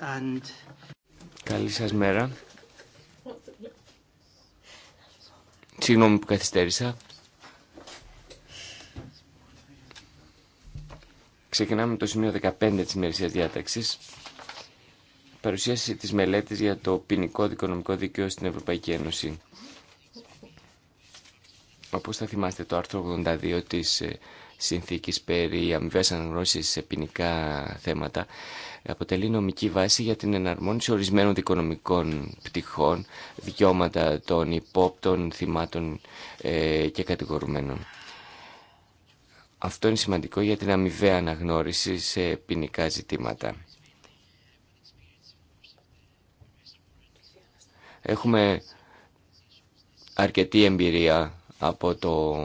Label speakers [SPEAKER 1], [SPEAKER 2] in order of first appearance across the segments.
[SPEAKER 1] And...
[SPEAKER 2] Καλή σας μέρα. Συγγνώμη που καθυστέρησα. Ξεκινάμε το σημείο 15 της ημερησίας διάταξης. Παρουσίαση της μελέτης για το ποινικό δικονομικό δίκαιο στην Ευρωπαϊκή Ένωση. Όπως θα θυμάστε το άρθρο 82 της ε, συνθήκης περί αμοιβές αναγνώσεις σε ποινικά θέματα αποτελεί νομική βάση για την εναρμόνιση ορισμένων δικονομικών πτυχών, δικαιώματα των υπόπτων, θυμάτων ε, και κατηγορουμένων. Αυτό είναι σημαντικό για την αμοιβαία αναγνώριση σε ποινικά ζητήματα. Έχουμε αρκετή εμπειρία από το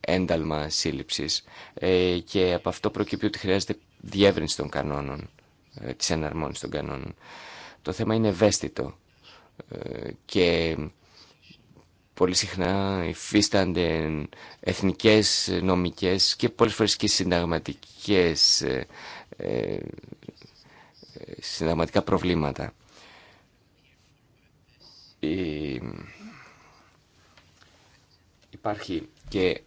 [SPEAKER 2] ένταλμα σύλληψης ε, και από αυτό προκύπτει ότι χρειάζεται διεύρυνση των κανόνων, ε, της εναρμόνισης των κανόνων. Το θέμα είναι ευαίσθητο ε, και πολύ συχνά υφίστανται εθνικές, νομικές και πολλές φορές και συνταγματικές, συνταγματικά προβλήματα. Η Υπάρχει και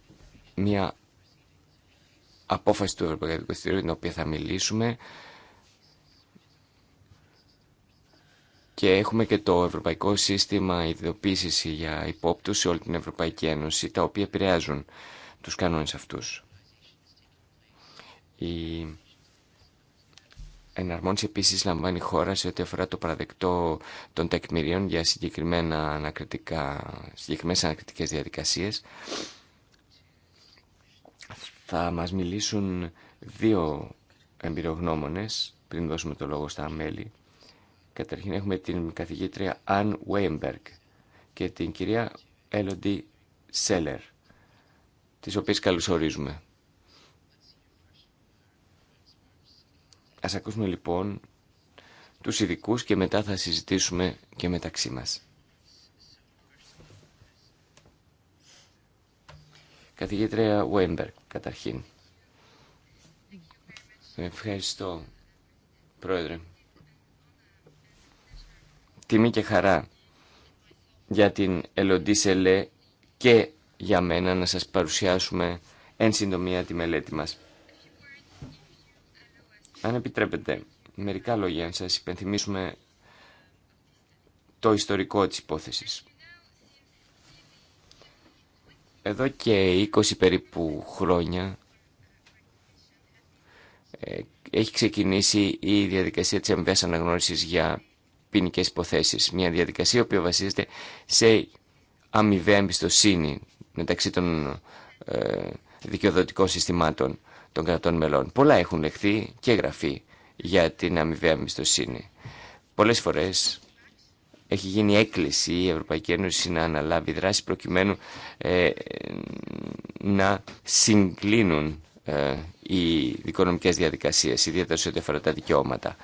[SPEAKER 2] μια απόφαση του Ευρωπαϊκού Δικαστηρίου την οποία θα μιλήσουμε και έχουμε και το Ευρωπαϊκό Σύστημα Ειδοποίησης για Υπόπτους σε όλη την Ευρωπαϊκή Ένωση τα οποία επηρεάζουν τους κανόνες αυτούς. Η εναρμόνιση επίσης λαμβάνει η χώρα σε ό,τι αφορά το παραδεκτό των τεκμηρίων για συγκεκριμένα ανακριτικά, συγκεκριμένες ανακριτικές διαδικασίες. Θα μας μιλήσουν δύο εμπειρογνώμονες πριν δώσουμε το λόγο στα μέλη. Καταρχήν έχουμε την καθηγήτρια Αν Βέιμπεργκ και την κυρία Έλοντι Σέλερ, τις οποίες καλωσορίζουμε. Ας ακούσουμε λοιπόν τους ειδικού και μετά θα συζητήσουμε και μεταξύ μας. Καθηγήτρια Βέμπερ, καταρχήν. Ευχαριστώ, Πρόεδρε. Τιμή και χαρά για την Σελέ και για μένα να σας παρουσιάσουμε εν συντομία τη μελέτη μας. Αν επιτρέπετε, μερικά λόγια να σας υπενθυμίσουμε το ιστορικό της υπόθεσης. Εδώ και 20 περίπου χρόνια ε, έχει ξεκινήσει η διαδικασία της εμβέας αναγνώρισης για ποινικέ υποθέσεις. Μια διαδικασία που βασίζεται σε αμοιβαία εμπιστοσύνη μεταξύ των ε, δικαιοδοτικών συστημάτων των κρατών μελών. Πολλά έχουν λεχθεί και γραφεί για την αμοιβαία μισθοσύνη. Πολλές φορές έχει γίνει έκκληση η Ευρωπαϊκή Ένωση να αναλάβει δράση προκειμένου ε, να συγκλίνουν ε, οι δικονομικές διαδικασίες, ιδιαίτερα σε ό,τι αφορά τα δικαιώματα.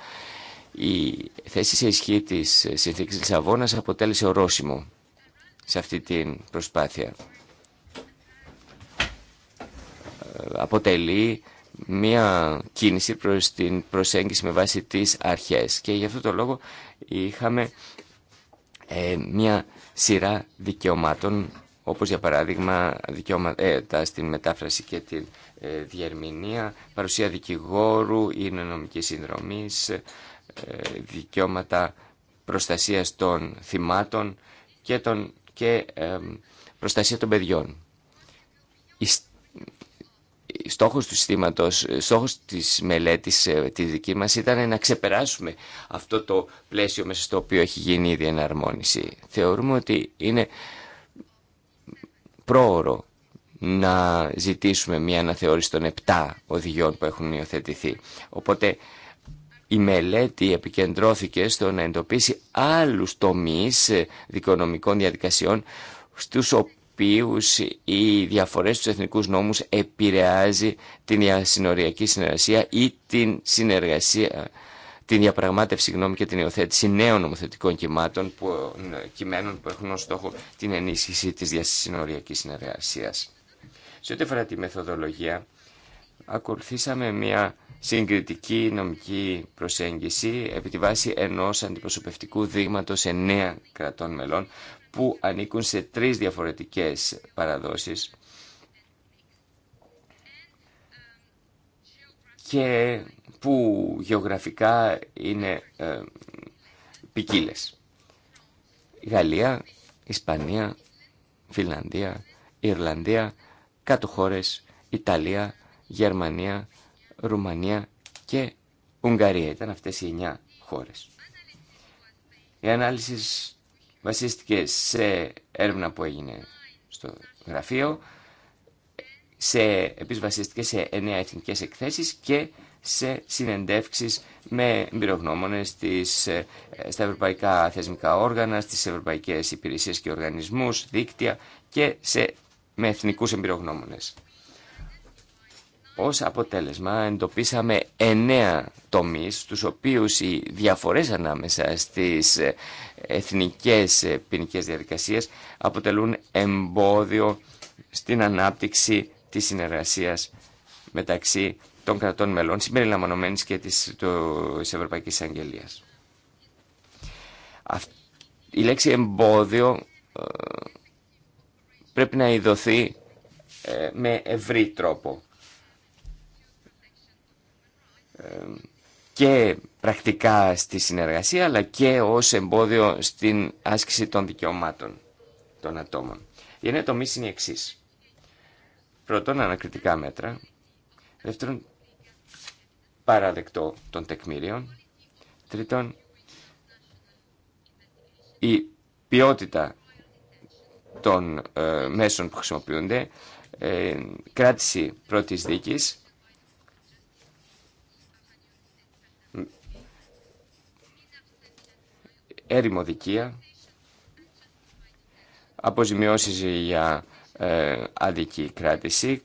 [SPEAKER 2] Η θέση σε ισχύ της συνθήκης Λισαβόνας αποτέλεσε ορόσημο σε αυτή την προσπάθεια. αποτελεί μία κίνηση προς την προσέγγιση με βάση τις αρχές και γι' αυτό το λόγο είχαμε ε, μία σειρά δικαιωμάτων όπως για παράδειγμα δικαιώματα ε, στην μετάφραση και την ε, διερμηνία, παρουσία δικηγόρου ή νομικής συνδρομής, ε, δικαιώματα προστασίας των θυμάτων και, των, και προστασία των παιδιών στόχος του συστήματος, ε, στόχος της μελέτης ε, τη δική μας ήταν να ξεπεράσουμε αυτό το πλαίσιο μέσα στο οποίο έχει γίνει η διεναρμόνιση. Θεωρούμε ότι είναι πρόωρο να ζητήσουμε μια αναθεώρηση των 7 οδηγιών που έχουν υιοθετηθεί. Οπότε η μελέτη επικεντρώθηκε στο να εντοπίσει άλλους τομείς ε, δικονομικών διαδικασιών στους οποίους οι διαφορές στους εθνικούς νόμους επηρεάζει την διασυνοριακή συνεργασία ή την συνεργασία, την διαπραγμάτευση γνώμη και την υιοθέτηση νέων νομοθετικών κυμάτων που, κειμένων που έχουν ως στόχο την ενίσχυση της διασυνοριακής συνεργασίας. Σε ό,τι αφορά τη μεθοδολογία, ακολουθήσαμε μια συγκριτική νομική προσέγγιση επί τη βάση ενός αντιπροσωπευτικού δείγματος εννέα κρατών μελών που ανήκουν σε τρεις διαφορετικές παραδόσεις και που γεωγραφικά είναι ε, ποικίλε. Γαλλία, Ισπανία, Φιλανδία, Ιρλανδία, κάτω χώρες, Ιταλία, Γερμανία, Ρουμανία και Ουγγαρία. Ήταν αυτές οι εννιά χώρες. Η ανάλυση βασίστηκε σε έρευνα που έγινε στο γραφείο, σε, επίσης βασίστηκε σε εννέα εθνικές εκθέσεις και σε συνεντεύξεις με εμπειρογνώμονες στις, ε, στα ευρωπαϊκά θεσμικά όργανα, στις ευρωπαϊκές υπηρεσίες και οργανισμούς, δίκτυα και σε, με εθνικούς εμπειρογνώμονες. Ως αποτέλεσμα εντοπίσαμε εννέα τομείς στους οποίους οι διαφορές ανάμεσα στις ε, εθνικές ε, ποινικέ διαδικασίες αποτελούν εμπόδιο στην ανάπτυξη της συνεργασίας μεταξύ των κρατών μελών συμπεριλαμβανομένης και της, της Ευρωπαϊκής Αγγελίας. Η λέξη εμπόδιο ε, πρέπει να ειδωθεί με ευρύ τρόπο και πρακτικά στη συνεργασία αλλά και ως εμπόδιο στην άσκηση των δικαιωμάτων των ατόμων. Οι εννέα είναι οι εξής. Πρώτον, ανακριτικά μέτρα. Δεύτερον, παραδεκτό των τεκμήριων. Τρίτον, η ποιότητα των ε, μέσων που χρησιμοποιούνται. Ε, κράτηση πρώτης δίκης ερημοδικία, αποζημιώσεις για ε, αδική κράτηση,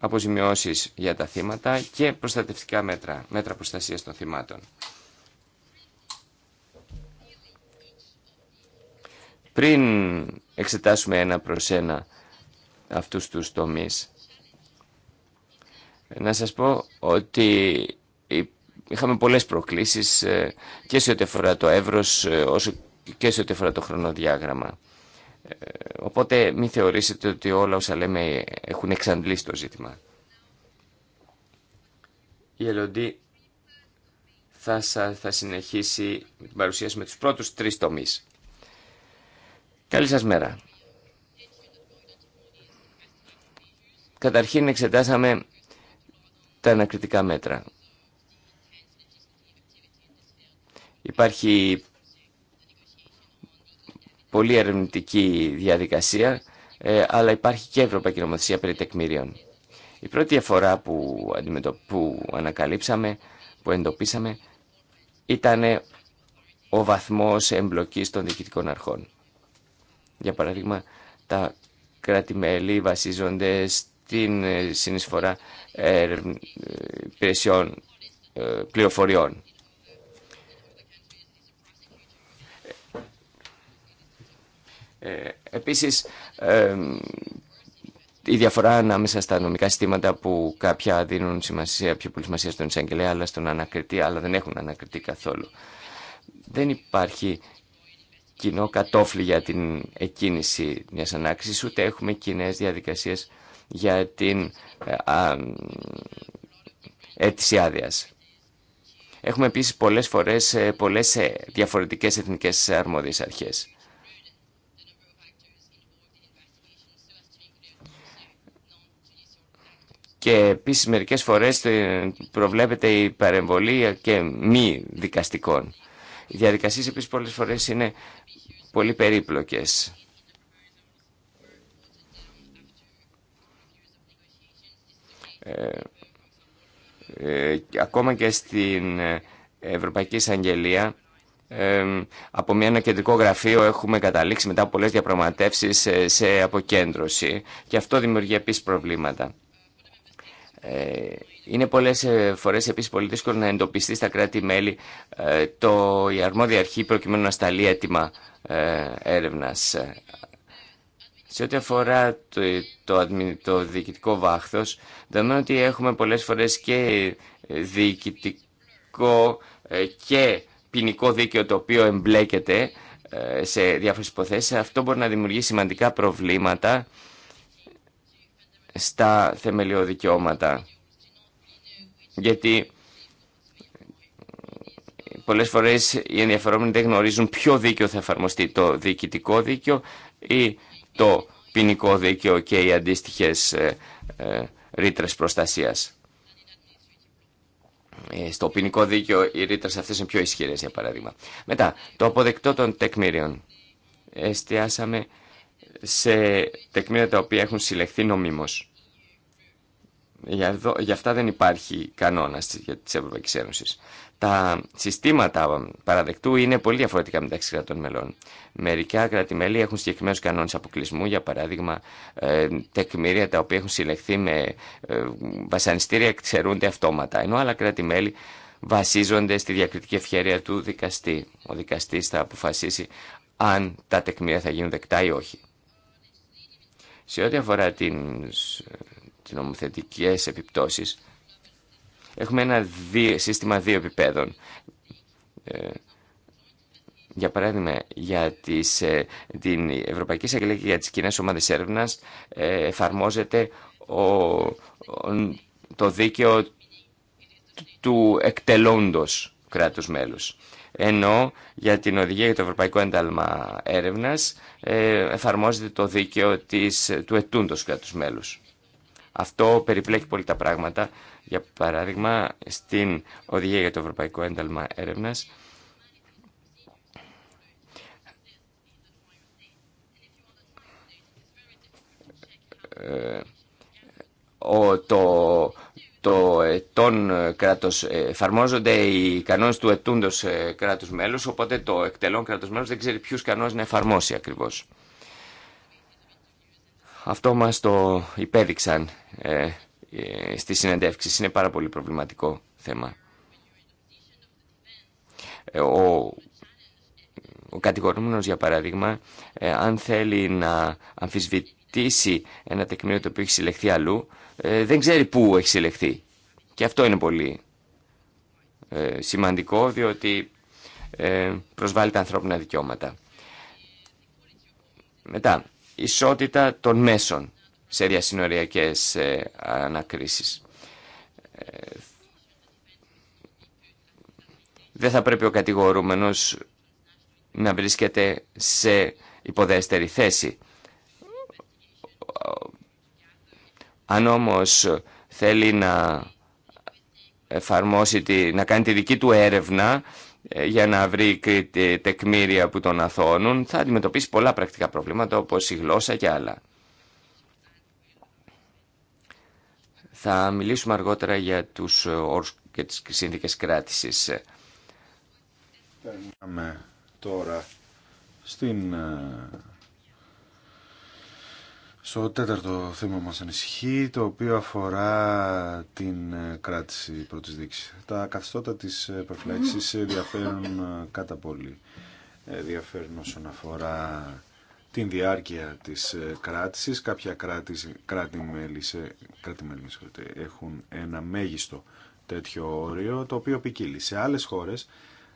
[SPEAKER 2] αποζημιώσεις για τα θύματα και προστατευτικά μέτρα, μέτρα προστασίας των θυμάτων. Πριν εξετάσουμε ένα προς ένα αυτούς τους τομείς, να σας πω ότι Είχαμε πολλές προκλήσεις ε, και σε ό,τι αφορά το εύρος ε, όσο και σε ό,τι αφορά το χρονοδιάγραμμα. Ε, οπότε μην θεωρήσετε ότι όλα όσα λέμε έχουν εξαντλήσει το ζήτημα. Η Ελλοντή θα, θα συνεχίσει με την παρουσίαση με τους πρώτους τρεις τομείς. Καλή σας μέρα. Καταρχήν εξετάσαμε τα ανακριτικά μέτρα. Υπάρχει πολύ ερευνητική διαδικασία, ε, αλλά υπάρχει και Ευρωπαϊκή Νομοθεσία περί τεκμηρίων. Η πρώτη διαφορά που, ανακαλύψαμε, που εντοπίσαμε, ήταν ο βαθμός εμπλοκής των διοικητικών αρχών. Για παράδειγμα, τα κράτη-μέλη βασίζονται στην ε, συνεισφορά ε, υπηρεσιών πληροφοριών. Ε, επίσης, ε, η διαφορά ανάμεσα στα νομικά συστήματα που κάποια δίνουν σημασία, πιο πολύ σημασία στον εισαγγελέα, αλλά στον ανακριτή, αλλά δεν έχουν ανακριτή καθόλου. Δεν υπάρχει κοινό κατόφλι για την εκκίνηση μιας ανάκρισης, ούτε έχουμε κοινέ διαδικασίες για την ε, α, αίτηση άδεια. Έχουμε επίσης πολλές φορές πολλές διαφορετικές εθνικές αρμόδιες αρχές. και επίσης μερικές φορές ε, προβλέπεται η παρεμβολή και μη δικαστικών. Οι διαδικασίες επίσης πολλές φορές είναι πολύ περίπλοκες. Ε, ε, ακόμα και στην Ευρωπαϊκή Εισαγγελία από μια, ένα κεντρικό γραφείο έχουμε καταλήξει μετά από πολλές διαπραγματεύσεις σε, σε αποκέντρωση και αυτό δημιουργεί επίσης προβλήματα. Ε, είναι πολλές ε, φορές επίση πολύ δύσκολο να εντοπιστεί στα κράτη-μέλη ε, το, η αρμόδια αρχή προκειμένου να σταλεί έτοιμα έρευνας. Σε ό,τι αφορά το, το, το διοικητικό βάχθος, δεδομένου ότι έχουμε πολλές φορές και διοικητικό και ποινικό δίκαιο το οποίο εμπλέκεται σε διάφορε υποθέσει, αυτό μπορεί να δημιουργήσει σημαντικά προβλήματα στα θεμελιώδη δικαιώματα. Γιατί πολλές φορές οι ενδιαφερόμενοι δεν γνωρίζουν ποιο δίκαιο θα εφαρμοστεί, το διοικητικό δίκαιο ή το ποινικό δίκαιο και οι αντίστοιχες ε, ε, ρήτρες προστασίας. Ε, στο ποινικό δίκαιο οι ρήτρες αυτές είναι πιο ισχυρές, για παράδειγμα. Μετά, το αποδεκτό των τεκμήριων. Εστιάσαμε σε τεκμήρια τα οποία έχουν συλλεχθεί νομίμως. Γι' αυτά δεν υπάρχει κανόνας τις Ευρωπαϊκή Ένωσης. Τα συστήματα παραδεκτού είναι πολύ διαφορετικά μεταξύ κρατών μελών. Μερικά κράτη-μέλη έχουν συγκεκριμένου κανόνε αποκλεισμού, για παράδειγμα, ε, τεκμήρια τα οποία έχουν συλλεχθεί με ε, βασανιστήρια ξερούνται αυτόματα. Ενώ άλλα κράτη-μέλη βασίζονται στη διακριτική ευχαίρεια του δικαστή. Ο δικαστή θα αποφασίσει αν τα τεκμήρια θα γίνουν δεκτά ή όχι. Σε ό,τι αφορά την, τις επιπτώσει, επιπτώσεις, έχουμε ένα σύστημα δύο επιπέδων. Ε, για παράδειγμα, για τις, ε, την Ευρωπαϊκή Εισαγγελία και για τις κοινές ομάδες έρευνα, ε, εφαρμόζεται το δίκαιο του εκτελώντος κράτους μέλους ενώ για την οδηγία για το Ευρωπαϊκό Ένταλμα Έρευνας ε, εφαρμόζεται το δίκαιο της, του ετούντος κράτου μέλους. Αυτό περιπλέκει πολύ τα πράγματα. Για παράδειγμα, στην οδηγία για το Ευρωπαϊκό Ένταλμα Έρευνας ε, ο, το, το ετών ε, κράτος ε, εφαρμόζονται οι κανόνες του ετούντος ε, κράτους μέλους, οπότε το εκτελών κράτος μέλος δεν ξέρει ποιους κανόνες να εφαρμόσει ακριβώς. Αυτό μας το υπέδειξαν ε, ε, στη συνεντεύξεις Είναι πάρα πολύ προβληματικό θέμα. Ο, ο κατηγορούμενος, για παράδειγμα, αν θέλει να αμφισβητήσει ένα τεκμήριο το οποίο έχει συλλεχθεί αλλού, ε, δεν ξέρει πού έχει συλλεχθεί. Και αυτό είναι πολύ ε, σημαντικό διότι ε, προσβάλλει τα ανθρώπινα δικαιώματα. Μετά, ισότητα των μέσων σε διασυνοριακές ανακρίσεις. Δεν θα πρέπει ο κατηγορούμενος να βρίσκεται σε υποδέστερη θέση. Αν όμως θέλει να εφαρμόσει, τη, να κάνει τη δική του έρευνα ε, για να βρει τεκμήρια που τον αθώνουν, θα αντιμετωπίσει πολλά πρακτικά προβλήματα όπως η γλώσσα και άλλα. Θα μιλήσουμε αργότερα για τους όρους και τις σύνθηκες κράτησης.
[SPEAKER 3] Περνάμε τώρα
[SPEAKER 2] στην ε,
[SPEAKER 3] στο τέταρτο θέμα μας ανησυχεί, το οποίο αφορά την ε, κράτηση πρώτης δείξης. Τα καθιστώτα της ε, προφυλάξης διαφέρουν ε, κατά πολύ. Διαφέρουν όσον αφορά την διάρκεια της κράτησης. Κάποια κράτη-μέλη έχουν ένα μέγιστο τέτοιο όριο, το οποίο ποικίλει. Σε άλλες χώρες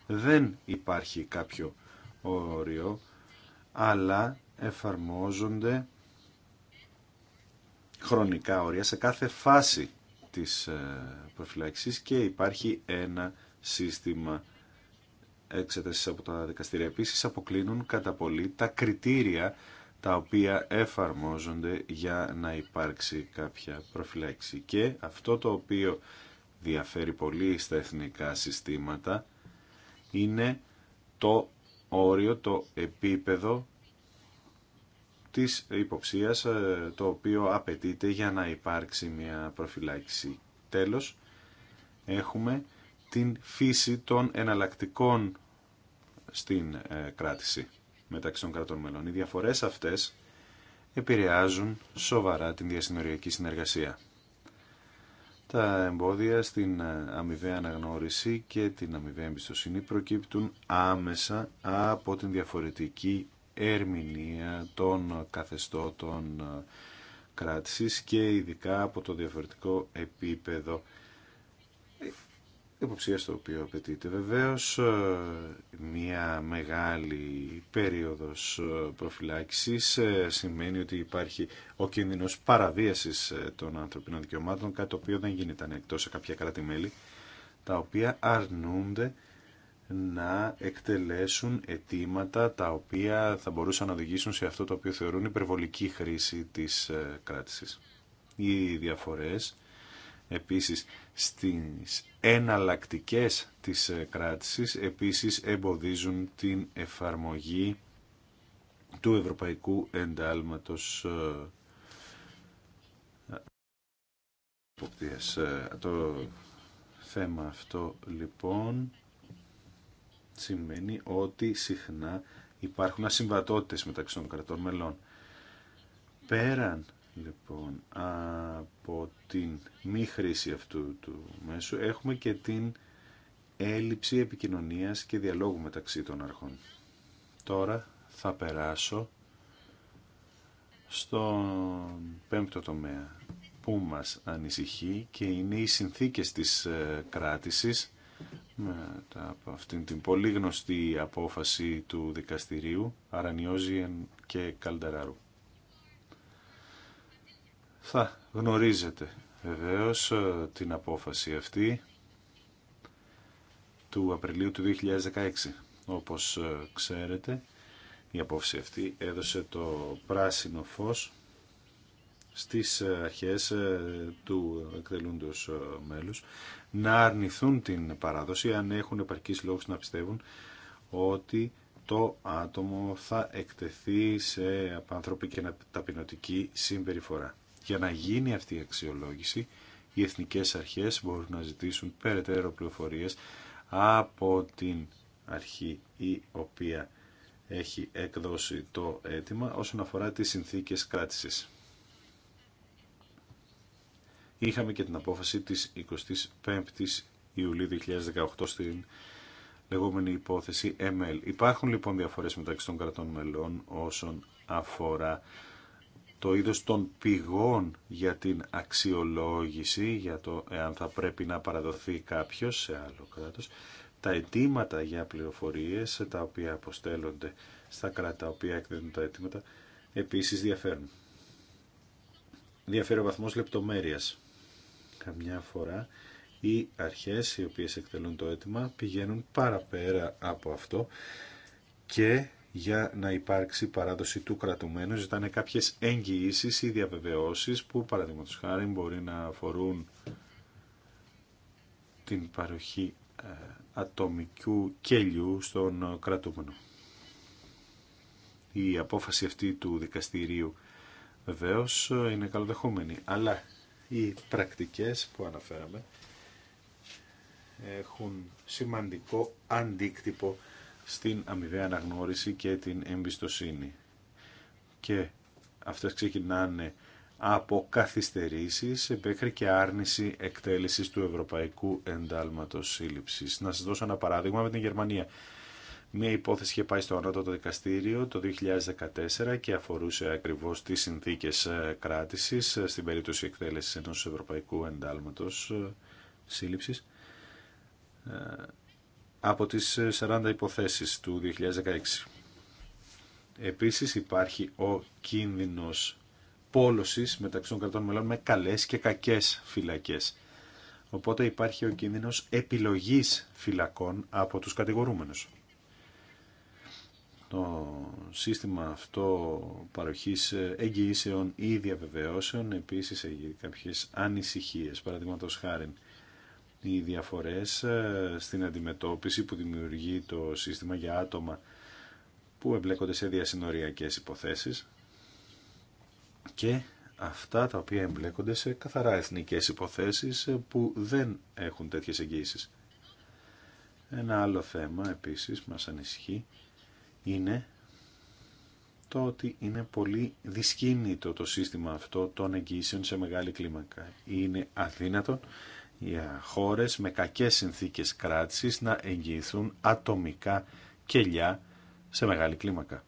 [SPEAKER 3] δεν υπάρχει κάποιο όριο, αλλά εφαρμόζονται χρονικά όρια σε κάθε φάση της ε, προφυλαξής και υπάρχει ένα σύστημα εξέτασης από τα δικαστήρια. Επίσης αποκλίνουν κατά πολύ τα κριτήρια τα οποία εφαρμόζονται για να υπάρξει κάποια προφυλάξη. Και αυτό το οποίο διαφέρει πολύ στα εθνικά συστήματα είναι το όριο, το επίπεδο της υποψίας ε, το οποίο απαιτείται για να υπάρξει μια προφυλάκηση. Τέλος, έχουμε την φύση των εναλλακτικών στην ε, κράτηση μεταξύ των κρατών μελών. Οι διαφορές αυτές επηρεάζουν σοβαρά την διασυνοριακή συνεργασία. Τα εμπόδια στην ε, αμοιβαία αναγνώριση και την αμοιβαία εμπιστοσύνη προκύπτουν άμεσα από την διαφορετική ερμηνεία των καθεστώτων κράτησης και ειδικά από το διαφορετικό επίπεδο υποψία στο οποίο απαιτείται. Βεβαίως ε, μια μεγάλη περίοδος ε, προφυλάξης ε, σημαίνει ότι υπάρχει ο κίνδυνος παραβίασης των ανθρωπίνων δικαιωμάτων, κάτι το οποίο δεν γίνεται εκτός σε κάποια κράτη-μέλη, τα οποία αρνούνται να εκτελέσουν αιτήματα τα οποία θα μπορούσαν να οδηγήσουν σε αυτό το οποίο θεωρούν υπερβολική χρήση της ε, κράτησης. Οι διαφορές επίσης στις εναλλακτικές της ε, κράτησης επίσης εμποδίζουν την εφαρμογή του Ευρωπαϊκού Εντάλματος ε, Το θέμα αυτό λοιπόν σημαίνει ότι συχνά υπάρχουν ασυμβατότητες μεταξύ των κρατών μελών. Πέραν λοιπόν από την μη χρήση αυτού του μέσου έχουμε και την έλλειψη επικοινωνίας και διαλόγου μεταξύ των αρχών. Τώρα θα περάσω στον πέμπτο τομέα που μας ανησυχεί και είναι οι συνθήκες της ε, κράτησης μετά από αυτήν την πολύ γνωστή απόφαση του δικαστηρίου Αρανιόζιεν και Καλντεράρου. Θα γνωρίζετε βεβαίως ε, την απόφαση αυτή του Απριλίου του 2016. Όπως ε, ξέρετε η απόφαση αυτή έδωσε το πράσινο φως στις ε, αρχές ε, του εκτελούντος ε, μέλους να αρνηθούν την παράδοση αν έχουν επαρκείς λόγους να πιστεύουν ότι το άτομο θα εκτεθεί σε απάνθρωπη και ταπεινωτική συμπεριφορά. Για να γίνει αυτή η αξιολόγηση, οι εθνικές αρχές μπορούν να ζητήσουν περαιτέρω πληροφορίες από την αρχή η οποία έχει εκδώσει το αίτημα όσον αφορά τις συνθήκες κράτησης είχαμε και την απόφαση της 25ης Ιουλίου 2018 στην λεγόμενη υπόθεση ML. Υπάρχουν λοιπόν διαφορές μεταξύ των κρατών μελών όσον αφορά το είδος των πηγών για την αξιολόγηση, για το εάν θα πρέπει να παραδοθεί κάποιος σε άλλο κράτος, τα αιτήματα για πληροφορίες τα οποία αποστέλλονται στα κράτη τα οποία εκδίδουν τα αιτήματα επίσης διαφέρουν. Διαφέρει ο βαθμός λεπτομέρειας Καμιά φορά οι αρχές οι οποίες εκτελούν το αίτημα πηγαίνουν παραπέρα από αυτό και για να υπάρξει παράδοση του κρατουμένου ζητάνε κάποιες εγγυήσει ή διαβεβαιώσεις που παραδείγματο χάρη μπορεί να αφορούν την παροχή ε, ατομικού κέλιου στον ε, κρατούμενο. Η απόφαση αυτή του δικαστηρίου βεβαίως ε, είναι καλοδεχόμενη, αλλά οι πρακτικές που αναφέραμε έχουν σημαντικό αντίκτυπο στην αμοιβαία αναγνώριση και την εμπιστοσύνη. Και αυτές ξεκινάνε από καθυστερήσεις μέχρι και άρνηση εκτέλεσης του Ευρωπαϊκού Εντάλματος Σύλληψης. Να σας δώσω ένα παράδειγμα με την Γερμανία. Μία υπόθεση είχε πάει στο ανώτατο δικαστήριο το 2014 και αφορούσε ακριβώς τις συνθήκες ε, κράτησης ε, στην περίπτωση εκτέλεσης ενός ευρωπαϊκού εντάλματος ε, σύλληψης από τις 40 υποθέσεις του 2016. Επίσης υπάρχει ο κίνδυνος πόλωσης μεταξύ των κρατών μελών με καλές και κακές φυλακές. Οπότε υπάρχει ο κίνδυνος επιλογής φυλακών από τους κατηγορούμενους το σύστημα αυτό παροχής εγγυήσεων ή διαβεβαιώσεων επίσης έχει κάποιες ανησυχίες, παραδείγματο χάρη οι διαφορές ε, στην αντιμετώπιση που δημιουργεί το σύστημα για άτομα που εμπλέκονται σε διασυνοριακές υποθέσεις και αυτά τα οποία εμπλέκονται σε καθαρά εθνικές υποθέσεις ε, που δεν έχουν τέτοιες εγγύησεις. Ένα άλλο θέμα επίσης μας ανησυχεί είναι το ότι είναι πολύ δυσκίνητο το σύστημα αυτό των εγγύσεων σε μεγάλη κλίμακα. Είναι αδύνατο για χώρες με κακές συνθήκες κράτησης να εγγυηθούν ατομικά κελιά σε μεγάλη κλίμακα.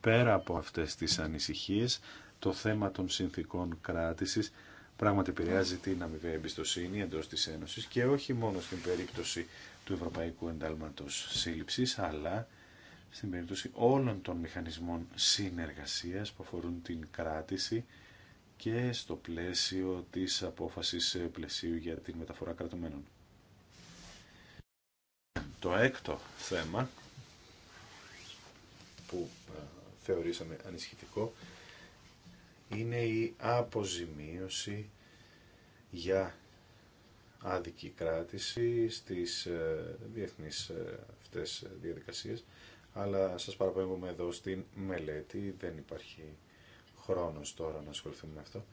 [SPEAKER 3] Πέρα από αυτές τις ανησυχίες, το θέμα των συνθήκων κράτησης πράγματι επηρεάζει την αμοιβαία εμπιστοσύνη εντός της Ένωσης και όχι μόνο στην περίπτωση του Ευρωπαϊκού Εντάλματος Σύλληψης, αλλά στην περίπτωση όλων των μηχανισμών συνεργασίας που αφορούν την κράτηση και στο πλαίσιο της απόφασης πλαισίου για την μεταφορά κρατουμένων. Το έκτο θέμα που ε, θεωρήσαμε ανησυχητικό είναι η αποζημίωση για άδικη κράτηση στις ε, διεθνείς ε, αυτές διαδικασίες αλλά σας παραπέμπουμε εδώ στην μελέτη, δεν υπάρχει χρόνος τώρα να ασχοληθούμε με αυτό.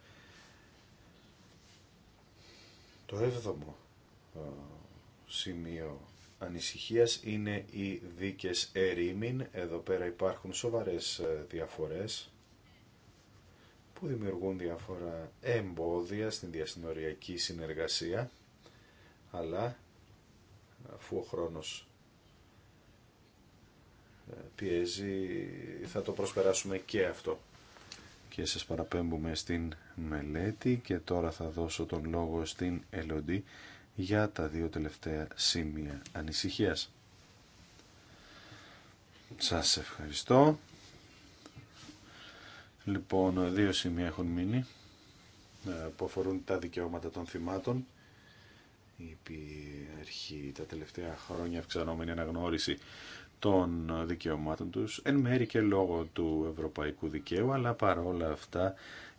[SPEAKER 3] Το έβδομο ε, σημείο ανησυχίας είναι οι δίκες ερήμην. Εδώ πέρα υπάρχουν σοβαρές ε, διαφορές που δημιουργούν διάφορα εμπόδια στην διασυνοριακή συνεργασία, αλλά αφού ο χρόνος ε, πιέζει θα το προσπεράσουμε και αυτό. Και σας παραπέμπουμε στην μελέτη και τώρα θα δώσω τον λόγο στην Ελοντή για τα δύο τελευταία σημεία ανησυχίας. Σας ευχαριστώ. Λοιπόν, δύο σημεία έχουν μείνει ε, που αφορούν τα δικαιώματα των θυμάτων. Υπήρχε τα τελευταία χρόνια αυξανόμενη αναγνώριση των δικαιωμάτων τους, εν μέρη και λόγω του ευρωπαϊκού δικαίου, αλλά παρόλα αυτά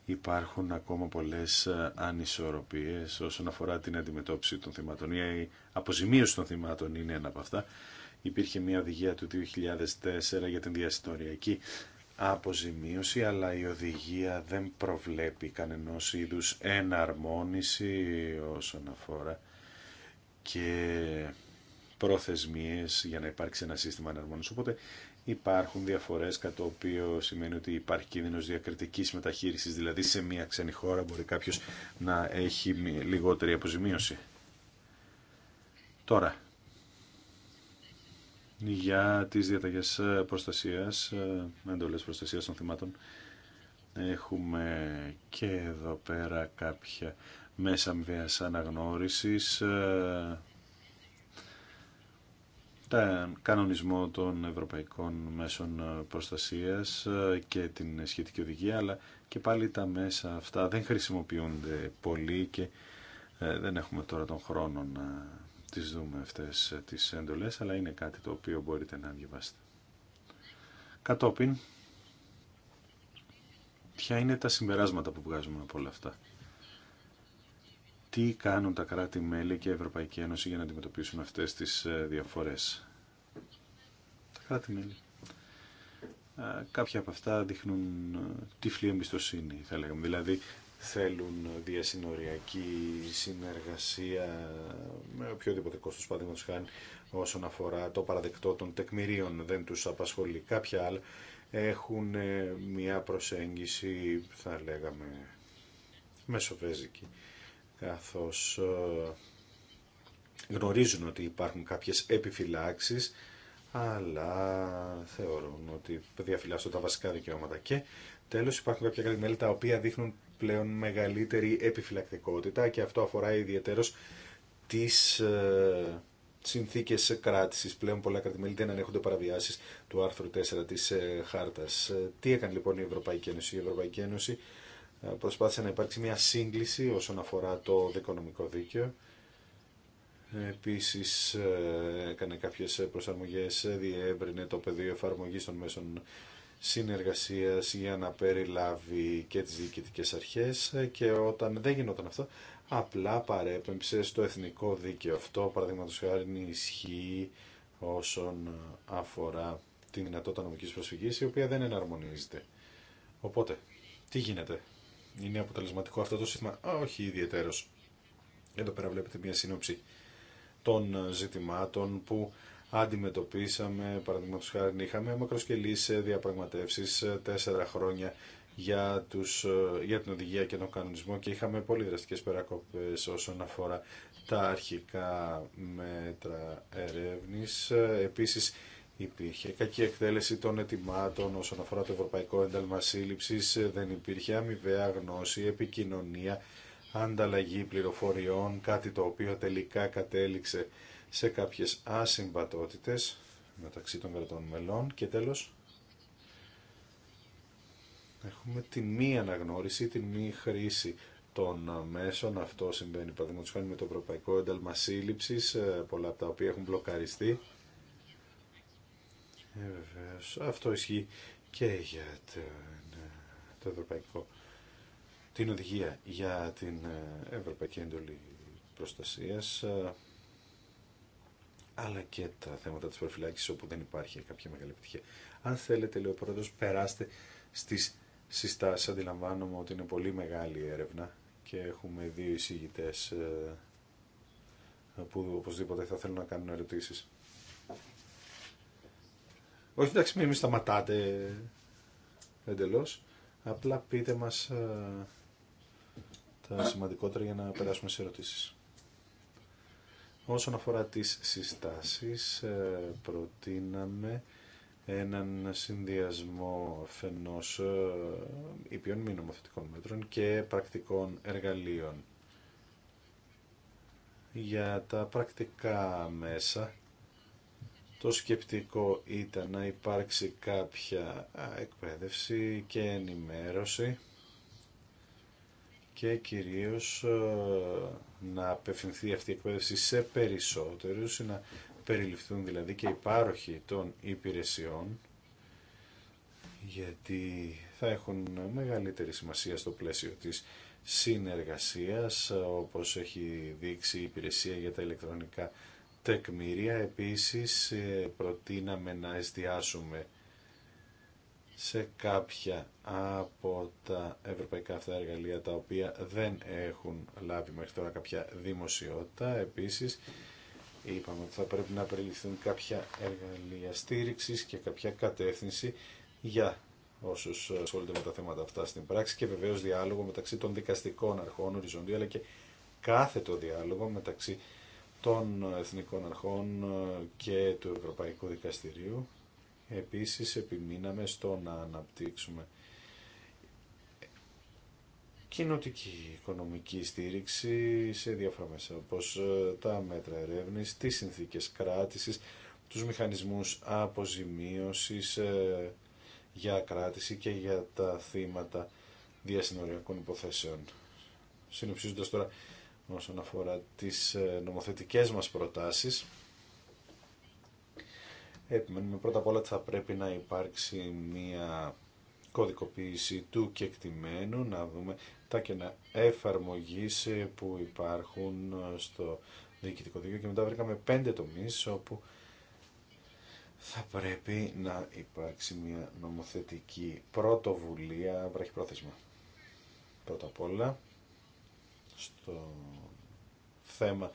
[SPEAKER 3] υπάρχουν ακόμα πολλές ε, ανισορροπίες όσον αφορά την αντιμετώπιση των θυμάτων. Η αποζημίωση των θυμάτων είναι ένα από αυτά. Υπήρχε μια οδηγία του 2004 για την διασυνοριακή αποζημίωση, αλλά η οδηγία δεν προβλέπει κανενός είδους εναρμόνιση όσον αφορά και προθεσμίες για να υπάρξει ένα σύστημα εναρμόνισης. Οπότε υπάρχουν διαφορές, κατά το οποίο σημαίνει ότι υπάρχει κίνδυνος διακριτικής μεταχείρισης, δηλαδή σε μια ξένη χώρα μπορεί κάποιος να έχει λιγότερη αποζημίωση. Τώρα, για τις διαταγές προστασίας, εντολές προστασίας των θυμάτων, έχουμε και εδώ πέρα κάποια μέσα αμοιβαίας αναγνώρισης, κανονισμό των Ευρωπαϊκών Μέσων ε, Προστασίας ε, και την σχετική οδηγία, αλλά και πάλι τα μέσα αυτά δεν χρησιμοποιούνται πολύ και ε, δεν έχουμε τώρα τον χρόνο να τις δούμε αυτές τις εντολές, αλλά είναι κάτι το οποίο μπορείτε να διαβάσετε. Κατόπιν, ποια είναι τα συμπεράσματα που βγάζουμε από όλα αυτά. Τι κάνουν τα κράτη-μέλη και η Ευρωπαϊκή Ένωση για να αντιμετωπίσουν αυτές τις διαφορές. Κάποια από αυτά δείχνουν ε, τύφλη εμπιστοσύνη, θα λέγαμε. Δηλαδή, θέλουν διασυνοριακή συνεργασία με οποιοδήποτε κόστος παραδείγματος χάνει όσον αφορά το παραδεκτό των τεκμηρίων δεν τους απασχολεί κάποια άλλα έχουν ε, μια προσέγγιση θα λέγαμε μεσοβέζικη καθώς ε, γνωρίζουν ότι υπάρχουν κάποιες επιφυλάξεις αλλά θεωρούν ότι διαφυλάσσουν τα βασικά δικαιώματα. Και τέλος υπάρχουν κατημέλη τα οποία δείχνουν πλέον μεγαλύτερη επιφυλακτικότητα και αυτό αφορά ιδιαίτερω τι ε, συνθήκες κράτησης. Πλέον κρατημέλη δεν ανέχονται παραβιάσεις του άρθρου 4 της ε, χάρτας. Ε, τι έκανε λοιπόν η Ευρωπαϊκή Ένωση. Η Ευρωπαϊκή Ένωση ε, προσπάθησε να υπάρξει μια σύγκληση όσον αφορά το δικονομικό δίκαιο Επίσης ε, έκανε κάποιες προσαρμογές, διεύρυνε το πεδίο εφαρμογή των μέσων συνεργασίας για να περιλάβει και τις διοικητικές αρχές και όταν δεν γινόταν αυτό απλά παρέπεμψε στο εθνικό δίκαιο αυτό παραδείγματος χάρη ισχύ όσον αφορά τη δυνατότητα νομικής προσφυγής η οποία δεν εναρμονίζεται. Οπότε, τι γίνεται. Είναι αποτελεσματικό αυτό το σύστημα. όχι ιδιαίτερος. Εδώ πέρα βλέπετε μια σύνοψη των ζητημάτων που αντιμετωπίσαμε, παραδείγματος χάρη είχαμε μακροσκελείς διαπραγματεύσεις τέσσερα χρόνια για, τους, για την οδηγία και τον κανονισμό και είχαμε πολύ δραστικές περάκοπες όσον αφορά τα αρχικά μέτρα ερεύνης. Επίσης υπήρχε κακή εκτέλεση των ετοιμάτων όσον αφορά το Ευρωπαϊκό Ένταλμα Σύλληψης, δεν υπήρχε αμοιβαία γνώση, επικοινωνία ανταλλαγή πληροφοριών, κάτι το οποίο τελικά κατέληξε σε κάποιες ασυμβατότητες μεταξύ των κρατών μελών και τέλος έχουμε τη μη αναγνώριση, τη μη χρήση των μέσων. Αυτό συμβαίνει παραδείγματος χάρη με το Ευρωπαϊκό Ένταλμα Σύλληψης, ε, πολλά από τα οποία έχουν μπλοκαριστεί. Ε, Αυτό ισχύει και για το, το Ευρωπαϊκό την οδηγία για την ε, Ευρωπαϊκή Εντολή Προστασίας ε, αλλά και τα θέματα της προφυλάκησης όπου δεν υπάρχει κάποια μεγάλη επιτυχία. Αν θέλετε, λέει ο περάστε στις συστάσεις. Αντιλαμβάνομαι ότι είναι πολύ μεγάλη η έρευνα και έχουμε δύο εισηγητές ε, που οπωσδήποτε θα θέλουν να κάνουν ερωτήσεις. Όχι εντάξει, μην σταματάτε εντελώς. Απλά πείτε μας τα σημαντικότερα για να περάσουμε σε ερωτήσεις. Όσον αφορά τις συστάσεις, ε, προτείναμε έναν συνδυασμό φαινός ε, ήπιων μη νομοθετικών μέτρων και πρακτικών εργαλείων. Για τα πρακτικά μέσα, το σκεπτικό ήταν να υπάρξει κάποια εκπαίδευση και ενημέρωση και κυρίως ε, να απευθυνθεί αυτή η εκπαίδευση σε περισσότερους, να περιληφθούν δηλαδή και οι πάροχοι των υπηρεσιών, γιατί θα έχουν μεγαλύτερη σημασία στο πλαίσιο της συνεργασίας, όπως έχει δείξει η υπηρεσία για τα ηλεκτρονικά τεκμήρια. Επίσης, ε, προτείναμε να εστιάσουμε σε κάποια από τα ευρωπαϊκά αυτά εργαλεία τα οποία δεν έχουν λάβει μέχρι τώρα κάποια δημοσιότητα. Επίσης, είπαμε ότι θα πρέπει να περιληφθούν κάποια εργαλεία στήριξης και κάποια κατεύθυνση για όσους ασχολούνται με τα θέματα αυτά στην πράξη και βεβαίως διάλογο μεταξύ των δικαστικών αρχών οριζοντίου αλλά και κάθετο διάλογο μεταξύ των εθνικών αρχών και του Ευρωπαϊκού Δικαστηρίου Επίσης επιμείναμε στο να αναπτύξουμε κοινοτική οικονομική στήριξη σε διάφορα μέσα, όπως ε, τα μέτρα ερεύνης, τις συνθήκες κράτησης, τους μηχανισμούς αποζημίωσης ε, για κράτηση και για τα θύματα διασυνοριακών υποθέσεων. Συνοψίζοντας τώρα όσον αφορά τις ε, νομοθετικές μας προτάσεις, επιμένουμε πρώτα απ' όλα ότι θα πρέπει να υπάρξει μια κωδικοποίηση του κεκτημένου, να δούμε τα και να εφαρμογής που υπάρχουν στο διοικητικό δίκαιο και μετά βρήκαμε πέντε τομείς όπου θα πρέπει να υπάρξει μια νομοθετική πρωτοβουλία βραχυπρόθεσμα. Πρώτα απ' όλα στο θέμα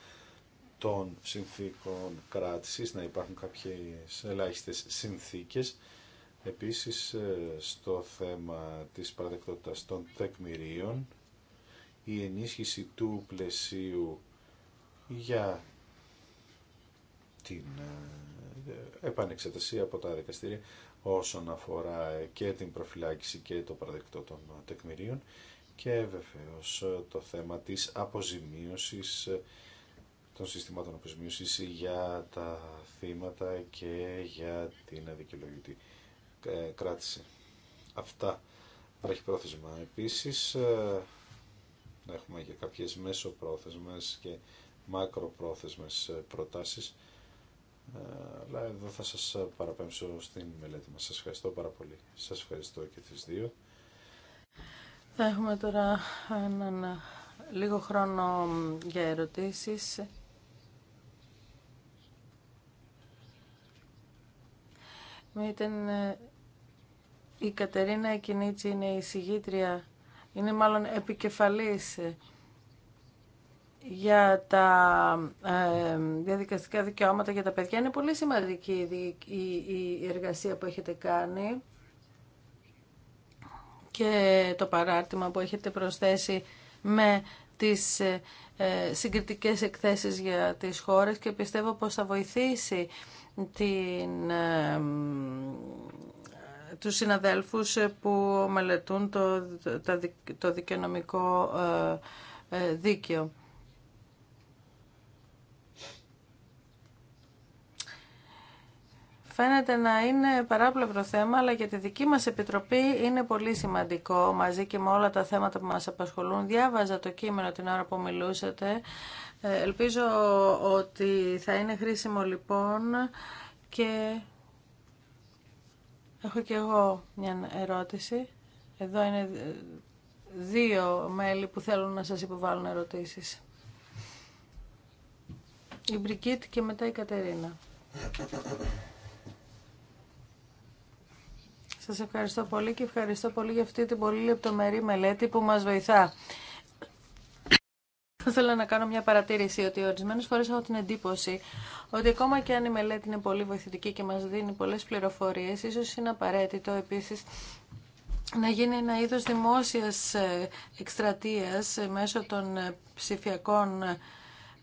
[SPEAKER 3] των συνθήκων κράτησης, να υπάρχουν κάποιες ελάχιστες συνθήκες. Επίσης, ε, στο θέμα της παραδεκτότητας των τεκμηρίων, η ενίσχυση του πλαισίου για την ε, επανεξετασία από τα δικαστήρια όσον αφορά και την προφυλάκηση και το παραδεκτό των τεκμηρίων και βεβαίως ε, το θέμα της αποζημίωσης των συστημάτων αποσμίωσης για τα θύματα και για την αδικαιολογητή ε, κράτηση. Αυτά πρόθεσμα. Επίσης, ε, έχουμε και κάποιες πρόθεσμες και μακροπρόθεσμες ε, προτάσεις, αλλά εδώ θα σας παραπέμψω στην μελέτη μας. Σας ευχαριστώ πάρα πολύ. Σας ευχαριστώ και τι δύο.
[SPEAKER 4] Θα έχουμε τώρα έναν λίγο χρόνο για ερωτήσεις. ήταν ε, η Κατερίνα Εκινίτση είναι η συγγήτρια, είναι μάλλον επικεφαλής ε, για τα ε, διαδικαστικά δικαιώματα για τα παιδιά. Είναι πολύ σημαντική η, η, εργασία που έχετε κάνει και το παράρτημα που έχετε προσθέσει με τις ε, ε συγκριτικές εκθέσεις για τις χώρες και πιστεύω πως θα βοηθήσει την, τους συναδέλφους που μελετούν το, το, το δικαιονομικό ε, ε, δίκαιο. Φαίνεται να είναι παράπλευρο θέμα, αλλά για τη δική μας Επιτροπή είναι πολύ σημαντικό, μαζί και με όλα τα θέματα που μας απασχολούν. Διάβαζα το κείμενο την ώρα που μιλούσατε ε, ελπίζω ότι θα είναι χρήσιμο λοιπόν και έχω και εγώ μια ερώτηση. Εδώ είναι ε, δύο μέλη που θέλουν να σας υποβάλουν ερωτήσεις. Η Μπρικίτ και μετά η Κατερίνα. Σας ευχαριστώ πολύ και ευχαριστώ πολύ για αυτή την πολύ λεπτομερή μελέτη που μας βοηθά θα ήθελα να κάνω μια παρατήρηση ότι ορισμένε φορέ έχω την εντύπωση ότι ακόμα και αν η μελέτη είναι πολύ βοηθητική και μα δίνει πολλέ πληροφορίε, ίσω είναι απαραίτητο επίση να γίνει ένα είδος δημόσιας ε, εκστρατείας ε, μέσω των ε, ψηφιακών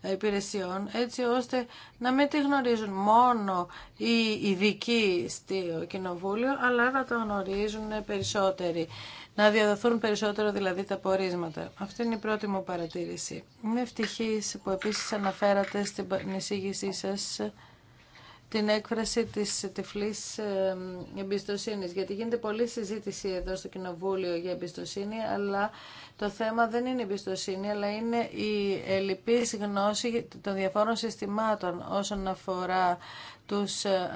[SPEAKER 4] υπηρεσιών έτσι ώστε να μην τη γνωρίζουν μόνο οι ειδικοί στο Κοινοβούλιο αλλά να το γνωρίζουν περισσότεροι. Να διαδοθούν περισσότερο δηλαδή τα πορίσματα. Αυτή είναι η πρώτη μου παρατήρηση. Είμαι ευτυχής που επίσης αναφέρατε στην εισήγησή σας την έκφραση της τυφλής εμπιστοσύνης, γιατί γίνεται πολλή συζήτηση εδώ στο Κοινοβούλιο για εμπιστοσύνη, αλλά το θέμα δεν είναι η εμπιστοσύνη, αλλά είναι η ελλειπής γνώση των διαφόρων συστημάτων όσον αφορά τους ε,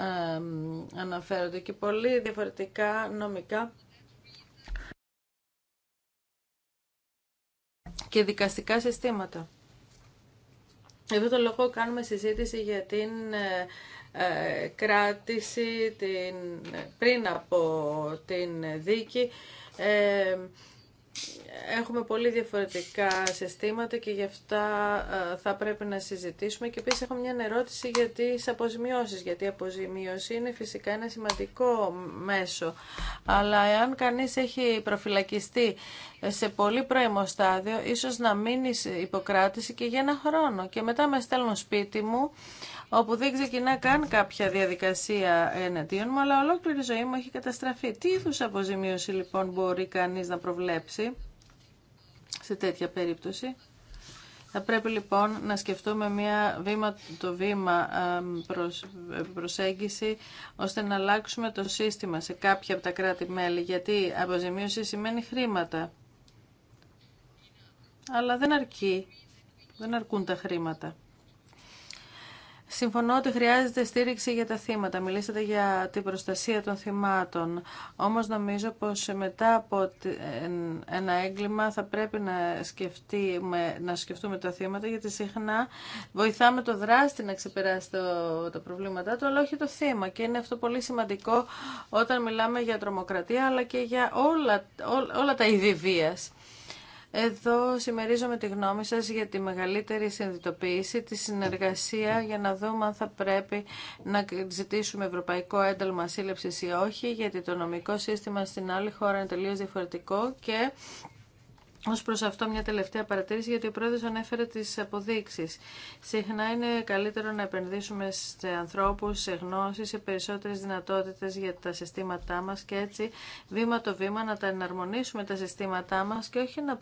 [SPEAKER 4] αναφέρονται και πολύ διαφορετικά νομικά και δικαστικά συστήματα. Εδώ το λόγο κάνουμε συζήτηση για την ε, ε, κράτηση την, πριν από την δίκη. Ε, έχουμε πολύ διαφορετικά συστήματα και γι' αυτά ε, θα πρέπει να συζητήσουμε. Και επίση έχω μια ερώτηση για τις αποζημιώσεις, γιατί η αποζημίωση είναι φυσικά ένα σημαντικό μέσο. Αλλά εάν κανείς έχει προφυλακιστεί σε πολύ πρώιμο στάδιο, ίσως να μείνει υποκράτηση και για ένα χρόνο. Και μετά με στέλνουν σπίτι μου όπου δεν ξεκινά καν κάποια διαδικασία εναντίον μου, αλλά ολόκληρη η ζωή μου έχει καταστραφεί. Τι είδου αποζημίωση λοιπόν μπορεί κανείς να προβλέψει σε τέτοια περίπτωση. Θα πρέπει λοιπόν να σκεφτούμε μία βήμα το βήμα προσέγγιση ώστε να αλλάξουμε το σύστημα σε κάποια από τα κράτη-μέλη γιατί αποζημίωση σημαίνει χρήματα. Αλλά δεν αρκεί, δεν αρκούν τα χρήματα. Συμφωνώ ότι χρειάζεται στήριξη για τα θύματα. Μιλήσατε για την προστασία των θυμάτων. Όμως νομίζω πως μετά από ένα έγκλημα θα πρέπει να σκεφτούμε, να σκεφτούμε τα θύματα γιατί συχνά βοηθάμε το δράστη να ξεπεράσει το, τα προβλήματά του αλλά όχι το θύμα. Και είναι αυτό πολύ σημαντικό όταν μιλάμε για τρομοκρατία αλλά και για όλα, όλα τα είδη βίας. Εδώ συμμερίζομαι τη γνώμη σας για τη μεγαλύτερη συνειδητοποίηση, τη συνεργασία για να δούμε αν θα πρέπει να ζητήσουμε ευρωπαϊκό ένταλμα σύλληψης ή όχι, γιατί το νομικό σύστημα στην άλλη χώρα είναι τελείως διαφορετικό και Ω προ αυτό, μια τελευταία παρατήρηση, γιατί ο πρόεδρο ανέφερε τι αποδείξει. Συχνά είναι καλύτερο να επενδύσουμε σε ανθρώπου, σε γνώσει, σε περισσότερε δυνατότητε για τα συστήματά μα και έτσι βήμα το βήμα να τα εναρμονίσουμε τα συστήματά μα και όχι να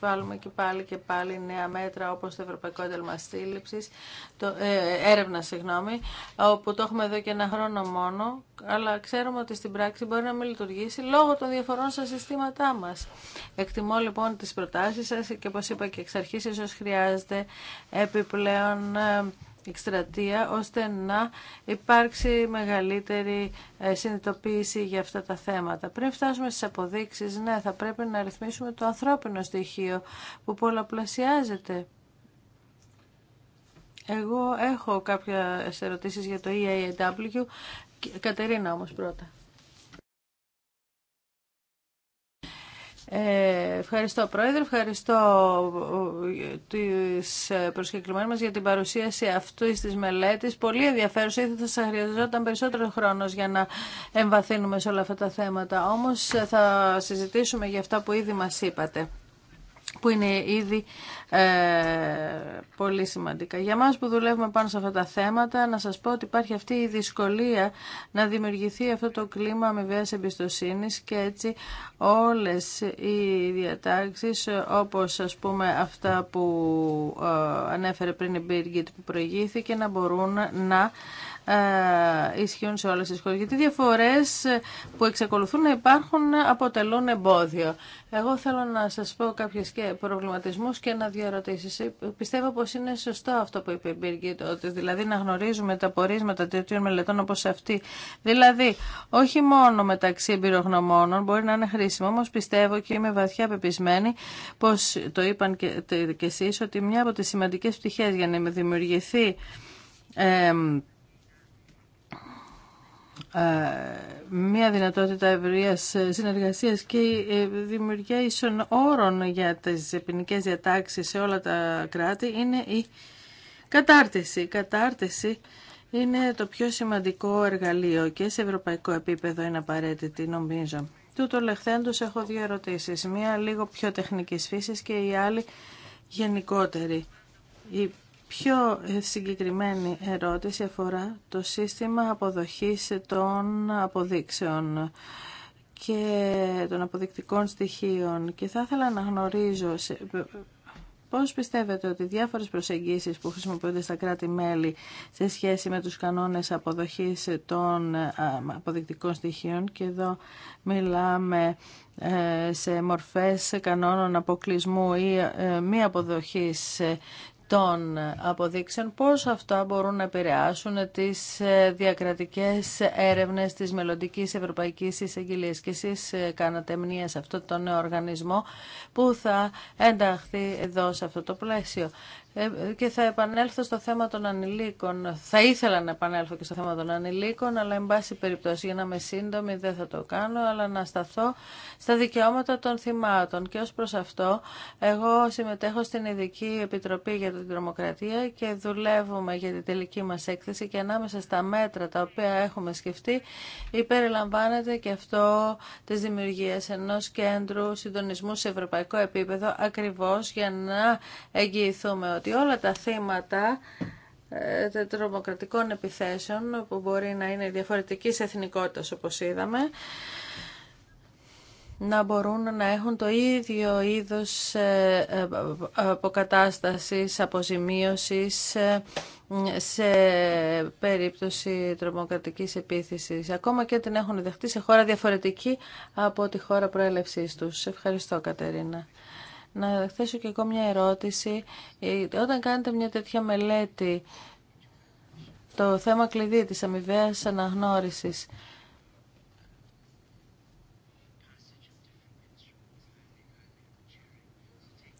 [SPEAKER 4] βάλουμε και πάλι και πάλι νέα μέτρα όπω το Ευρωπαϊκό Ένταλμα το ε, έρευνα, συγγνώμη, όπου το έχουμε εδώ και ένα χρόνο μόνο, αλλά ξέρουμε ότι στην πράξη μπορεί να μην λειτουργήσει λόγω των διαφορών στα συστήματά μα λοιπόν τις προτάσεις σας και όπως είπα και εξ αρχής ίσως χρειάζεται επιπλέον ε, εκστρατεία ώστε να υπάρξει μεγαλύτερη ε, συνειδητοποίηση για αυτά τα θέματα. Πριν φτάσουμε στις αποδείξεις, ναι, θα πρέπει να ρυθμίσουμε το ανθρώπινο στοιχείο που πολλαπλασιάζεται. Εγώ έχω κάποια ερωτήσεις για το EAW. Κατερίνα όμως πρώτα. Ε, ευχαριστώ Πρόεδρε, ευχαριστώ ε, τις ε, προσκεκλημένες μας για την παρουσίαση αυτού της μελέτης. Πολύ ενδιαφέρουσα, ήθελα θα χρειαζόταν περισσότερο χρόνος για να εμβαθύνουμε σε όλα αυτά τα θέματα. Όμως θα συζητήσουμε για αυτά που ήδη μας είπατε, που είναι ήδη ε, πολύ σημαντικά. Για μας που δουλεύουμε πάνω σε αυτά τα θέματα, να σας πω ότι υπάρχει αυτή η δυσκολία να δημιουργηθεί αυτό το κλίμα αμοιβαίας εμπιστοσύνης και έτσι όλες οι διατάξεις, όπως ας πούμε αυτά που ε, ανέφερε πριν η Birgit που προηγήθηκε, να μπορούν να ε, ισχύουν σε όλες τις χώρες. Γιατί διαφορές που εξακολουθούν να υπάρχουν αποτελούν εμπόδιο. Εγώ θέλω να σας πω κάποιες και προβληματισμούς και να διαρωτήσεις. Ε, πιστεύω πως είναι σωστό αυτό που είπε η Μπίργκη ότι δηλαδή να γνωρίζουμε τα πορίσματα τέτοιων μελετών όπως αυτή. Δηλαδή, όχι μόνο μεταξύ εμπειρογνωμόνων, μπορεί να είναι χρήσιμο, όμως πιστεύω και είμαι βαθιά πεπισμένη, πως το είπαν και, και εσείς, ότι μια από τις σημαντικές πτυχές για να δημιουργηθεί ε, ε, μια δυνατότητα ευρεία ε, συνεργασίας και ε, δημιουργία ίσων όρων για τις ποινικέ διατάξεις σε όλα τα κράτη είναι η κατάρτιση. Η κατάρτιση είναι το πιο σημαντικό εργαλείο και σε ευρωπαϊκό επίπεδο είναι απαραίτητη νομίζω. Τούτο λεχθέντος έχω δύο ερωτήσει: Μία λίγο πιο τεχνική φύσης και η άλλη γενικότερη. Η Πιο ε, συγκεκριμένη ερώτηση αφορά το σύστημα αποδοχής των αποδείξεων και των αποδεικτικών στοιχείων και θα ήθελα να γνωρίζω πώς πιστεύετε ότι διάφορες προσεγγίσεις που χρησιμοποιούνται στα κράτη-μέλη σε σχέση με τους κανόνες αποδοχής των ε, αποδεικτικών στοιχείων και εδώ μιλάμε ε, σε μορφές κανόνων αποκλεισμού ή μη αποδοχής των αποδείξεων πώς αυτά μπορούν να επηρεάσουν τις ε, διακρατικές έρευνες της μελλοντική Ευρωπαϊκής Εισαγγελίας. Και εσείς ε, κάνατε σε αυτό το νέο οργανισμό που θα ενταχθεί εδώ σε αυτό το πλαίσιο. Ε, και θα επανέλθω στο θέμα των ανηλίκων. Θα ήθελα να επανέλθω και στο θέμα των ανηλίκων, αλλά εν πάση περιπτώσει για να είμαι σύντομη δεν θα το κάνω, αλλά να σταθώ στα δικαιώματα των θυμάτων. Και ως προς αυτό, εγώ συμμετέχω στην Ειδική Επιτροπή για την Τρομοκρατία και δουλεύουμε για την τελική μας έκθεση και ανάμεσα στα μέτρα τα οποία έχουμε σκεφτεί υπεριλαμβάνεται και αυτό της δημιουργίας ενός κέντρου συντονισμού σε ευρωπαϊκό επίπεδο ακριβώς για να εγγυηθούμε ότι όλα τα θύματα ε, τρομοκρατικών επιθέσεων που μπορεί να είναι διαφορετικής εθνικότητας όπως είδαμε να μπορούν να έχουν το ίδιο είδος ε, ε, αποκατάστασης, αποζημίωσης σε περίπτωση τρομοκρατικής επίθεσης. Ακόμα και την έχουν δεχτεί σε χώρα διαφορετική από τη χώρα προέλευσής τους. Ευχαριστώ Κατερίνα να θέσω και εγώ μια ερώτηση. Ε, όταν κάνετε μια τέτοια μελέτη, το θέμα κλειδί της αμοιβαία αναγνώρισης,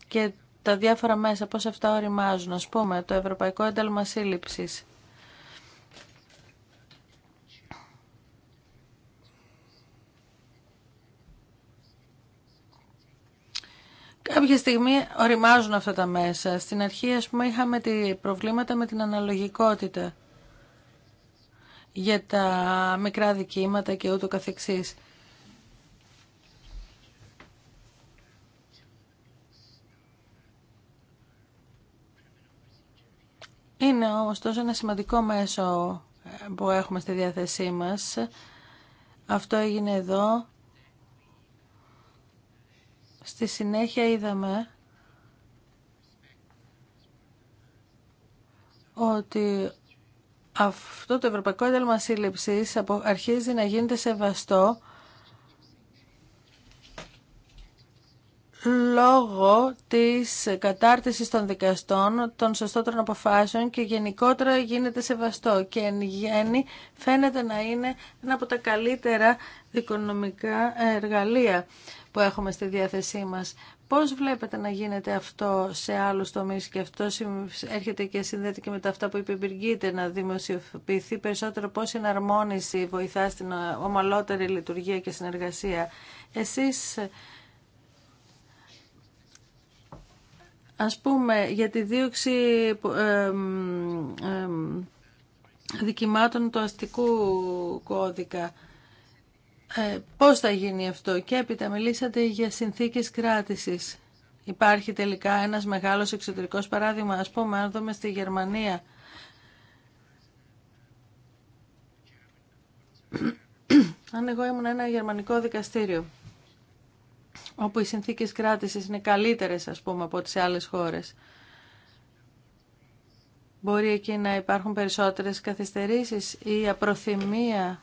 [SPEAKER 4] και τα διάφορα μέσα, πώς αυτά οριμάζουν, ας πούμε, το Ευρωπαϊκό Ένταλμα Σύλληψης. κάποια στιγμή οριμάζουν αυτά τα μέσα. Στην αρχή, ας πούμε, είχαμε προβλήματα με την αναλογικότητα για τα μικρά δικήματα και ούτω καθεξής. Είναι όμως τόσο ένα σημαντικό μέσο που έχουμε στη διάθεσή μας. Αυτό έγινε εδώ Στη συνέχεια είδαμε ότι αυτό το Ευρωπαϊκό Ένταλμα Σύλληψης αρχίζει να γίνεται σεβαστό λόγω της κατάρτισης των δικαστών, των σωστότερων αποφάσεων και γενικότερα γίνεται σεβαστό και εν γέννη φαίνεται να είναι ένα από τα καλύτερα οικονομικά εργαλεία που έχουμε στη διάθεσή μας. Πώς βλέπετε να γίνεται αυτό σε άλλους τομείς και αυτό έρχεται και συνδέεται και με τα αυτά που είπε να δημοσιοποιηθεί περισσότερο πώς η εναρμόνιση βοηθά στην ομαλότερη λειτουργία και συνεργασία. Εσείς ας πούμε για τη δίωξη δικημάτων του αστικού κώδικα ε, πώς θα γίνει αυτό και έπειτα μιλήσατε για συνθήκες κράτησης. Υπάρχει τελικά ένας μεγάλος εξωτερικός παράδειγμα, ας πούμε, αν δούμε στη Γερμανία. αν εγώ ήμουν ένα γερμανικό δικαστήριο, όπου οι συνθήκες κράτησης είναι καλύτερες, ας πούμε, από τις άλλες χώρες, μπορεί εκεί να υπάρχουν περισσότερες καθυστερήσεις ή απροθυμία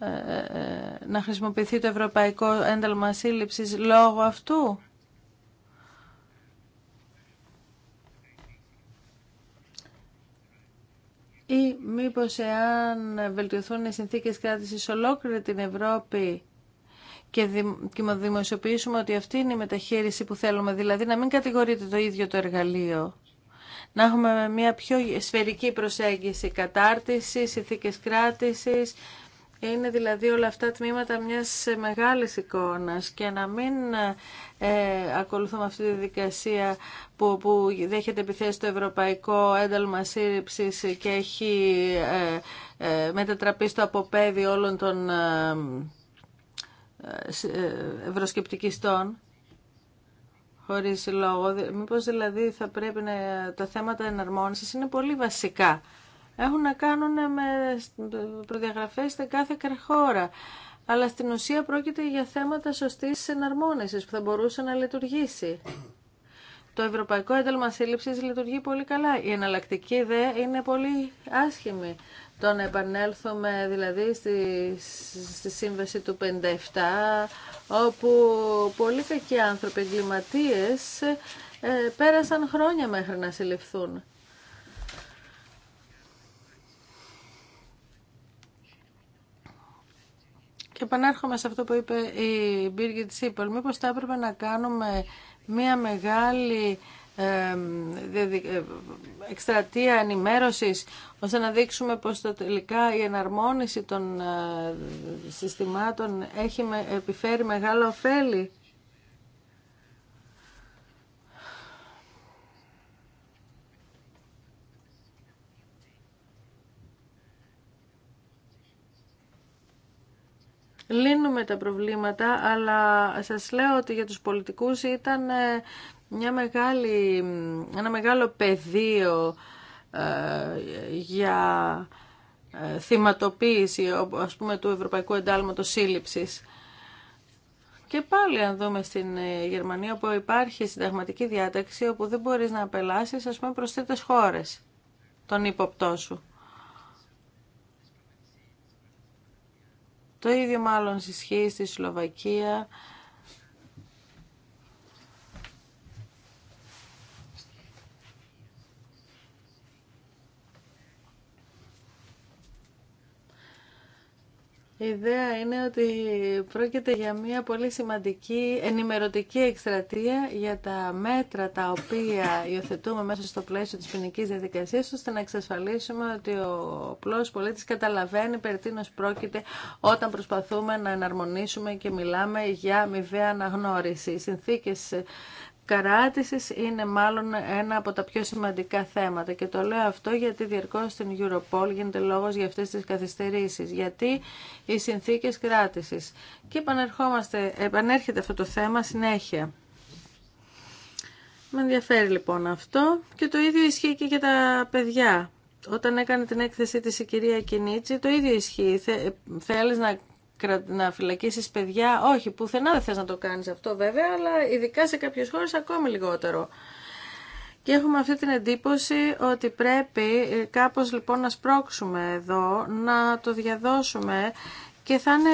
[SPEAKER 4] ε, ε, ε, να χρησιμοποιηθεί το Ευρωπαϊκό Ένταλμα Σύλληψης λόγω αυτού. Ή μήπως εάν βελτιωθούν οι συνθήκες κράτησης ολόκληρη την Ευρώπη και δημοσιοποιήσουμε ότι αυτή είναι η μεταχείριση που θέλουμε, δηλαδή να μην κατηγορείται το ίδιο το εργαλείο, να έχουμε μια πιο σφαιρική προσέγγιση κατάρτισης, συνθήκες κράτησης, είναι δηλαδή όλα αυτά τμήματα μιας μεγάλης εικόνας και να μην ε, ακολουθούμε αυτή τη δικασία που, που δέχεται επιθέσει το ευρωπαϊκό ένταλμα σύρρηψης και έχει ε, ε, μετατραπεί στο αποπέδι όλων των ε, ευρωσκεπτικιστών χωρίς λόγο. Μήπως δηλαδή θα πρέπει να, τα θέματα εναρμόνισης είναι πολύ βασικά έχουν να κάνουν με προδιαγραφές σε κάθε χώρα. Αλλά στην ουσία πρόκειται για θέματα σωστής εναρμόνισης που θα μπορούσε να λειτουργήσει. Το Ευρωπαϊκό Ένταλμα σύλληψη λειτουργεί πολύ καλά. Η εναλλακτική δε είναι πολύ άσχημη. Το να επανέλθουμε δηλαδή στη, σύμβαση του 57, όπου πολλοί κακοί άνθρωποι εγκληματίες ε, πέρασαν χρόνια μέχρι να συλληφθούν. Και επανέρχομαι σε αυτό που είπε η Birgit Σίπολ. Μήπως θα έπρεπε να κάνουμε μια μεγάλη ε, εκστρατεία ενημέρωσης ώστε να δείξουμε πως το τελικά η εναρμόνιση των ε, συστημάτων έχει επιφέρει μεγάλο ωφέλη. λύνουμε τα προβλήματα, αλλά σας λέω ότι για τους πολιτικούς ήταν ε, μια ένα μεγάλο πεδίο ε, για ε, θυματοποίηση ας πούμε, του Ευρωπαϊκού Εντάλματος Σύλληψης. Και πάλι αν δούμε στην Γερμανία όπου υπάρχει συνταγματική διάταξη όπου δεν μπορείς να απελάσεις ας πούμε προς χώρες τον ύποπτό σου. Το ίδιο μάλλον συσχύει στη Σλοβακία Η ιδέα είναι ότι πρόκειται για μια πολύ σημαντική ενημερωτική εκστρατεία για τα μέτρα τα οποία υιοθετούμε μέσα στο πλαίσιο της ποινική διαδικασίας ώστε να εξασφαλίσουμε ότι ο πλός πολίτης καταλαβαίνει περί τίνος πρόκειται όταν προσπαθούμε να εναρμονίσουμε και μιλάμε για αμοιβαία αναγνώριση. Οι συνθήκες κράτησης είναι μάλλον ένα από τα πιο σημαντικά θέματα και το λέω αυτό γιατί διαρκώς στην Europol γίνεται λόγος για αυτές τις καθυστερήσεις, γιατί οι συνθήκες κράτησης. Και επανέρχεται αυτό το θέμα συνέχεια. Με ενδιαφέρει λοιπόν αυτό και το ίδιο ισχύει και για τα παιδιά. Όταν έκανε την έκθεσή της η κυρία Κινίτσι, το ίδιο ισχύει. Θέλεις να να φυλακίσεις παιδιά. Όχι, πουθενά δεν θε να το κάνει αυτό βέβαια, αλλά ειδικά σε κάποιε χώρε ακόμη λιγότερο. Και έχουμε αυτή την εντύπωση ότι πρέπει ε, κάπως λοιπόν να σπρώξουμε εδώ, να το διαδώσουμε και θα είναι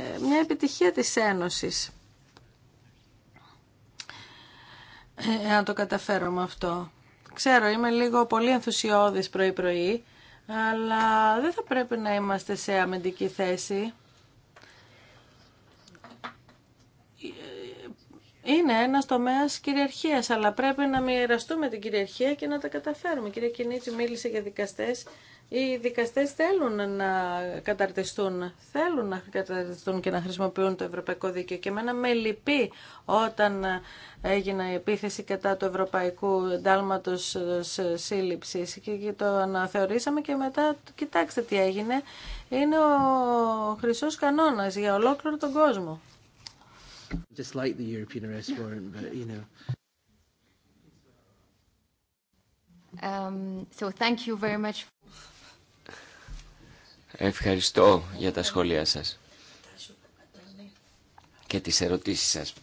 [SPEAKER 4] ε, μια επιτυχία της Ένωσης. Ε, ε να το με αυτο αυτό. Ξέρω, είμαι λίγο πολύ ενθουσιώδης πρωί-πρωί, αλλά δεν θα πρέπει να είμαστε σε αμυντική θέση. είναι ένα τομέα κυριαρχία, αλλά πρέπει να μοιραστούμε την κυριαρχία και να τα καταφέρουμε. κυρία Κινίτσι μίλησε για δικαστές. Οι δικαστές θέλουν να καταρτιστούν, θέλουν να καταρτιστούν και να χρησιμοποιούν το ευρωπαϊκό δίκαιο. Και εμένα με λυπεί όταν έγινε η επίθεση κατά του ευρωπαϊκού εντάλματο σύλληψη. και το αναθεωρήσαμε και μετά κοιτάξτε τι έγινε. Είναι ο Χρυσό Κανόνα για ολόκληρο τον κόσμο.
[SPEAKER 1] Just like the European arrest warrant, but you know.
[SPEAKER 2] Um, so thank you very much. Ευχαριστώ για τα σχόλιά σας και τις ερωτήσεις σας.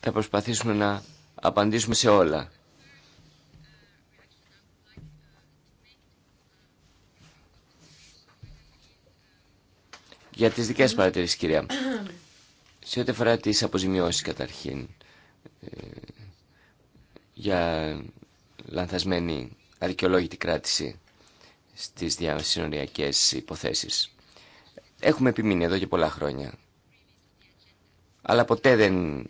[SPEAKER 2] Θα προσπαθήσουμε να απαντήσουμε σε όλα. Για τις δικές παρατηρήσεις, κυρία. Σε ό,τι αφορά τις αποζημιώσεις, καταρχήν, ε, για λανθασμένη αδικαιολόγητη κράτηση στις διασυνοριακές υποθέσεις. Έχουμε επιμείνει εδώ και πολλά χρόνια. Αλλά ποτέ δεν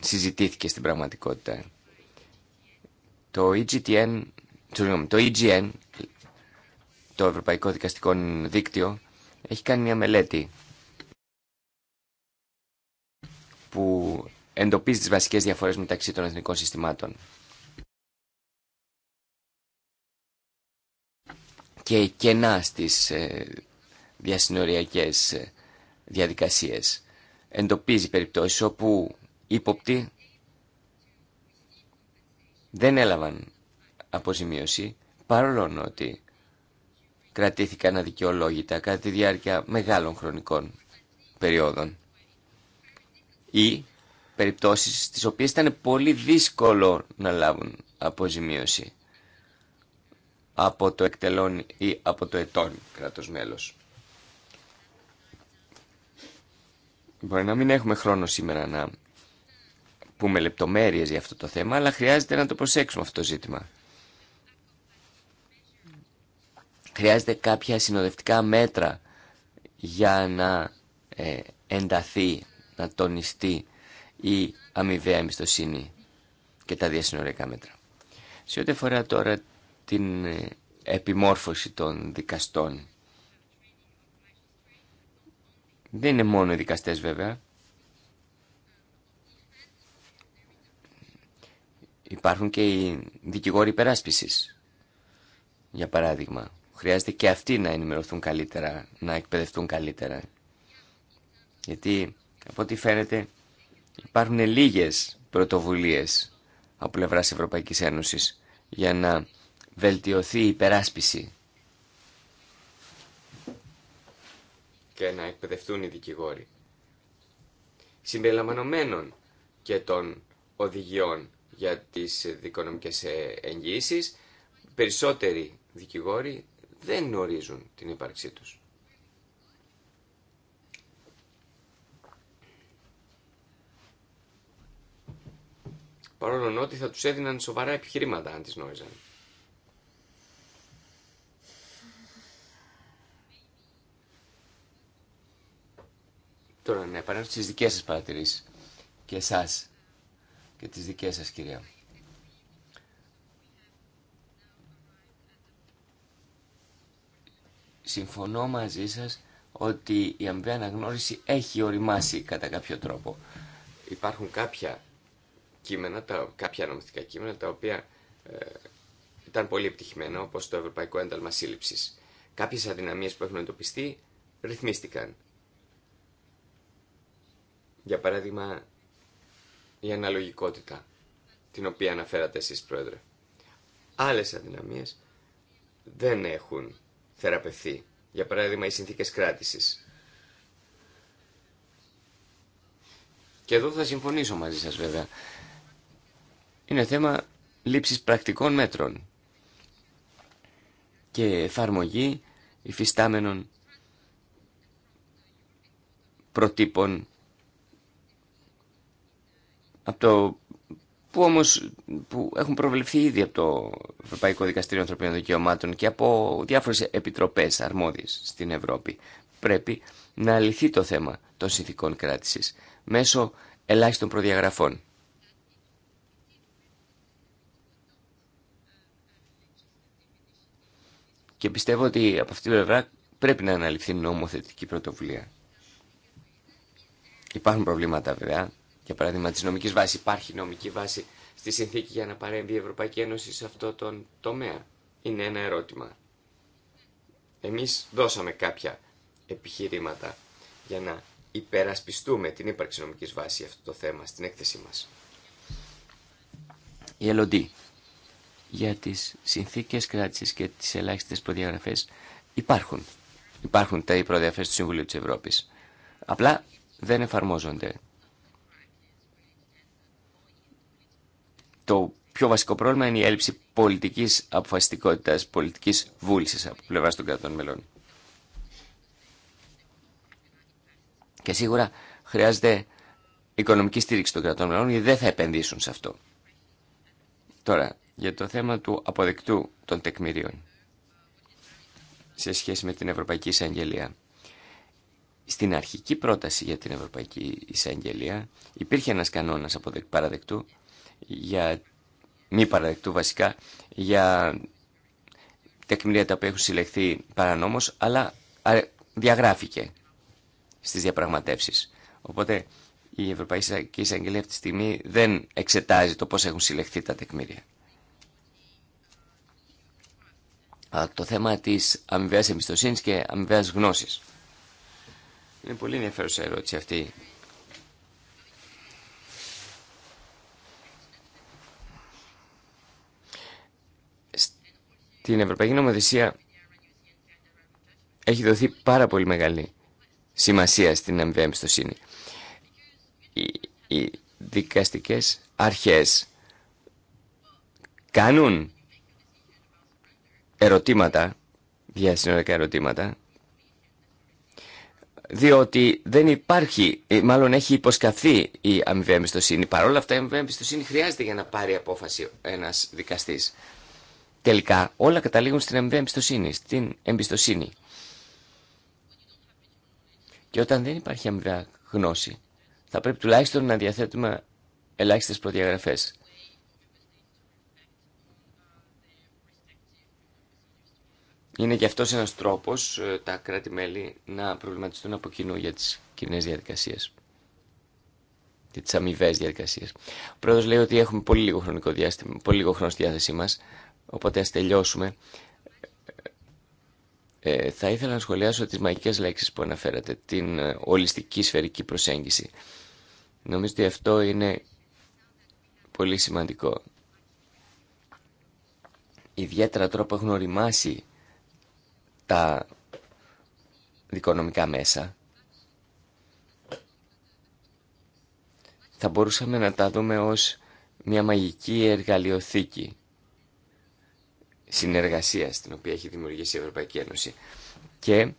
[SPEAKER 2] συζητήθηκε στην πραγματικότητα. Το EGTN, το EGN, το Ευρωπαϊκό Δικαστικό Δίκτυο, έχει κάνει μια μελέτη που εντοπίζει τις βασικές διαφορές μεταξύ των εθνικών συστημάτων. Και κενά στις ε, διασυνοριακές ε, διαδικασίες. Εντοπίζει περιπτώσεις όπου ύποπτοι δεν έλαβαν αποζημίωση παρόλο ότι κρατήθηκαν αδικαιολόγητα κατά τη διάρκεια μεγάλων χρονικών περιόδων ή περιπτώσεις στις οποίες ήταν πολύ δύσκολο να λάβουν αποζημίωση από το εκτελών ή από το ετών κράτος μέλος. Μπορεί να μην έχουμε χρόνο σήμερα να πούμε λεπτομέρειες για αυτό το θέμα, αλλά χρειάζεται να το προσέξουμε αυτό το ζήτημα. χρειάζεται κάποια συνοδευτικά μέτρα για να ε, ενταθεί, να τονιστεί η αμοιβαία εμπιστοσύνη και τα διασυνοριακά μέτρα. Σε ό,τι αφορά τώρα την ε, επιμόρφωση των δικαστών, δεν είναι μόνο οι δικαστές βέβαια. Υπάρχουν και οι δικηγόροι υπεράσπισης, για παράδειγμα χρειάζεται και αυτοί να ενημερωθούν καλύτερα, να εκπαιδευτούν καλύτερα. Γιατί από ό,τι φαίνεται υπάρχουν λίγες πρωτοβουλίες από πλευράς Ευρωπαϊκής Ένωσης για να βελτιωθεί η υπεράσπιση και να εκπαιδευτούν οι δικηγόροι. Συμπεριλαμβανομένων και των οδηγιών για τις δικονομικές εγγύησεις, περισσότεροι δικηγόροι δεν γνωρίζουν την ύπαρξή τους. Παρόλο ότι θα τους έδιναν σοβαρά επιχειρήματα αν τις γνώριζαν. Τώρα να επανέλθω στις δικές σας παρατηρήσεις και εσάς και τις δικές σας κυρία μου. συμφωνώ μαζί σας ότι η αμοιβαία αναγνώριση έχει οριμάσει κατά κάποιο τρόπο. Υπάρχουν κάποια κείμενα, τα, κάποια νομιστικά κείμενα, τα οποία ε, ήταν πολύ επιτυχημένα, όπως το Ευρωπαϊκό Ένταλμα Σύλληψης. Κάποιες αδυναμίες που έχουν εντοπιστεί ρυθμίστηκαν. Για παράδειγμα, η αναλογικότητα, την οποία αναφέρατε εσείς, Πρόεδρε. Άλλες αδυναμίες δεν έχουν θεραπευθεί. Για παράδειγμα, οι συνθήκε κράτησης. Και εδώ θα συμφωνήσω μαζί σας βέβαια. Είναι θέμα λήψης πρακτικών μέτρων και εφαρμογή υφιστάμενων προτύπων από που όμω που έχουν προβλεφθεί ήδη από το Ευρωπαϊκό Δικαστήριο Ανθρωπίνων Δικαιωμάτων και από διάφορες επιτροπές αρμόδιες στην Ευρώπη. Πρέπει να λυθεί το θέμα των συνθηκών κράτηση μέσω ελάχιστων προδιαγραφών. Και πιστεύω ότι από αυτή την πλευρά πρέπει να αναλυθεί νομοθετική πρωτοβουλία. Υπάρχουν προβλήματα βέβαια για παράδειγμα, τη νομική βάση. Υπάρχει νομική βάση στη συνθήκη για να παρέμβει η Ευρωπαϊκή Ένωση σε αυτό τον τομέα. Είναι ένα ερώτημα. Εμείς δώσαμε κάποια επιχειρήματα για να υπερασπιστούμε την ύπαρξη νομική βάση αυτό το θέμα στην έκθεσή μας. Η ΕΛΟΝΤΗ. για τις συνθήκες κράτησης και τις ελάχιστες προδιαγραφές υπάρχουν. Υπάρχουν τα προδιαγραφές του Συμβουλίου της Ευρώπης. Απλά δεν εφαρμόζονται το πιο βασικό πρόβλημα είναι η έλλειψη πολιτικής αποφασιστικότητα, πολιτικής βούλησης από πλευράς των κρατών μελών. Και σίγουρα χρειάζεται οικονομική στήριξη των κρατών μελών γιατί δεν θα επενδύσουν σε αυτό. Τώρα, για το θέμα του αποδεκτού των τεκμηρίων σε σχέση με την Ευρωπαϊκή Εισαγγελία. Στην αρχική πρόταση για την Ευρωπαϊκή Εισαγγελία υπήρχε ένας κανόνας παραδεκτού για μη παραδεκτού βασικά, για τεκμήρια τα οποία έχουν συλλεχθεί παρανόμως, αλλά διαγράφηκε στις διαπραγματεύσεις. Οπότε η Ευρωπαϊκή Εισαγγελία αυτή τη στιγμή δεν εξετάζει το πώς έχουν συλλεχθεί τα τεκμήρια. το θέμα της αμοιβαίας εμπιστοσύνης και αμοιβαίας γνώσης. Είναι πολύ ενδιαφέρουσα ερώτηση αυτή την Ευρωπαϊκή Νομοθεσία έχει δοθεί πάρα πολύ μεγάλη σημασία στην αμοιβαία εμπιστοσύνη. Οι, οι δικαστικές αρχές κάνουν ερωτήματα, διασυνορικά ερωτήματα, διότι δεν υπάρχει, ε, μάλλον έχει υποσκαθεί η αμοιβαία εμπιστοσύνη. Παρ' όλα αυτά η αμοιβαία εμπιστοσύνη χρειάζεται για να πάρει απόφαση ένας δικαστής. Τελικά όλα καταλήγουν στην αμοιβαία εμπιστοσύνη, στην εμπιστοσύνη. Και όταν δεν υπάρχει αμοιβαία γνώση, θα πρέπει τουλάχιστον να διαθέτουμε ελάχιστες προδιαγραφές. Είναι και αυτός ένας τρόπος ε, τα κράτη-μέλη να προβληματιστούν από κοινού για τις κοινέ διαδικασίες και τι αμοιβέ διαδικασίε. Ο πρόεδρο λέει ότι έχουμε πολύ λίγο πολύ λίγο χρόνο στη διάθεσή μα. Οπότε ας τελειώσουμε. Ε, θα ήθελα να σχολιάσω τις μαγικές λέξεις που αναφέρατε, την ε, ολιστική σφαιρική προσέγγιση. Νομίζω ότι αυτό είναι πολύ σημαντικό. Ιδιαίτερα τρόπο έχουν οριμάσει τα δικονομικά μέσα, θα μπορούσαμε να τα δούμε ως μια μαγική εργαλειοθήκη συνεργασίας την οποία έχει δημιουργήσει η Ευρωπαϊκή Ένωση. Και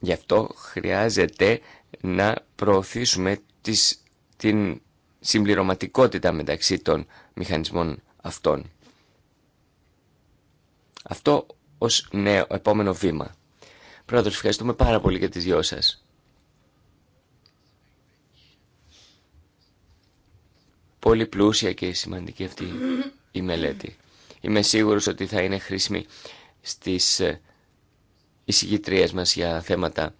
[SPEAKER 2] γι' αυτό χρειάζεται να προωθήσουμε τις, την συμπληρωματικότητα μεταξύ των μηχανισμών αυτών. Αυτό ως νέο επόμενο βήμα. Πρόεδρος, ευχαριστούμε πάρα πολύ για τις δυο σας. Πολύ πλούσια και σημαντική αυτή η μελέτη είμαι σίγουρος ότι θα είναι χρήσιμη στις ε, εισηγητρίες μας για θέματα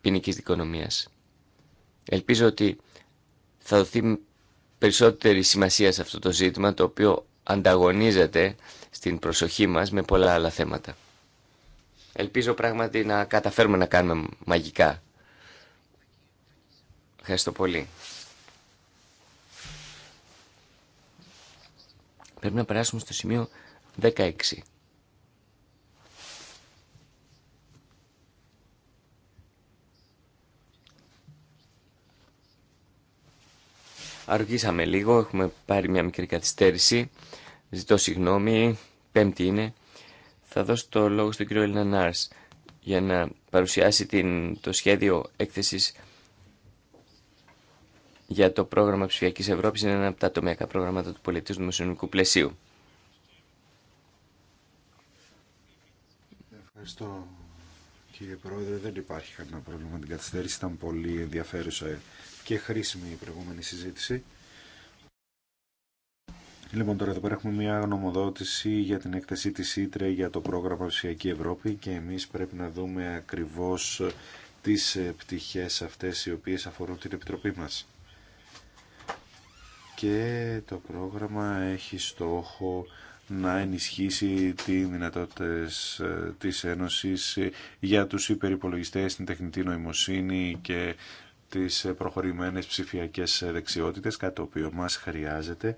[SPEAKER 2] ποινικής δικονομίας. Ελπίζω ότι θα δοθεί περισσότερη σημασία σε αυτό το ζήτημα το οποίο ανταγωνίζεται στην προσοχή μας με πολλά άλλα θέματα. Ελπίζω πράγματι να καταφέρουμε να κάνουμε μαγικά. Ευχαριστώ πολύ. Πρέπει να περάσουμε στο σημείο 16. Αργήσαμε λίγο, έχουμε πάρει μια μικρή καθυστέρηση. Ζητώ συγγνώμη, πέμπτη είναι. Θα δώσω το λόγο στον κύριο Ελνανάρς για να παρουσιάσει το σχέδιο έκθεσης για το πρόγραμμα ψηφιακή Ευρώπη είναι ένα από τα τομεακά προγράμματα του πολιτισμού δημοσιονομικού πλαισίου.
[SPEAKER 3] Ευχαριστώ κύριε Πρόεδρε. Δεν υπάρχει κανένα πρόβλημα με την καθυστέρηση. Ήταν πολύ ενδιαφέρουσα και χρήσιμη η προηγούμενη συζήτηση. Λοιπόν, τώρα εδώ πέρα έχουμε μια γνωμοδότηση για την έκθεση της ΣΥΤΡΕ για το πρόγραμμα Ψηφιακή Ευρώπη και εμείς πρέπει να δούμε ακριβώς τις πτυχέ αυτές οι οποίες αφορούν την Επιτροπή μας και το πρόγραμμα έχει στόχο να ενισχύσει τι δυνατότητε της Ένωσης για τους υπερυπολογιστές, την τεχνητή νοημοσύνη και τις προχωρημένες ψηφιακές δεξιότητες, κάτι το οποίο μας χρειάζεται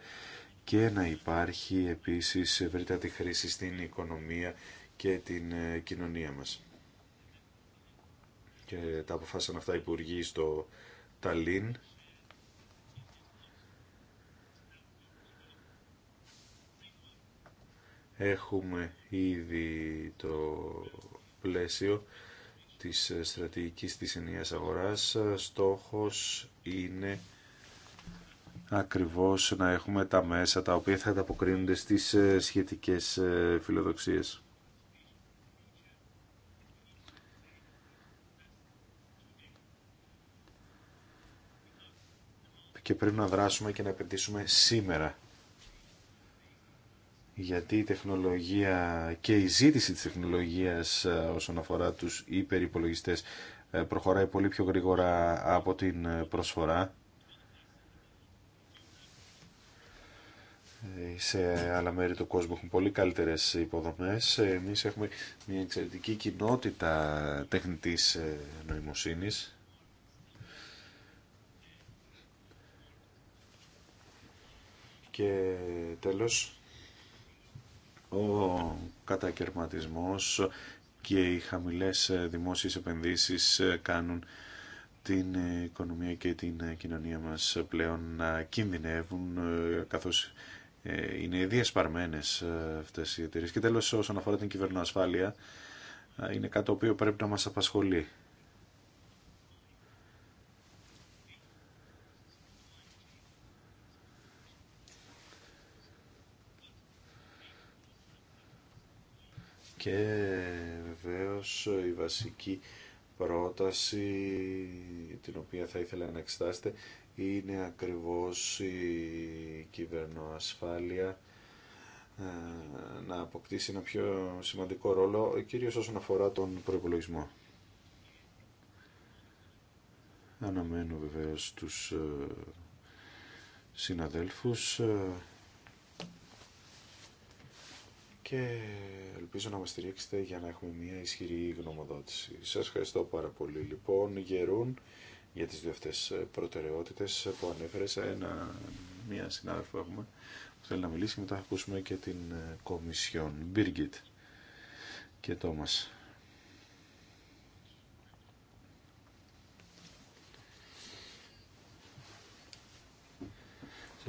[SPEAKER 3] και να υπάρχει επίσης ευρύτατη χρήση στην οικονομία και την ε, κοινωνία μας. Και τα αποφάσισαν αυτά οι υπουργοί στο Ταλίν Έχουμε ήδη το πλαίσιο της στρατηγικής της ενιαίας αγοράς. Στόχος είναι ακριβώς να έχουμε τα μέσα τα οποία θα ανταποκρίνονται στις σχετικές φιλοδοξίες. Και πρέπει να δράσουμε και να επενδύσουμε σήμερα γιατί η τεχνολογία και η ζήτηση της τεχνολογίας ε, όσον αφορά τους υπερυπολογιστές ε, προχωράει πολύ πιο γρήγορα από την ε, προσφορά. σε άλλα μέρη του κόσμου έχουν πολύ καλύτερες υποδομές. Εμείς έχουμε μια εξαιρετική κοινότητα τεχνητής νοημοσύνης. Και τέλος, ο κατακαιρματισμός και οι χαμηλές δημόσιες επενδύσεις κάνουν την οικονομία και την κοινωνία μας πλέον να κινδυνεύουν καθώς ε, είναι διασπαρμένες ε, αυτές οι εταιρείε. Και τέλος όσον αφορά την κυβερνοασφάλεια ε, είναι κάτι το οποίο πρέπει να μας απασχολεί. και βεβαίω η βασική πρόταση την οποία θα ήθελα να εξετάσετε είναι ακριβώς η κυβερνοασφάλεια ε, να αποκτήσει ένα πιο σημαντικό ρόλο, κυρίως όσον αφορά τον προϋπολογισμό. Αναμένω βεβαίως τους ε, συναδέλφους ε, και ελπίζω να μας στηρίξετε για να έχουμε μια ισχυρή γνωμοδότηση. Σας ευχαριστώ πάρα πολύ λοιπόν Γερούν για τις δύο αυτές προτεραιότητες που ανέφερε ένα, μια συνάδελφο έχουμε που θέλει να μιλήσει και μετά θα ακούσουμε και την ε, Κομισιόν Μπίργκιτ και Τόμας.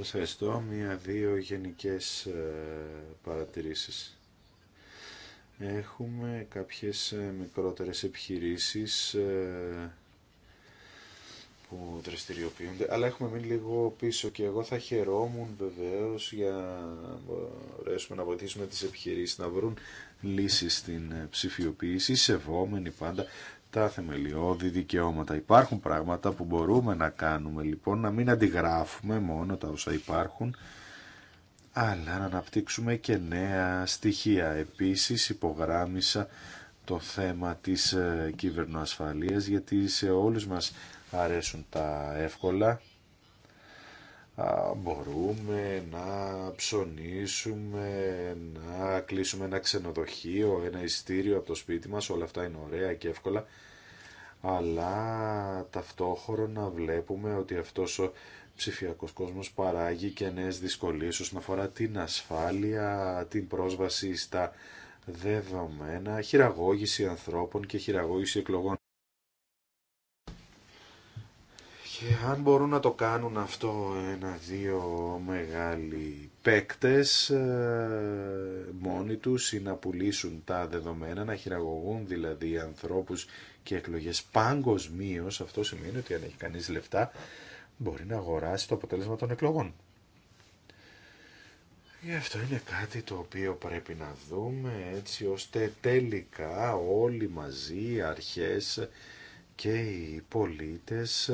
[SPEAKER 3] Σας ευχαριστώ. Μία-δύο γενικές ε, παρατηρήσεις. Έχουμε κάποιες ε, μικρότερες επιχειρήσεις ε, που δραστηριοποιούνται, αλλά έχουμε μείνει λίγο πίσω και εγώ θα χαιρόμουν βεβαίως για να να βοηθήσουμε τις επιχειρήσεις να βρουν λύσεις στην ψηφιοποίηση, σεβόμενοι πάντα τα θεμελιώδη δικαιώματα. Υπάρχουν πράγματα που μπορούμε να κάνουμε λοιπόν, να μην αντιγράφουμε μόνο τα όσα υπάρχουν, αλλά να αναπτύξουμε και νέα στοιχεία. Επίσης υπογράμμισα το θέμα της ε, κυβερνοασφαλείας γιατί σε όλους μας αρέσουν τα εύκολα μπορούμε να ψωνίσουμε, να κλείσουμε ένα ξενοδοχείο, ένα ειστήριο από το σπίτι μας, όλα αυτά είναι ωραία και εύκολα, αλλά ταυτόχρονα βλέπουμε ότι αυτός ο ψηφιακός κόσμος παράγει και νέες δυσκολίες όσον αφορά την ασφάλεια, την πρόσβαση στα δεδομένα, χειραγώγηση ανθρώπων και χειραγώγηση εκλογών. Και αν μπορούν να το κάνουν αυτό ένα-δύο μεγάλοι παίκτες ε, μόνοι τους ή να πουλήσουν τα δεδομένα, να χειραγωγούν δηλαδή ανθρώπους και εκλογές παγκοσμίω, αυτό σημαίνει ότι αν έχει κανείς λεφτά μπορεί να αγοράσει το αποτέλεσμα των εκλογών. Γι' αυτό είναι κάτι το οποίο πρέπει να δούμε έτσι ώστε τελικά όλοι μαζί, οι αρχές και οι πολίτες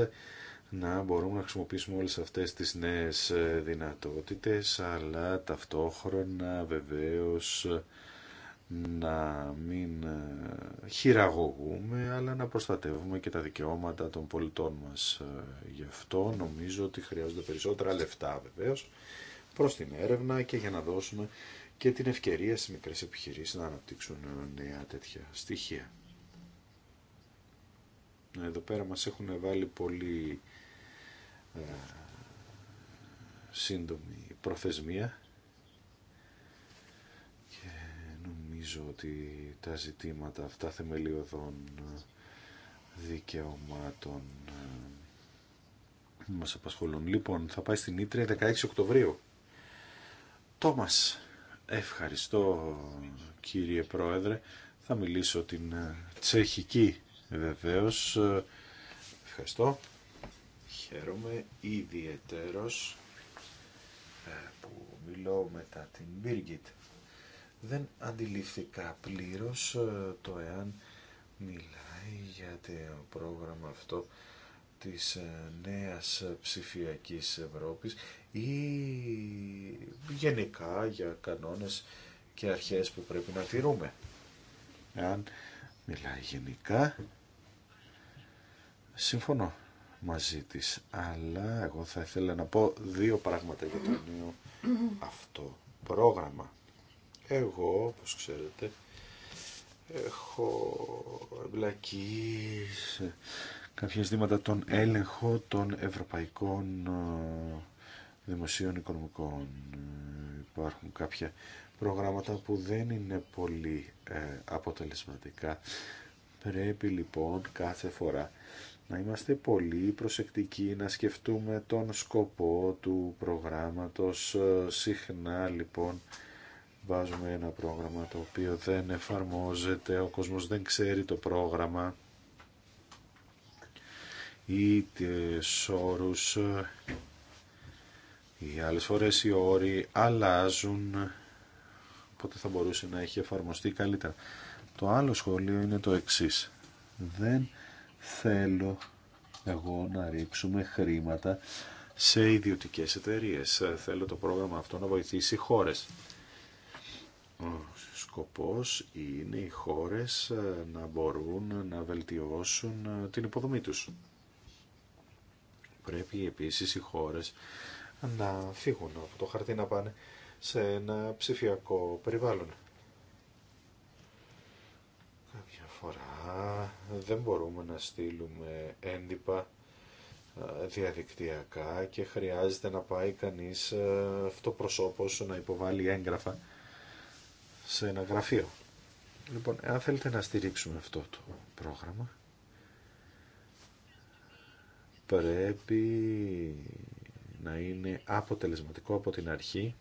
[SPEAKER 3] να μπορούμε να χρησιμοποιήσουμε όλες αυτές τις νέες ε, δυνατότητες, αλλά ταυτόχρονα βεβαίως να μην ε, χειραγωγούμε, αλλά να προστατεύουμε και τα δικαιώματα των πολιτών μας. Ε, γι' αυτό νομίζω ότι χρειάζονται περισσότερα λεφτά βεβαίως προς την έρευνα και για να δώσουμε και την ευκαιρία στις μικρές επιχειρήσεις να αναπτύξουν νέα τέτοια στοιχεία. Εδώ πέρα μας έχουν βάλει πολύ σύντομη προθεσμία και νομίζω ότι τα ζητήματα αυτά θεμελιωδών δικαιωμάτων ε, μας απασχολούν. Λοιπόν, θα πάει στην Ήτρια 16 Οκτωβρίου. Τόμας, ευχαριστώ κύριε Πρόεδρε. Θα μιλήσω την ε, τσεχική βεβαίως. Ε, ευχαριστώ. Χαίρομαι ιδιαιτέρως ε, που μιλώ μετά την Birgit. Δεν αντιληφθήκα πλήρως ε, το εάν μιλάει για το πρόγραμμα αυτό της ε, νέας ψηφιακής Ευρώπης ή γενικά για κανόνες και αρχές που πρέπει να τηρούμε. Εάν μιλάει γενικά, συμφωνώ μαζί της. Αλλά εγώ θα ήθελα να πω δύο πράγματα για το νέο αυτό πρόγραμμα. Εγώ, όπως ξέρετε, έχω εμπλακεί σε κάποια ζητήματα τον έλεγχο των ευρωπαϊκών ε, δημοσίων οικονομικών. Υπάρχουν κάποια προγράμματα που δεν είναι πολύ ε, αποτελεσματικά. Πρέπει λοιπόν κάθε φορά να είμαστε πολύ προσεκτικοί, να σκεφτούμε τον σκοπό του προγράμματος. Ε, συχνά λοιπόν βάζουμε ένα πρόγραμμα το οποίο δεν εφαρμόζεται, ο κόσμος δεν ξέρει το πρόγραμμα ή τις όρους ή άλλες φορές οι όροι αλλάζουν οπότε θα μπορούσε να έχει εφαρμοστεί καλύτερα. Το άλλο σχόλιο είναι το εξής. Δεν θέλω εγώ να ρίξουμε χρήματα σε ιδιωτικές εταιρείες. Θέλω το πρόγραμμα αυτό να βοηθήσει χώρες. Ο σκοπός είναι οι χώρες ε, να μπορούν να βελτιώσουν ε, την υποδομή τους. Πρέπει επίσης οι χώρες να φύγουν από το χαρτί να πάνε σε ένα ψηφιακό περιβάλλον. φορά δεν μπορούμε να στείλουμε έντυπα διαδικτυακά και χρειάζεται να πάει κανείς αυτοπροσώπος να υποβάλει έγγραφα σε ένα γραφείο. Λοιπόν, αν θέλετε να στηρίξουμε αυτό το πρόγραμμα, πρέπει να είναι αποτελεσματικό από την αρχή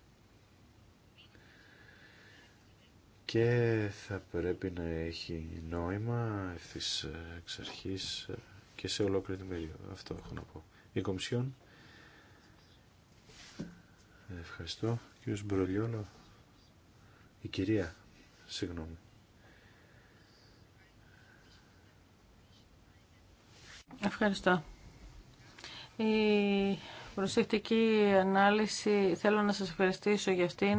[SPEAKER 3] και θα πρέπει να έχει νόημα ευθύς ε, εξ αρχής ε, και σε ολόκληρη την περίοδο. Αυτό έχω να πω. Η Κομισιόν. Ευχαριστώ. Κύριος Μπρολιόλο. Η κυρία. Συγγνώμη.
[SPEAKER 4] Ευχαριστώ προσεκτική ανάλυση. Θέλω να σας ευχαριστήσω για αυτήν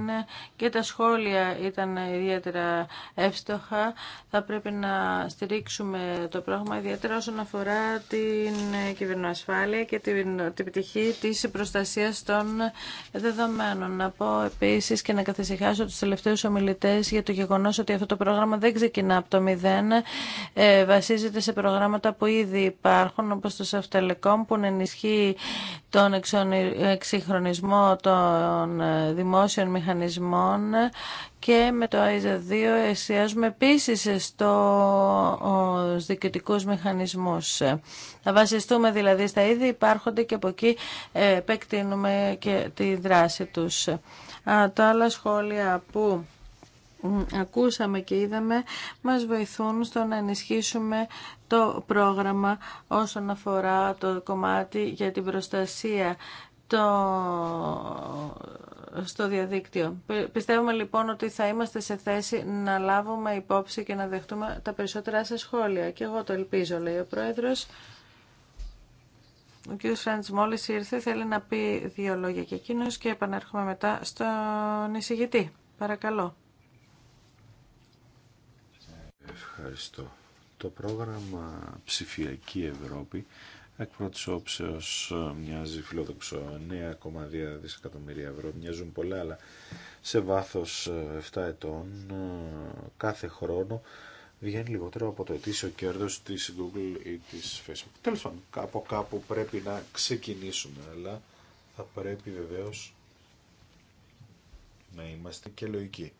[SPEAKER 4] και τα σχόλια ήταν ιδιαίτερα εύστοχα. Θα πρέπει να στηρίξουμε το πρόγραμμα ιδιαίτερα όσον αφορά την κυβερνοασφάλεια και την, την πτυχή της προστασίας των δεδομένων. Να πω επίσης και να καθησυχάσω τους τελευταίους ομιλητές για το γεγονός ότι αυτό το πρόγραμμα δεν ξεκινά από το μηδέν. Ε, βασίζεται σε προγράμματα που ήδη υπάρχουν όπως το Σαφτελεκόμ που ενισχύει τον εξυγχρονισμό των ε, δημόσιων μηχανισμών και με το ΆΙΖΑ 2 εστιάζουμε επίση στους διοικητικούς μηχανισμούς. Θα βασιστούμε δηλαδή στα ήδη υπάρχονται και από εκεί ε, επεκτείνουμε και τη δράση τους. τα άλλα σχόλια που ακούσαμε και είδαμε μας βοηθούν στο να ενισχύσουμε το πρόγραμμα όσον αφορά το κομμάτι για την προστασία το... στο διαδίκτυο. Πιστεύουμε λοιπόν ότι θα είμαστε σε θέση να λάβουμε υπόψη και να δεχτούμε τα περισσότερα σε σχόλια. Και εγώ το ελπίζω, λέει ο Πρόεδρος. Ο κ. Φραντς μόλις ήρθε, θέλει να πει δύο λόγια και εκείνος και επανέρχομαι μετά στον εισηγητή. Παρακαλώ.
[SPEAKER 3] Ευχαριστώ το πρόγραμμα Ψηφιακή Ευρώπη εκ πρώτη όψεω ε, μοιάζει φιλόδοξο 9,2 δισεκατομμύρια ευρώ μοιάζουν πολλά αλλά σε βάθος 7 ε, ετών ε, κάθε χρόνο βγαίνει λιγότερο από το ετήσιο κέρδο της Google ή της Facebook. Τέλο πάντων, κάπου κάπου πρέπει να ξεκινήσουμε, αλλά θα πρέπει βεβαίω να είμαστε και λογικοί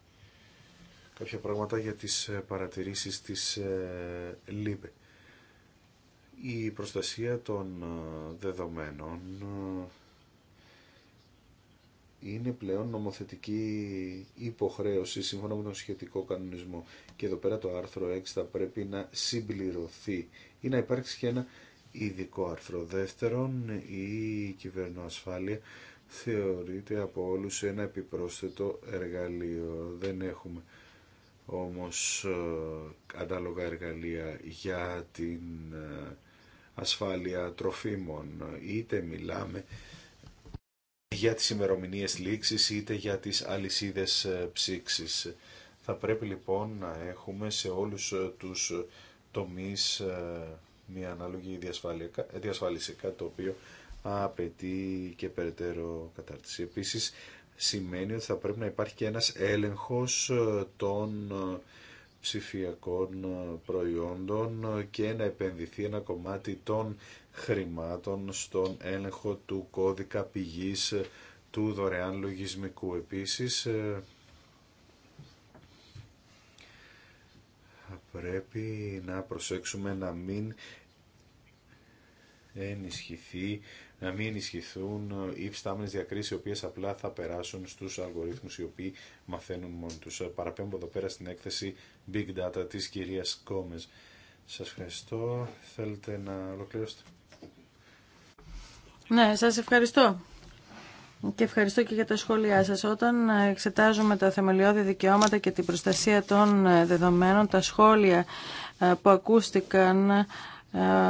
[SPEAKER 3] κάποια πράγματα για τις ε, παρατηρήσεις της ε, Λύπε. Η προστασία των ε, δεδομένων είναι πλέον νομοθετική υποχρέωση σύμφωνα με τον σχετικό κανονισμό. Και εδώ πέρα το άρθρο 6 θα πρέπει να συμπληρωθεί ή να υπάρξει και ένα ειδικό άρθρο. Δεύτερον, η κυβερνοασφάλεια θεωρείται από όλους ένα επιπρόσθετο εργαλείο. Δεν έχουμε όμως κατάλογα ε, εργαλεία για την ε, ασφάλεια τροφίμων. Είτε μιλάμε για τις ημερομηνίες λήξης είτε για τις αλυσίδες ε, ψήξης. Θα πρέπει λοιπόν να έχουμε σε όλους τους τομείς μια ανάλογη διασφάλιση, κάτι το οποίο απαιτεί και περαιτέρω κατάρτιση. Επίσης, σημαίνει ότι θα πρέπει να υπάρχει και ένας έλεγχος ε, των ε, ψηφιακών ε, προϊόντων και να επενδυθεί ένα κομμάτι των χρημάτων στον έλεγχο του κώδικα πηγής του δωρεάν λογισμικού. Επίσης, πρέπει να προσέξουμε να μην ενισχυθεί, να μην ενισχυθούν οι φυστάμενες διακρίσεις οι οποίες απλά θα περάσουν στους αλγορίθμους οι οποίοι μαθαίνουν μόνοι τους. Παραπέμπω εδώ πέρα στην έκθεση Big Data της κυρίας Κόμες. Σας ευχαριστώ. Θέλετε να ολοκληρώσετε.
[SPEAKER 4] Ναι, σας ευχαριστώ. Και ευχαριστώ και για τα σχόλιά σας. Όταν εξετάζουμε τα θεμελιώδη δικαιώματα και την προστασία των δεδομένων, τα σχόλια ε, που ακούστηκαν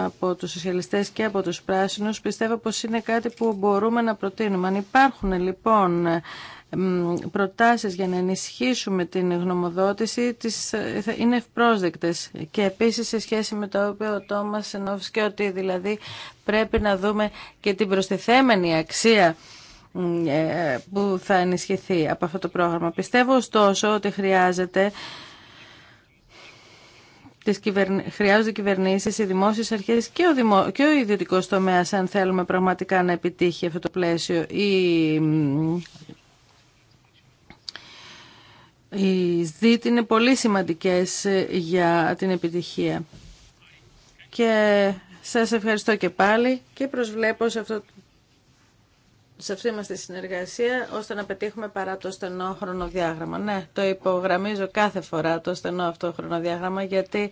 [SPEAKER 4] από τους σοσιαλιστές και από τους πράσινους πιστεύω πως είναι κάτι που μπορούμε να προτείνουμε. Αν υπάρχουν λοιπόν προτάσεις για να ενισχύσουμε την γνωμοδότηση τις, ε, είναι ευπρόσδεκτες και επίσης σε σχέση με το οποίο ο Τόμας και ότι δηλαδή πρέπει να δούμε και την προστιθέμενη αξία ε, που θα ενισχυθεί από αυτό το πρόγραμμα. Πιστεύω ωστόσο ότι χρειάζεται τις κυβερν... χρειάζονται οι κυβερνήσεις, οι δημόσιες αρχές και ο, δημο... και ο ιδιωτικός τομέας αν θέλουμε πραγματικά να επιτύχει αυτό το πλαίσιο. Η, οι ΣΔΙΤ είναι πολύ σημαντικές για την επιτυχία. Και σας ευχαριστώ και πάλι και προσβλέπω σε αυτό σε αυτή μας τη συνεργασία ώστε να πετύχουμε παρά το στενό χρονοδιάγραμμα. Ναι, το υπογραμμίζω κάθε φορά το στενό αυτό χρονοδιάγραμμα γιατί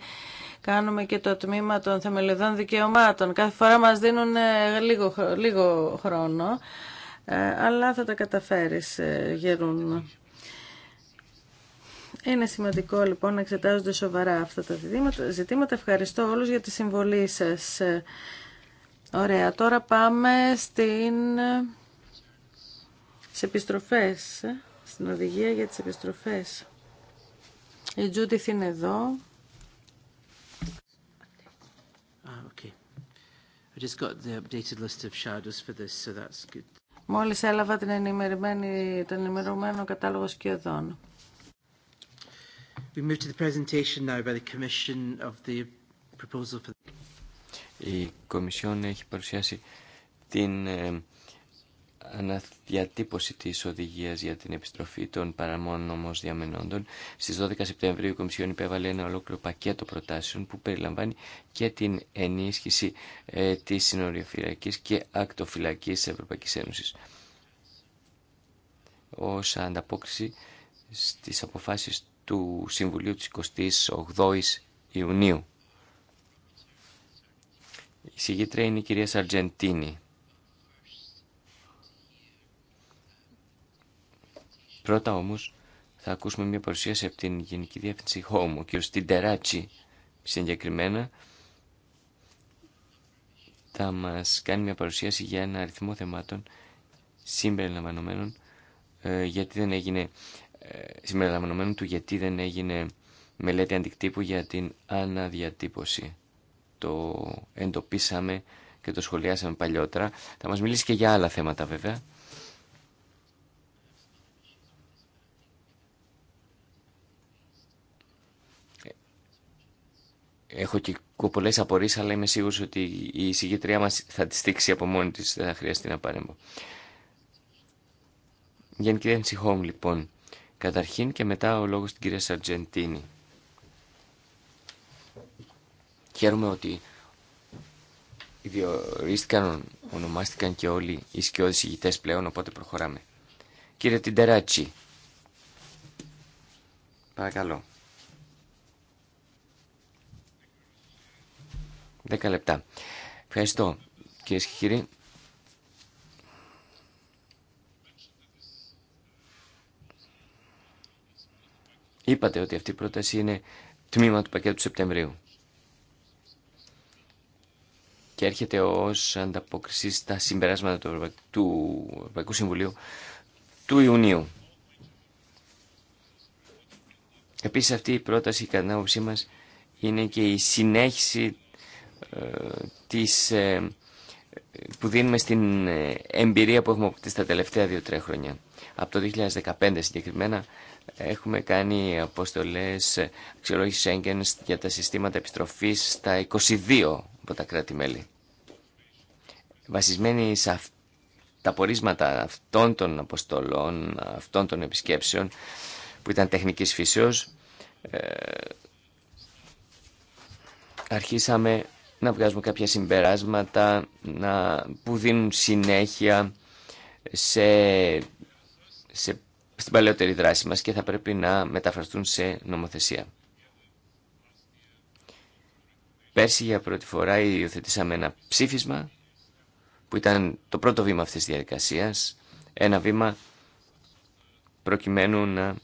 [SPEAKER 4] κάνουμε και το τμήμα των θεμελιωδών δικαιωμάτων. Κάθε φορά μας δίνουν ε, λίγο, λίγο χρόνο, ε, αλλά θα τα καταφέρεις, ε, Γερούν. Είναι σημαντικό λοιπόν να εξετάζονται σοβαρά αυτά τα ζητήματα. Ευχαριστώ όλους για τη συμβολή σας. Ωραία, τώρα πάμε στην σε επιστροφές, ε, στην οδηγία για τις επιστροφές. Η Τζούτιθ είναι εδώ. Μόλις έλαβα την ενημερωμένη, τον ενημερωμένο κατάλογο σκιωδών.
[SPEAKER 1] We move to the presentation now by the Commission of the proposal for.
[SPEAKER 2] the... Η Κομισιόν έχει παρουσιάσει την ε, αναδιατύπωση τη οδηγία για την επιστροφή των παραμών όμω διαμενόντων. Στι 12 Σεπτεμβρίου η Κομισιόν υπέβαλε ένα ολόκληρο πακέτο προτάσεων που περιλαμβάνει και την ενίσχυση ε, της συνοριοφυλακής και ακτοφυλακή τη Ευρωπαϊκής Ένωσης. Ως ανταπόκριση στις αποφάσεις του Συμβουλίου τη 28 Η Ιουνίου. Η συγγήτρια είναι η κυρία Σαρτζεντίνη. Πρώτα όμως θα ακούσουμε μια παρουσίαση από την Γενική Διεύθυνση Home, ο κ. Τιντεράτσι συγκεκριμένα θα μας κάνει μια παρουσίαση για ένα αριθμό θεμάτων συμπεριλαμβανομένων ε, γιατί δεν έγινε ε, του γιατί δεν έγινε μελέτη αντικτύπου για την αναδιατύπωση. Το εντοπίσαμε και το σχολιάσαμε παλιότερα. Θα μας μιλήσει και για άλλα θέματα βέβαια. Έχω και πολλέ απορίε, αλλά είμαι σίγουρο ότι η συγκήτριά μα θα τη στήξει από μόνη τη, δεν θα χρειαστεί να παρέμβω. Γενική κυρία Home, λοιπόν. Καταρχήν και μετά ο λόγος στην κυρία Σαρτζεντίνη. Χαίρομαι ότι ονομάστηκαν και όλοι οι σκιώδεις ηγητές πλέον, οπότε προχωράμε. Κύριε Τιντεράτσι, παρακαλώ. 10 λεπτά. Ευχαριστώ κυρίε και Είπατε ότι αυτή η πρόταση είναι τμήμα του πακέτου του Σεπτεμβρίου και έρχεται ως ανταπόκριση στα συμπεράσματα του, Ευρωπαϊκού, του Συμβουλίου του Ιουνίου. Επίσης αυτή η πρόταση κατά την άποψή μας είναι και η συνέχιση της, ε, που δίνουμε στην ε, εμπειρία που έχουμε αποκτήσει τα τελευταία δύο-τρία χρόνια. Από το 2015 συγκεκριμένα έχουμε κάνει αποστολές ε, αξιολόγηση έγκεν για τα συστήματα επιστροφής στα 22 από τα κράτη-μέλη. Βασισμένοι σε τα πορίσματα αυτών των αποστολών, αυτών των επισκέψεων που ήταν τεχνικής φύσεως, αρχίσαμε να βγάζουμε κάποια συμπεράσματα να, που δίνουν συνέχεια σε, σε, στην παλαιότερη δράση μας και θα πρέπει να μεταφραστούν σε νομοθεσία. Πέρσι για πρώτη φορά υιοθετήσαμε ένα ψήφισμα που ήταν το πρώτο βήμα αυτής της διαδικασίας, ένα βήμα προκειμένου να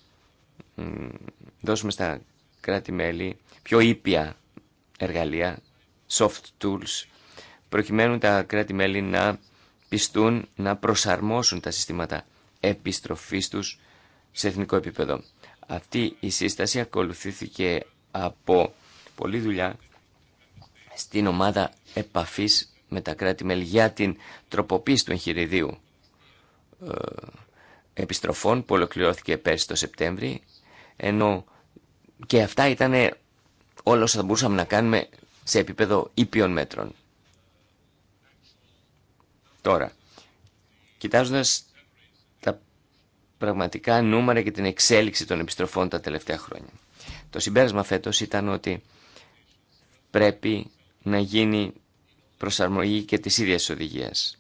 [SPEAKER 2] δώσουμε στα κράτη-μέλη πιο ήπια εργαλεία soft tools προκειμένου τα κράτη-μέλη να πιστούν να προσαρμόσουν τα συστήματα επιστροφής τους σε εθνικό επίπεδο. Αυτή η σύσταση ακολουθήθηκε από πολλή δουλειά στην ομάδα επαφής με τα κράτη-μέλη για την τροποποίηση του εγχειριδίου ε, επιστροφών που ολοκληρώθηκε πέρσι το Σεπτέμβρη ενώ και αυτά ήταν όλα όσα θα μπορούσαμε να κάνουμε σε επίπεδο ήπιων μέτρων. Τώρα, κοιτάζοντας τα πραγματικά νούμερα και την εξέλιξη των επιστροφών τα τελευταία χρόνια. Το συμπέρασμα φέτος ήταν ότι πρέπει να γίνει προσαρμογή και της ίδιας οδηγίας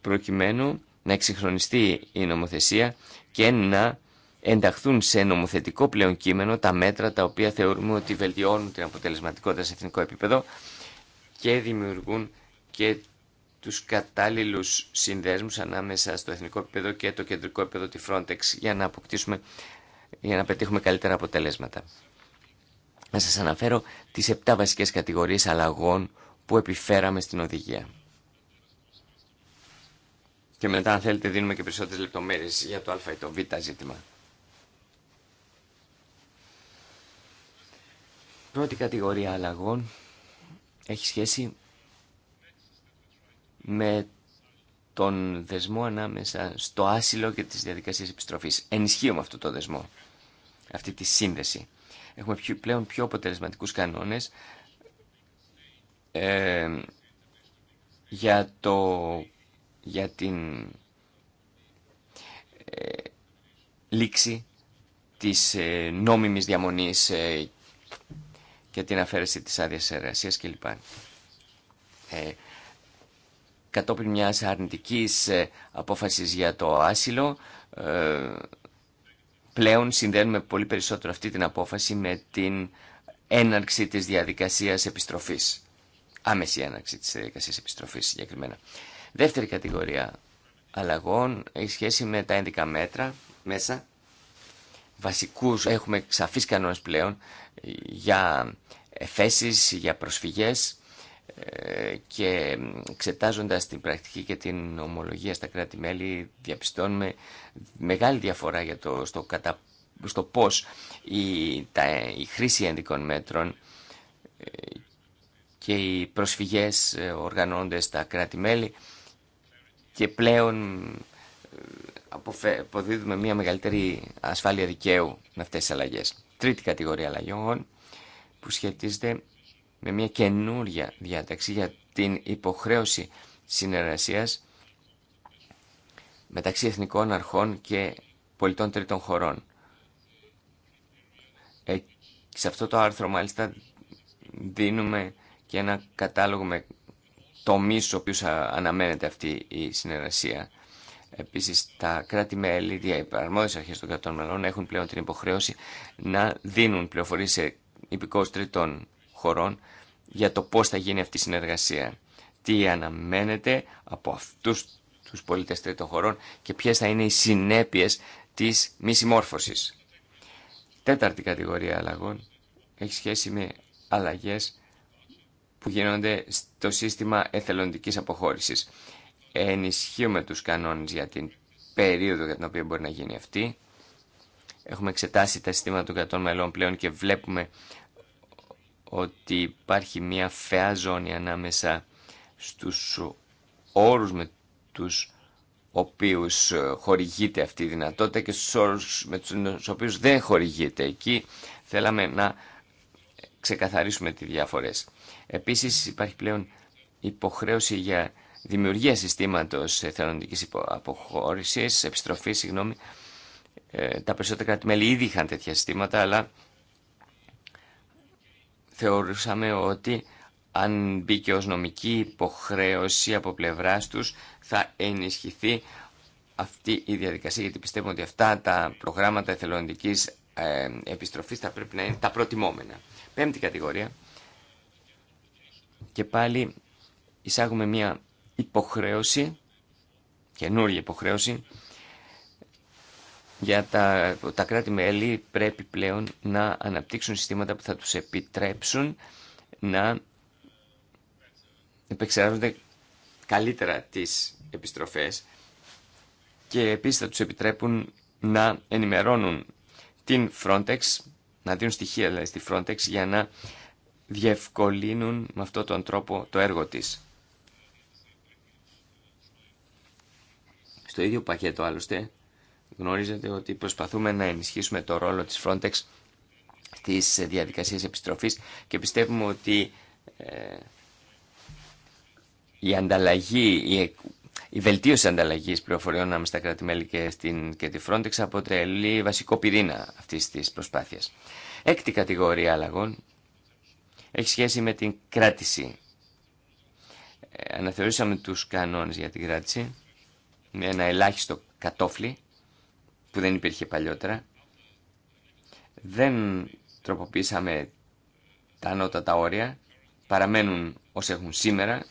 [SPEAKER 2] προκειμένου να εξυγχρονιστεί η νομοθεσία και να ενταχθούν σε νομοθετικό πλέον κείμενο τα μέτρα τα οποία θεωρούμε ότι βελτιώνουν την αποτελεσματικότητα σε εθνικό επίπεδο και δημιουργούν και τους κατάλληλους συνδέσμους ανάμεσα στο εθνικό επίπεδο και το κεντρικό επίπεδο τη Frontex για να αποκτήσουμε για να πετύχουμε καλύτερα αποτελέσματα. Να σας αναφέρω τις επτά βασικές κατηγορίες αλλαγών που επιφέραμε στην οδηγία. Και μετά, αν θέλετε, δίνουμε και περισσότερες λεπτομέρειες για το α ή το β ζήτημα. Πρώτη κατηγορία αλλαγών έχει σχέση με τον δεσμό ανάμεσα στο άσυλο και τις διαδικασίες επιστροφής. Ενισχύουμε αυτό το δεσμό, αυτή τη σύνδεση. Έχουμε πλέον πιο αποτελεσματικούς κανόνες ε, για, το, για την ε, λήξη της ε, νόμιμης διαμονής ε, και την αφαίρεση της άδεια εργασία κλπ. Ε, κατόπιν μιας αρνητικής ε, απόφασης για το άσυλο, ε, πλέον συνδέουμε πολύ περισσότερο αυτή την απόφαση με την έναρξη της διαδικασίας επιστροφής. Άμεση έναρξη της διαδικασίας επιστροφής συγκεκριμένα. Δεύτερη κατηγορία αλλαγών έχει σχέση με τα ένδικα μέτρα μέσα βασικούς, έχουμε σαφείς κανόνες πλέον ε, για ε, θέσεις, για προσφυγές ε, και εξετάζοντας την πρακτική και την ομολογία στα κράτη-μέλη διαπιστώνουμε μεγάλη διαφορά για το, στο, στο πώς η, τα, η χρήση ενδικών μέτρων και οι προσφυγές οργανώνται στα κράτη-μέλη και πλέον αποδίδουμε μια μεγαλύτερη ασφάλεια δικαίου με αυτές τις αλλαγές. Τρίτη κατηγορία αλλαγών που σχετίζεται με μια καινούρια διάταξη για την υποχρέωση συνεργασίας μεταξύ εθνικών αρχών και πολιτών τρίτων χωρών. Ε, σε αυτό το άρθρο μάλιστα δίνουμε και ένα κατάλογο με τομείς στους οποίους αναμένεται αυτή η συνεργασία. Επίση, τα κράτη-μέλη, οι αρμόδιε αρχέ των κρατών μελών έχουν πλέον την υποχρέωση να δίνουν πληροφορίε σε υπηκόου τρίτων χωρών για το πώ θα γίνει αυτή η συνεργασία. Τι αναμένεται από αυτού του πολίτε τρίτων χωρών και ποιε θα είναι οι συνέπειε τη μη συμμόρφωση. Τέταρτη κατηγορία αλλαγών έχει σχέση με αλλαγέ που γίνονται στο σύστημα εθελοντικής αποχώρησης ενισχύουμε τους κανόνες για την περίοδο για την οποία μπορεί να γίνει αυτή. Έχουμε εξετάσει τα συστήματα των κρατών μελών πλέον και βλέπουμε ότι υπάρχει μια φαιά ζώνη ανάμεσα στους όρους με τους οποίους ε, χορηγείται αυτή η δυνατότητα και στους όρους με τους οποίους δεν χορηγείται. Εκεί θέλαμε να ξεκαθαρίσουμε τις διάφορες. Επίσης υπάρχει πλέον υποχρέωση για δημιουργία συστήματος θελοντικής αποχώρησης, επιστροφή, συγγνώμη. Ε, τα περισσότερα κράτη-μέλη ήδη είχαν τέτοια συστήματα, αλλά θεωρούσαμε ότι αν μπήκε ως νομική υποχρέωση από πλευράς τους θα ενισχυθεί αυτή η διαδικασία γιατί πιστεύουμε ότι αυτά τα προγράμματα εθελοντικής ε, επιστροφής θα πρέπει να είναι τα προτιμόμενα. Πέμπτη κατηγορία και πάλι εισάγουμε μια υποχρέωση, καινούργια υποχρέωση, για τα, τα κράτη-μέλη πρέπει πλέον να αναπτύξουν συστήματα που θα τους επιτρέψουν να επεξεργάζονται καλύτερα τις επιστροφές και επίσης θα τους επιτρέπουν να ενημερώνουν την Frontex, να δίνουν στοιχεία δηλαδή στη Frontex για να διευκολύνουν με αυτόν τον τρόπο το έργο της. Στο ίδιο πακέτο άλλωστε γνωρίζετε ότι προσπαθούμε να ενισχύσουμε το ρόλο της Frontex στις διαδικασίες επιστροφής και πιστεύουμε ότι ε, η ανταλλαγή, η, η βελτίωση ανταλλαγή πληροφοριών ανάμεσα στα κράτη-μέλη και, στην, και τη Frontex αποτελεί βασικό πυρήνα αυτή τη προσπάθεια. Έκτη κατηγορία αλλαγών έχει σχέση με την κράτηση. Ε, αναθεωρήσαμε τους κανόνες για την κράτηση με ένα ελάχιστο κατόφλι που δεν υπήρχε παλιότερα. Δεν τροποποιήσαμε τα ανώτατα όρια, παραμένουν όσοι έχουν σήμερα,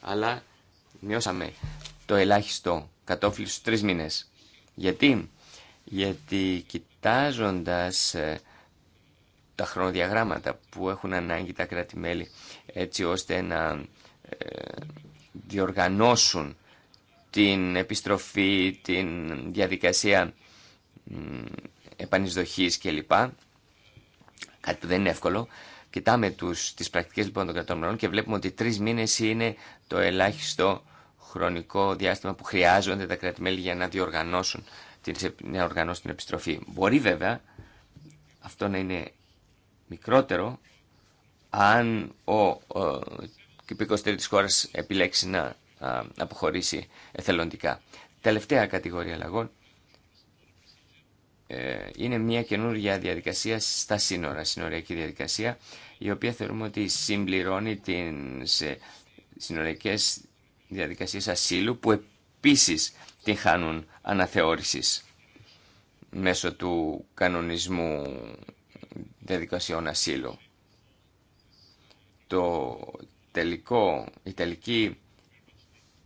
[SPEAKER 2] αλλά μειώσαμε το ελάχιστο κατόφλι στους τρεις μήνες. Γιατί, Γιατί κοιτάζοντας ε, τα χρονοδιαγράμματα που έχουν ανάγκη τα κράτη-μέλη έτσι ώστε να ε, διοργανώσουν την επιστροφή, την διαδικασία επανεισδοχής κλπ. Κάτι που δεν είναι εύκολο. Κοιτάμε τους, τις πρακτικές λοιπόν των κρατών και βλέπουμε ότι τρεις μήνες είναι το ελάχιστο χρονικό διάστημα που χρειάζονται τα κρατημέλη για να διοργανώσουν την, να την επιστροφή. Μπορεί βέβαια αυτό να είναι μικρότερο αν ο, ο, ο της χώρας επιλέξει να αποχωρήσει εθελοντικά. Τελευταία κατηγορία αλλαγών ε, είναι μια καινούργια διαδικασία στα σύνορα, συνοριακή διαδικασία, η οποία θεωρούμε ότι συμπληρώνει τις συνοριακές διαδικασίες ασύλου που επίσης την χάνουν αναθεώρησης μέσω του κανονισμού διαδικασιών ασύλου. Το τελικό, η τελική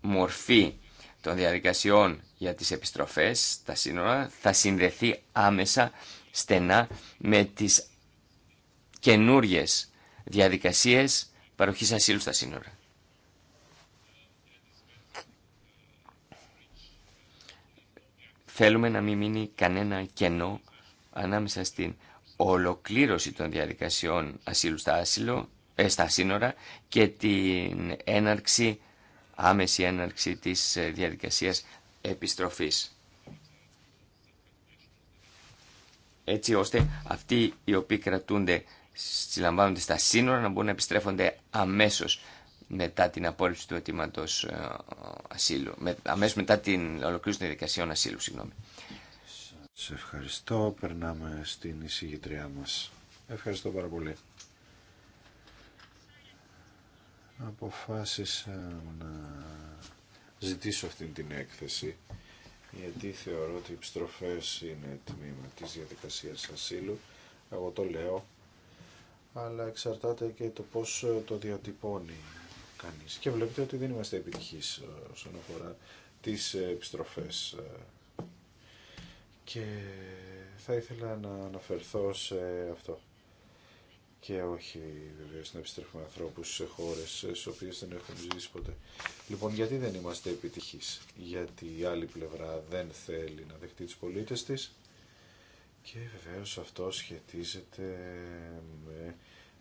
[SPEAKER 2] μορφή των διαδικασιών για τις επιστροφές στα σύνορα θα συνδεθεί άμεσα στενά με τις καινούριες διαδικασίες παροχής ασύλου στα σύνορα. Θέλουμε να μην μείνει κανένα κενό ανάμεσα στην ολοκλήρωση των διαδικασιών ασύλου στα, άσυλο, ε, στα σύνορα και την έναρξη άμεση έναρξη της ε, διαδικασίας επιστροφής. Έτσι ώστε αυτοί οι οποίοι κρατούνται, συλλαμβάνονται στα σύνορα να μπορούν να επιστρέφονται αμέσως μετά την απόρριψη του αιτήματο ε, ασύλου, αμέσως μετά την ολοκλήρωση των διαδικασιών ασύλου. Συγγνώμη.
[SPEAKER 3] Σε ευχαριστώ. Περνάμε στην εισηγητριά μας. Ευχαριστώ πάρα πολύ αποφάσισα να ζητήσω αυτή την έκθεση γιατί θεωρώ ότι οι επιστροφές είναι τμήμα της διαδικασίας ασύλου εγώ το λέω αλλά εξαρτάται και το πώς το διατυπώνει κανείς και βλέπετε ότι δεν είμαστε επιτυχείς ε, όσον αφορά τις ε, επιστροφές ε, και θα ήθελα να αναφερθώ σε αυτό και όχι βεβαίω να επιστρέφουμε ανθρώπου σε χώρε στι οποίε δεν έχουμε ζήσει ποτέ. Λοιπόν, γιατί δεν είμαστε επιτυχεί, Γιατί η άλλη πλευρά δεν θέλει να δεχτεί του πολίτε τη και βεβαίω αυτό σχετίζεται με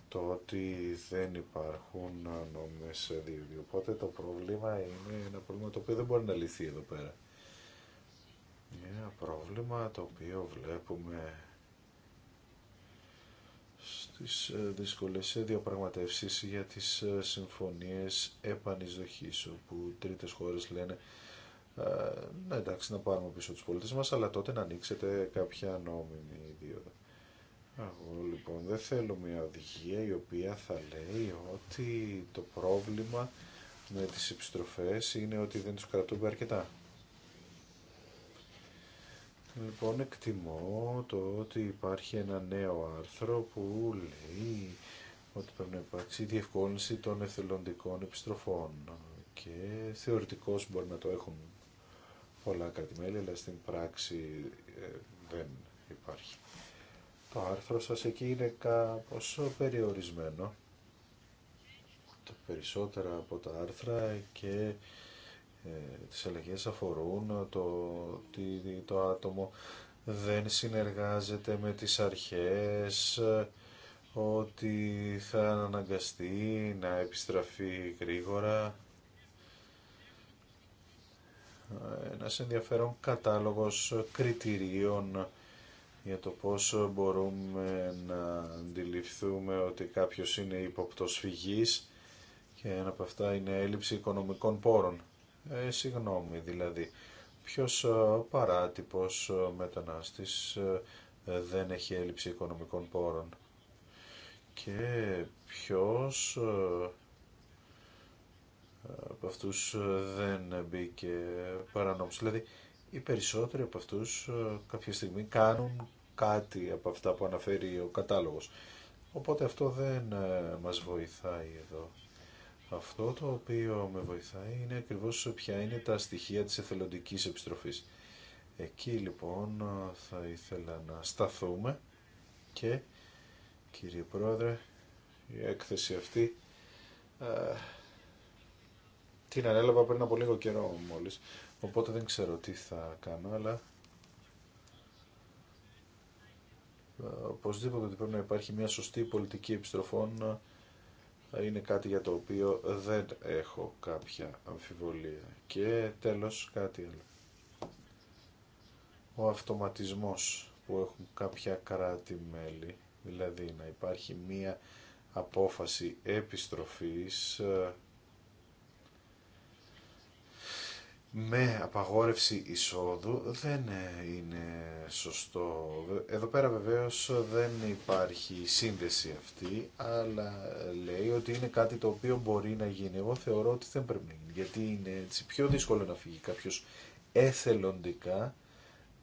[SPEAKER 3] το ότι δεν υπάρχουν σε δίδυοι. Οπότε το πρόβλημα είναι ένα πρόβλημα το οποίο δεν μπορεί να λυθεί εδώ πέρα. Είναι ένα πρόβλημα το οποίο βλέπουμε τις ε, δύσκολες ε, διαπραγματεύσεις για τις ε, συμφωνίες επανεισδοχής, όπου τρίτες χώρες λένε να εντάξει να πάρουμε πίσω τους πολίτες μας, αλλά τότε να ανοίξετε κάποια νόμιμη ιδίωτα. Εγώ λοιπόν δεν θέλω μια οδηγία η οποία θα λέει ότι το πρόβλημα με τις επιστροφές είναι ότι δεν τους κρατούμε αρκετά. Λοιπόν, εκτιμώ το ότι υπάρχει ένα νέο άρθρο που λέει ότι πρέπει να υπάρξει διευκόλυνση των εθελοντικών επιστροφών και θεωρητικώς μπορεί να το έχουν πολλά κρατημέλη, αλλά στην πράξη ε, δεν υπάρχει. Το άρθρο σας εκεί είναι κάπως περιορισμένο, τα περισσότερα από τα άρθρα και ε, τις αλλαγές αφορούν το ότι το άτομο δεν συνεργάζεται με τις αρχές, ότι θα αναγκαστεί να επιστραφεί γρήγορα. Ένας ενδιαφέρον κατάλογος κριτηρίων για το πώς μπορούμε να αντιληφθούμε ότι κάποιος είναι υποπτός φυγής και ένα από αυτά είναι έλλειψη οικονομικών πόρων ε, συγγνώμη δηλαδή. Ποιος ε, παράτυπος ε, μετανάστης ε, δεν έχει έλλειψη οικονομικών πόρων και ποιος από αυτούς δεν μπήκε παρανόμως. Δηλαδή οι περισσότεροι από αυτούς κάποια στιγμή κάνουν κάτι από αυτά που αναφέρει ο κατάλογος. Οπότε αυτό δεν μας βοηθάει εδώ. Αυτό το οποίο με βοηθάει είναι ακριβώς ποια είναι τα στοιχεία της εθελοντικής επιστροφής. Εκεί λοιπόν θα ήθελα να σταθούμε και κύριε Πρόεδρε η έκθεση αυτή α, την ανέλαβα πριν από λίγο καιρό μόλις οπότε δεν ξέρω τι θα κάνω αλλά οπωσδήποτε πρέπει να υπάρχει μια σωστή πολιτική επιστροφών ε, είναι κάτι για το οποίο δεν έχω κάποια αμφιβολία. Και τέλος κάτι άλλο. Ο αυτοματισμός που έχουν κάποια κράτη-μέλη, δηλαδή να υπάρχει μία απόφαση επιστροφής ε, με απαγόρευση εισόδου δεν είναι σωστό. Εδώ πέρα βεβαίως δεν υπάρχει σύνδεση αυτή, αλλά λέει ότι είναι κάτι το οποίο μπορεί να γίνει. Εγώ θεωρώ ότι δεν πρέπει να γίνει, γιατί είναι πιο δύσκολο να φύγει κάποιος εθελοντικά,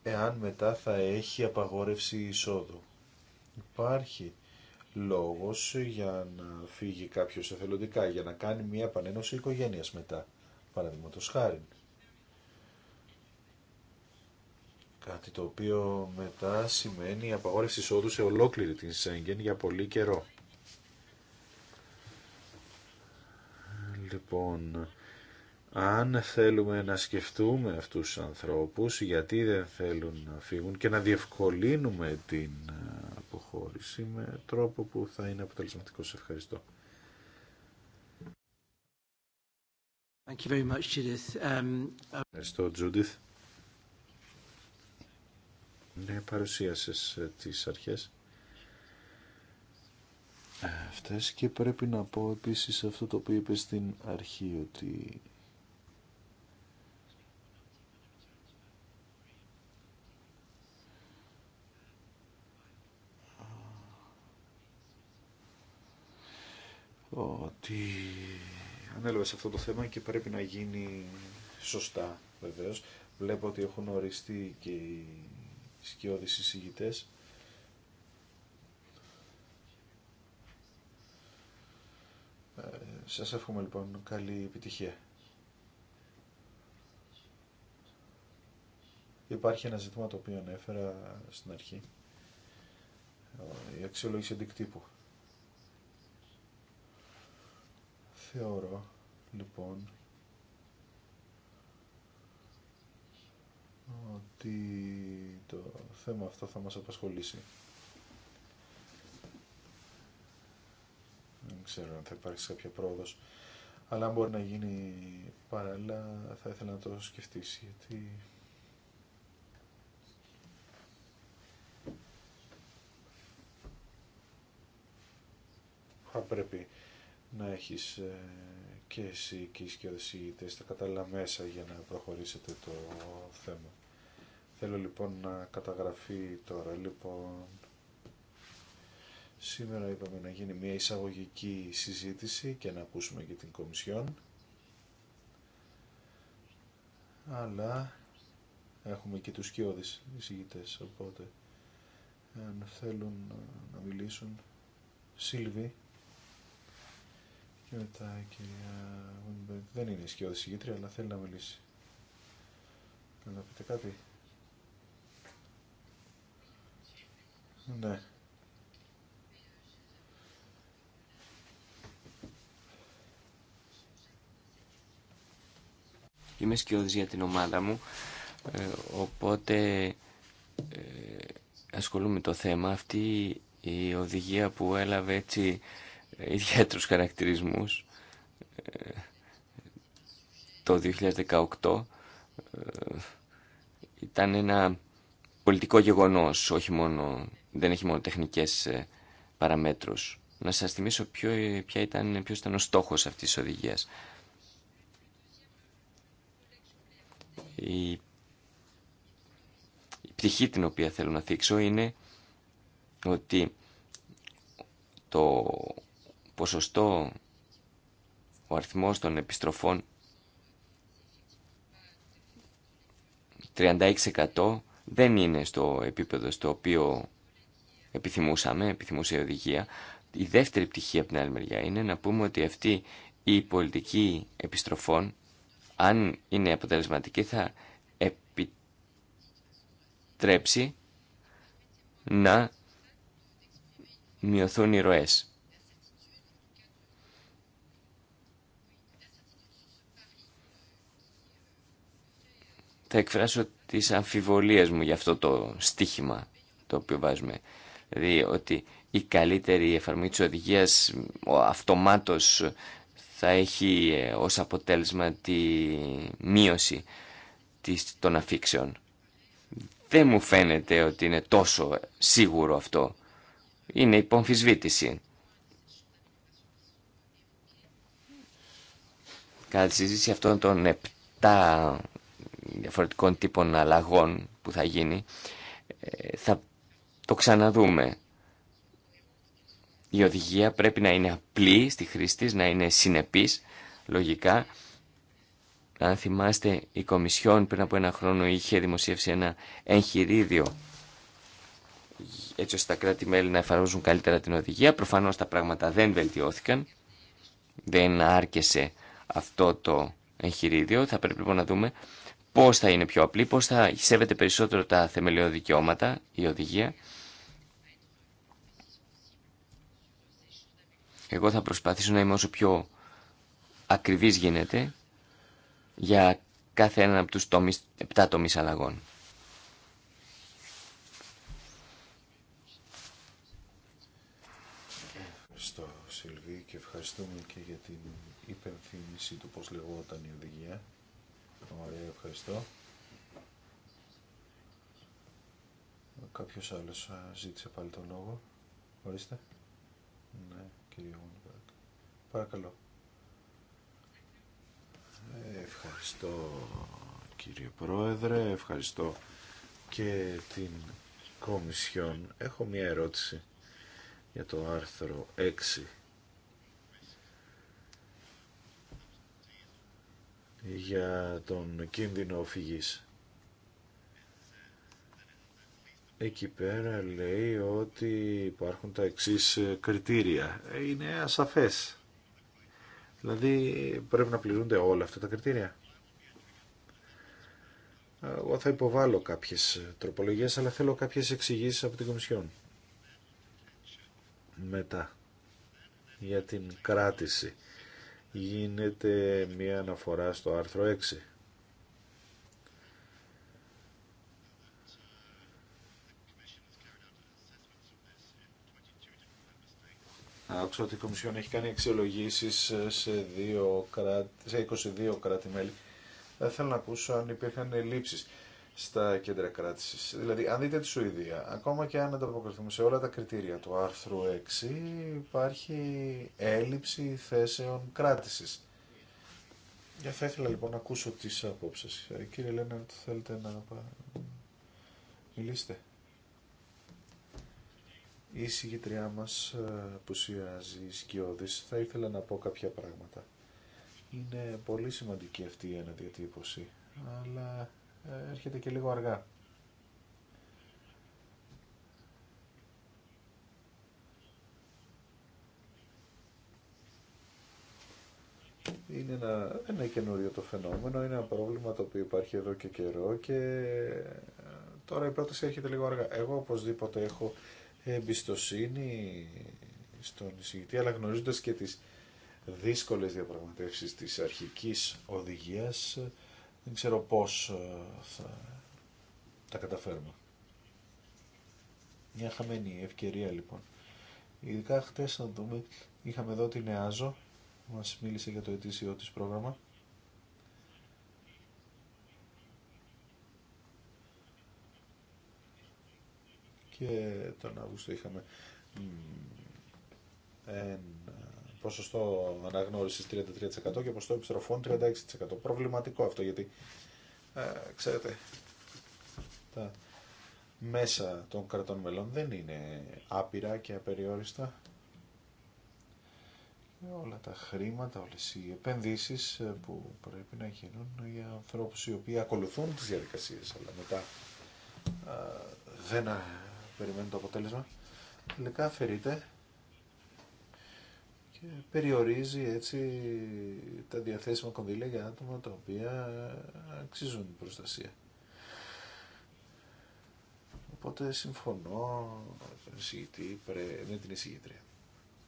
[SPEAKER 3] εάν μετά θα έχει απαγόρευση εισόδου. Υπάρχει λόγος για να φύγει κάποιος εθελοντικά, για να κάνει μια επανένωση οικογένειας μετά, παραδείγματος χάρη. Κάτι το οποίο μετά σημαίνει απαγόρευση εισόδου σε ολόκληρη την Σέγγεν για πολύ καιρό. Λοιπόν, αν θέλουμε να σκεφτούμε αυτούς τους ανθρώπους, γιατί δεν θέλουν να φύγουν και να διευκολύνουμε την αποχώρηση με τρόπο που θα είναι αποτελεσματικός. Ευχαριστώ.
[SPEAKER 1] Um, uh,
[SPEAKER 3] ευχαριστώ, Judith. Ναι, παρουσίασες ε, τις αρχές ε, αυτές και πρέπει να πω επίσης αυτό το οποίο είπες στην αρχή ότι ότι ανέλαβε αυτό το θέμα και πρέπει να γίνει σωστά βεβαίως. Βλέπω ότι έχουν οριστεί και οι σκιώδεις εισηγητές. Ε, σας εύχομαι λοιπόν καλή επιτυχία. Υπάρχει ένα ζήτημα το οποίο ανέφερα στην αρχή. Η αξιολόγηση αντικτύπου. Θεωρώ λοιπόν ότι το θέμα αυτό θα μας απασχολήσει. Δεν ξέρω αν θα υπάρξει κάποια πρόοδος. Αλλά αν μπορεί να γίνει παράλληλα θα ήθελα να το σκεφτείς γιατί... Θα πρέπει να έχεις ε, και εσύ και οι σκιοδεσίγητες τα κατάλληλα μέσα για να προχωρήσετε το θέμα. Θέλω λοιπόν να καταγραφεί τώρα. Λοιπόν, σήμερα είπαμε να γίνει μια εισαγωγική συζήτηση και να ακούσουμε και την Κομισιόν. Αλλά έχουμε και τους κοιόδης εισηγητές, οπότε αν θέλουν να μιλήσουν Σίλβη και μετά η Δεν είναι σκιώδης εισηγήτρια, αλλά θέλει να μιλήσει. Να πείτε κάτι. Ναι.
[SPEAKER 2] Είμαι σκιώδης για την ομάδα μου, ε, οπότε ε, ασχολούμαι το θέμα. Αυτή η οδηγία που έλαβε έτσι ε, ιδιαίτερους χαρακτηρισμούς το 2018 ήταν ένα πολιτικό γεγονός, όχι μόνο δεν έχει μόνο τεχνικές ε, παραμέτρους. Να σας θυμίσω ποιο, ε, ποια ήταν, ποιος ήταν ο στόχος αυτής της οδηγίας. Η, η πτυχή την οποία θέλω να θίξω είναι ότι το ποσοστό, ο αριθμός των επιστροφών 36% δεν είναι στο επίπεδο στο οποίο επιθυμούσαμε, επιθυμούσε η οδηγία. Η δεύτερη πτυχή από την άλλη μεριά είναι να πούμε ότι αυτή η πολιτική επιστροφών, αν είναι αποτελεσματική, θα επιτρέψει να μειωθούν οι ροές. Θα εκφράσω τις αμφιβολίες μου για αυτό το στίχημα το οποίο βάζουμε. Δηλαδή ότι η καλύτερη εφαρμογή της οδηγίας αυτομάτως θα έχει ε, ως αποτέλεσμα τη μείωση των αφήξεων. Δεν μου φαίνεται ότι είναι τόσο σίγουρο αυτό. Είναι υπομφισβήτηση. Κατά τη συζήτηση αυτών των 7 διαφορετικών τύπων αλλαγών που θα γίνει, ε, θα το ξαναδούμε. Η οδηγία πρέπει να είναι απλή στη χρήση της, να είναι συνεπής, λογικά. Αν θυμάστε, η Κομισιόν πριν από ένα χρόνο είχε δημοσίευσει ένα εγχειρίδιο έτσι ώστε τα κράτη-μέλη να εφαρμόζουν καλύτερα την οδηγία. Προφανώς τα πράγματα δεν βελτιώθηκαν, δεν άρκεσε αυτό το εγχειρίδιο. Θα πρέπει λοιπόν να δούμε πώς θα είναι πιο απλή, πώς θα σέβεται περισσότερο τα θεμελιώδη δικαιώματα, η οδηγία Εγώ θα προσπαθήσω να είμαι όσο πιο ακριβής γίνεται για κάθε έναν από τους τομείς, επτά τομείς αλλαγών.
[SPEAKER 3] Ευχαριστώ Σιλβί και ευχαριστούμε και για την υπενθύμηση του πώς λεγόταν η οδηγία. Ωραία, ευχαριστώ. Κάποιος άλλος ζήτησε πάλι τον λόγο. Ορίστε. Ναι. Παρακαλώ. Ε, ευχαριστώ κύριε Πρόεδρε, ευχαριστώ και την Κομισιόν. Έχω μία ερώτηση για το άρθρο 6. για τον κίνδυνο φυγής. Εκεί πέρα λέει ότι υπάρχουν τα εξής ε, κριτήρια. Ε, είναι ασαφές. Δηλαδή πρέπει να πληρούνται όλα αυτά τα κριτήρια. Ε, εγώ θα υποβάλω κάποιες τροπολογίες, αλλά θέλω κάποιες εξηγήσει από την Κομισιόν. Μετά, για την κράτηση, γίνεται μία αναφορά στο άρθρο 6. Άκουσα ότι η Κομισιόν έχει κάνει αξιολογήσει ε, σε, 22 κράτη-μέλη. Θα ήθελα να ακούσω αν υπήρχαν ελλείψεις στα κέντρα κράτηση. Δηλαδή, αν δείτε τη Σουηδία, ακόμα και αν ανταποκριθούμε σε όλα τα κριτήρια του άρθρου 6, υπάρχει έλλειψη θέσεων κράτηση. Για ε, θα ήθελα λοιπόν να ακούσω τι απόψει. Ε, κύριε Λένα, θέλετε να μιλήσετε η συγγητριά μας ε, που η σκιώδης θα ήθελα να πω κάποια πράγματα. Είναι πολύ σημαντική αυτή η αναδιατύπωση, αλλά ε, έρχεται και λίγο αργά. είναι ένα, ένα καινούριο το φαινόμενο, είναι ένα πρόβλημα το οποίο υπάρχει εδώ και καιρό και ε, τώρα η πρόταση έρχεται λίγο αργά. Εγώ οπωσδήποτε έχω εμπιστοσύνη στον εισηγητή, αλλά γνωρίζοντας και τις δύσκολες διαπραγματεύσεις της αρχικής οδηγίας, δεν ξέρω πώς ε, θα τα καταφέρουμε. Μια χαμένη ευκαιρία λοιπόν. Ειδικά χτες να δούμε, είχαμε εδώ την ΕΑΖΟ, μας μίλησε για το ετήσιό της πρόγραμμα και τον Αύγουστο είχαμε ένα ποσοστό αναγνώριση 33% και ποσοστό επιστροφών 36%. Προβληματικό αυτό γιατί ε, ξέρετε τα μέσα των κρατών μελών δεν είναι άπειρα και απεριόριστα. Όλα τα χρήματα, όλες οι επενδύσεις ε, που πρέπει να γίνουν για ανθρώπους οι οποίοι ακολουθούν τις διαδικασίες αλλά μετά ε, δεν περιμένουν το αποτέλεσμα, τελικά αφαιρείται και περιορίζει έτσι τα διαθέσιμα κονδύλια για άτομα τα οποία αξίζουν προστασία. Οπότε συμφωνώ με την εισηγήτρια.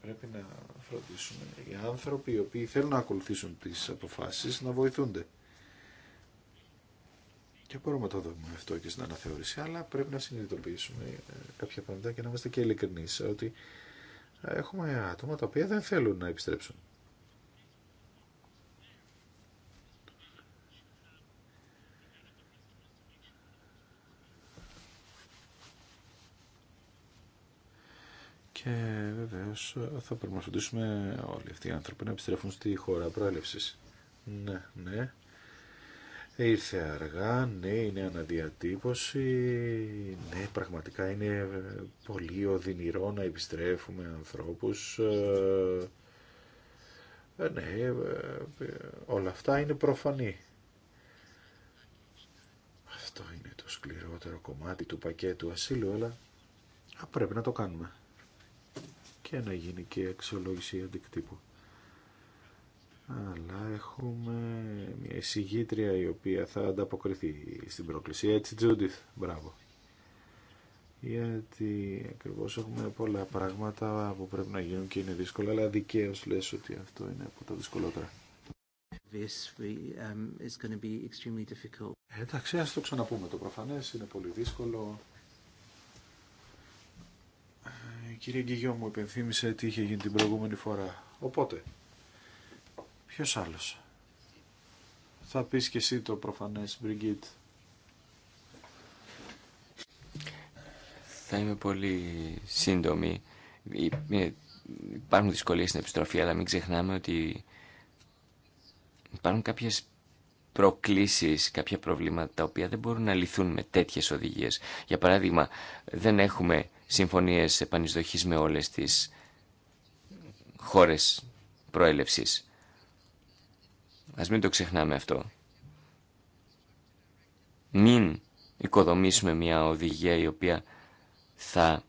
[SPEAKER 3] Πρέπει να φροντίσουμε οι άνθρωποι οι οποίοι θέλουν να ακολουθήσουν τις αποφάσεις να βοηθούνται. Και μπορούμε να το δούμε αυτό και στην αναθεώρηση, αλλά πρέπει να συνειδητοποιήσουμε ε, κάποια πράγματα και να είμαστε και ειλικρινεί ότι ε, έχουμε άτομα τα οποία δεν θέλουν να επιστρέψουν. Και βεβαίω ε, θα πρέπει να φροντίσουμε όλοι αυτοί οι άνθρωποι να επιστρέφουν στη χώρα προέλευση. Ναι, ναι. Ήρθε αργά, ναι, είναι αναδιατύπωση, ναι, πραγματικά είναι πολύ οδυνηρό να επιστρέφουμε ανθρώπους. Ε, ε ναι, ε, όλα αυτά είναι προφανή. Αυτό είναι το σκληρότερο κομμάτι του πακέτου ασύλου, αλλά πρέπει να το κάνουμε. Και να γίνει και αξιολόγηση αντικτύπου αλλά έχουμε μια εισηγήτρια η οποία θα ανταποκριθεί στην πρόκληση. Έτσι, Τζούντιθ, μπράβο. Γιατί ακριβώς έχουμε πολλά πράγματα που πρέπει να γίνουν και είναι δύσκολα, αλλά δικαίω λες ότι αυτό είναι από τα δυσκολότερα.
[SPEAKER 1] Um, Εντάξει, ας το ξαναπούμε. Το προφανές είναι πολύ δύσκολο.
[SPEAKER 3] Η ε, κυρία Γκυγιό μου υπενθύμησε τι είχε γίνει την προηγούμενη φορά. Οπότε, Ποιος άλλος. Θα πεις και εσύ το προφανές, Μπριγκίτ.
[SPEAKER 2] Θα είμαι πολύ σύντομη. Ε, ε, υπάρχουν δυσκολίες στην επιστροφή, αλλά μην ξεχνάμε ότι υπάρχουν κάποιες προκλήσεις, κάποια προβλήματα τα οποία δεν μπορούν να λυθούν με τέτοιες οδηγίες. Για παράδειγμα, δεν έχουμε συμφωνίες επανεισδοχής με όλες τις χώρες προέλευσης. Ας μην το ξεχνάμε αυτό. Μην οικοδομήσουμε μια οδηγία η οποία θα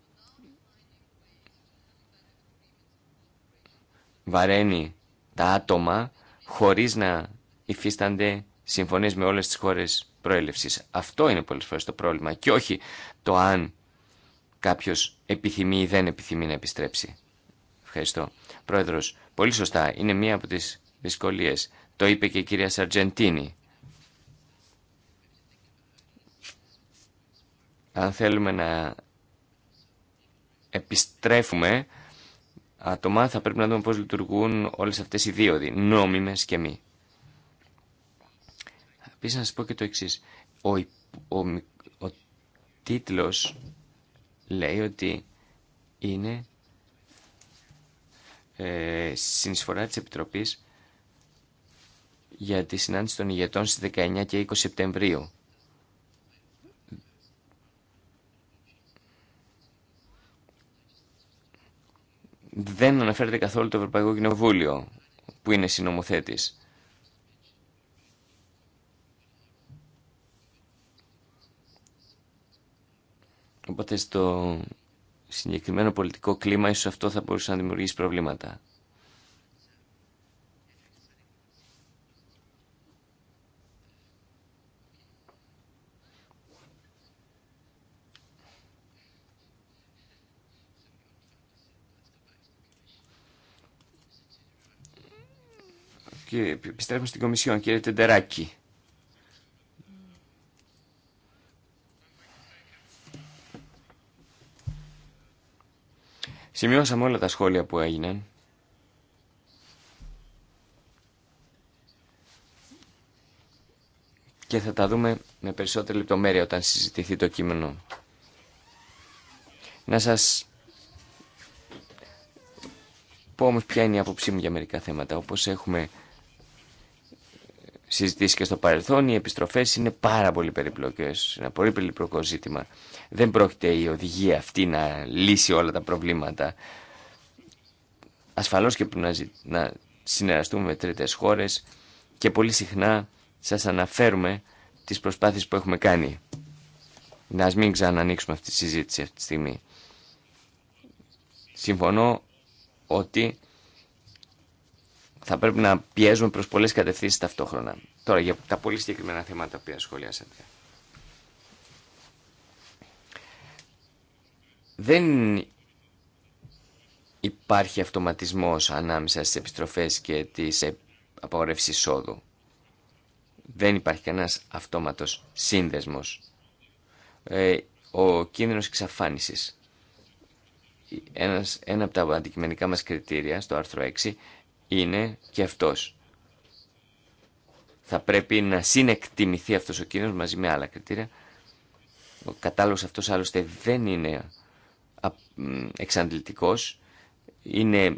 [SPEAKER 2] βαραίνει τα άτομα χωρίς να υφίστανται συμφωνίες με όλες τις χώρες προέλευσης. Αυτό είναι πολλές φορές το πρόβλημα και όχι το αν κάποιος επιθυμεί ή δεν επιθυμεί να επιστρέψει. Ευχαριστώ. Πρόεδρος, πολύ σωστά, είναι μία από τις δυσκολίες. Το είπε και η κυρία Σαρτζεντίνη. Αν θέλουμε να επιστρέφουμε άτομα, θα πρέπει να δούμε πώς λειτουργούν όλες αυτές οι δίωδοι, νόμιμες και μη. Επίση να σας πω και το εξής. Ο, ο, τίτλος λέει ότι είναι ε, συνεισφορά της Επιτροπής για τη συνάντηση των ηγετών στις 19 και 20 Σεπτεμβρίου. Δεν αναφέρεται καθόλου το Ευρωπαϊκό Κοινοβούλιο που είναι συνομοθέτης. Οπότε στο συγκεκριμένο πολιτικό κλίμα ίσως αυτό θα μπορούσε να δημιουργήσει προβλήματα. Και επιστρέφουμε στην Κομισιόν, κύριε Τεντεράκη. Σημειώσαμε όλα τα σχόλια που έγιναν. Και θα τα δούμε με περισσότερη λεπτομέρεια όταν συζητηθεί το κείμενο. Να σας πω όμως ποια είναι η άποψή μου για μερικά θέματα. Όπως έχουμε συζητήσει και στο παρελθόν, οι επιστροφές είναι πάρα πολύ περιπλοκές, ένα πολύ περιπλοκό ζήτημα. Δεν πρόκειται η οδηγία αυτή να λύσει όλα τα προβλήματα. Ασφαλώς και πρέπει να συνεργαστούμε με τρίτες χώρες και πολύ συχνά σα αναφέρουμε τις προσπάθειες που έχουμε κάνει. Να μην ξανανοίξουμε αυτή τη συζήτηση αυτή τη στιγμή. Συμφωνώ ότι θα πρέπει να πιέζουμε προς πολλέ κατευθύνσεις ταυτόχρονα. Τώρα για τα πολύ συγκεκριμένα θέματα που οποία σχολιάσατε. Δεν υπάρχει αυτοματισμός ανάμεσα στις επιστροφές και τις ε, απαγορεύσεις εισόδου. Δεν υπάρχει κανένας αυτόματος σύνδεσμος. Ε, ο κίνδυνος εξαφάνισης. Ένας, ένα από τα αντικειμενικά μας κριτήρια στο άρθρο 6 είναι και αυτός. Θα πρέπει να συνεκτιμηθεί αυτός ο κίνδυνος μαζί με άλλα κριτήρια. Ο κατάλογος αυτός άλλωστε δεν είναι εξαντλητικός. Είναι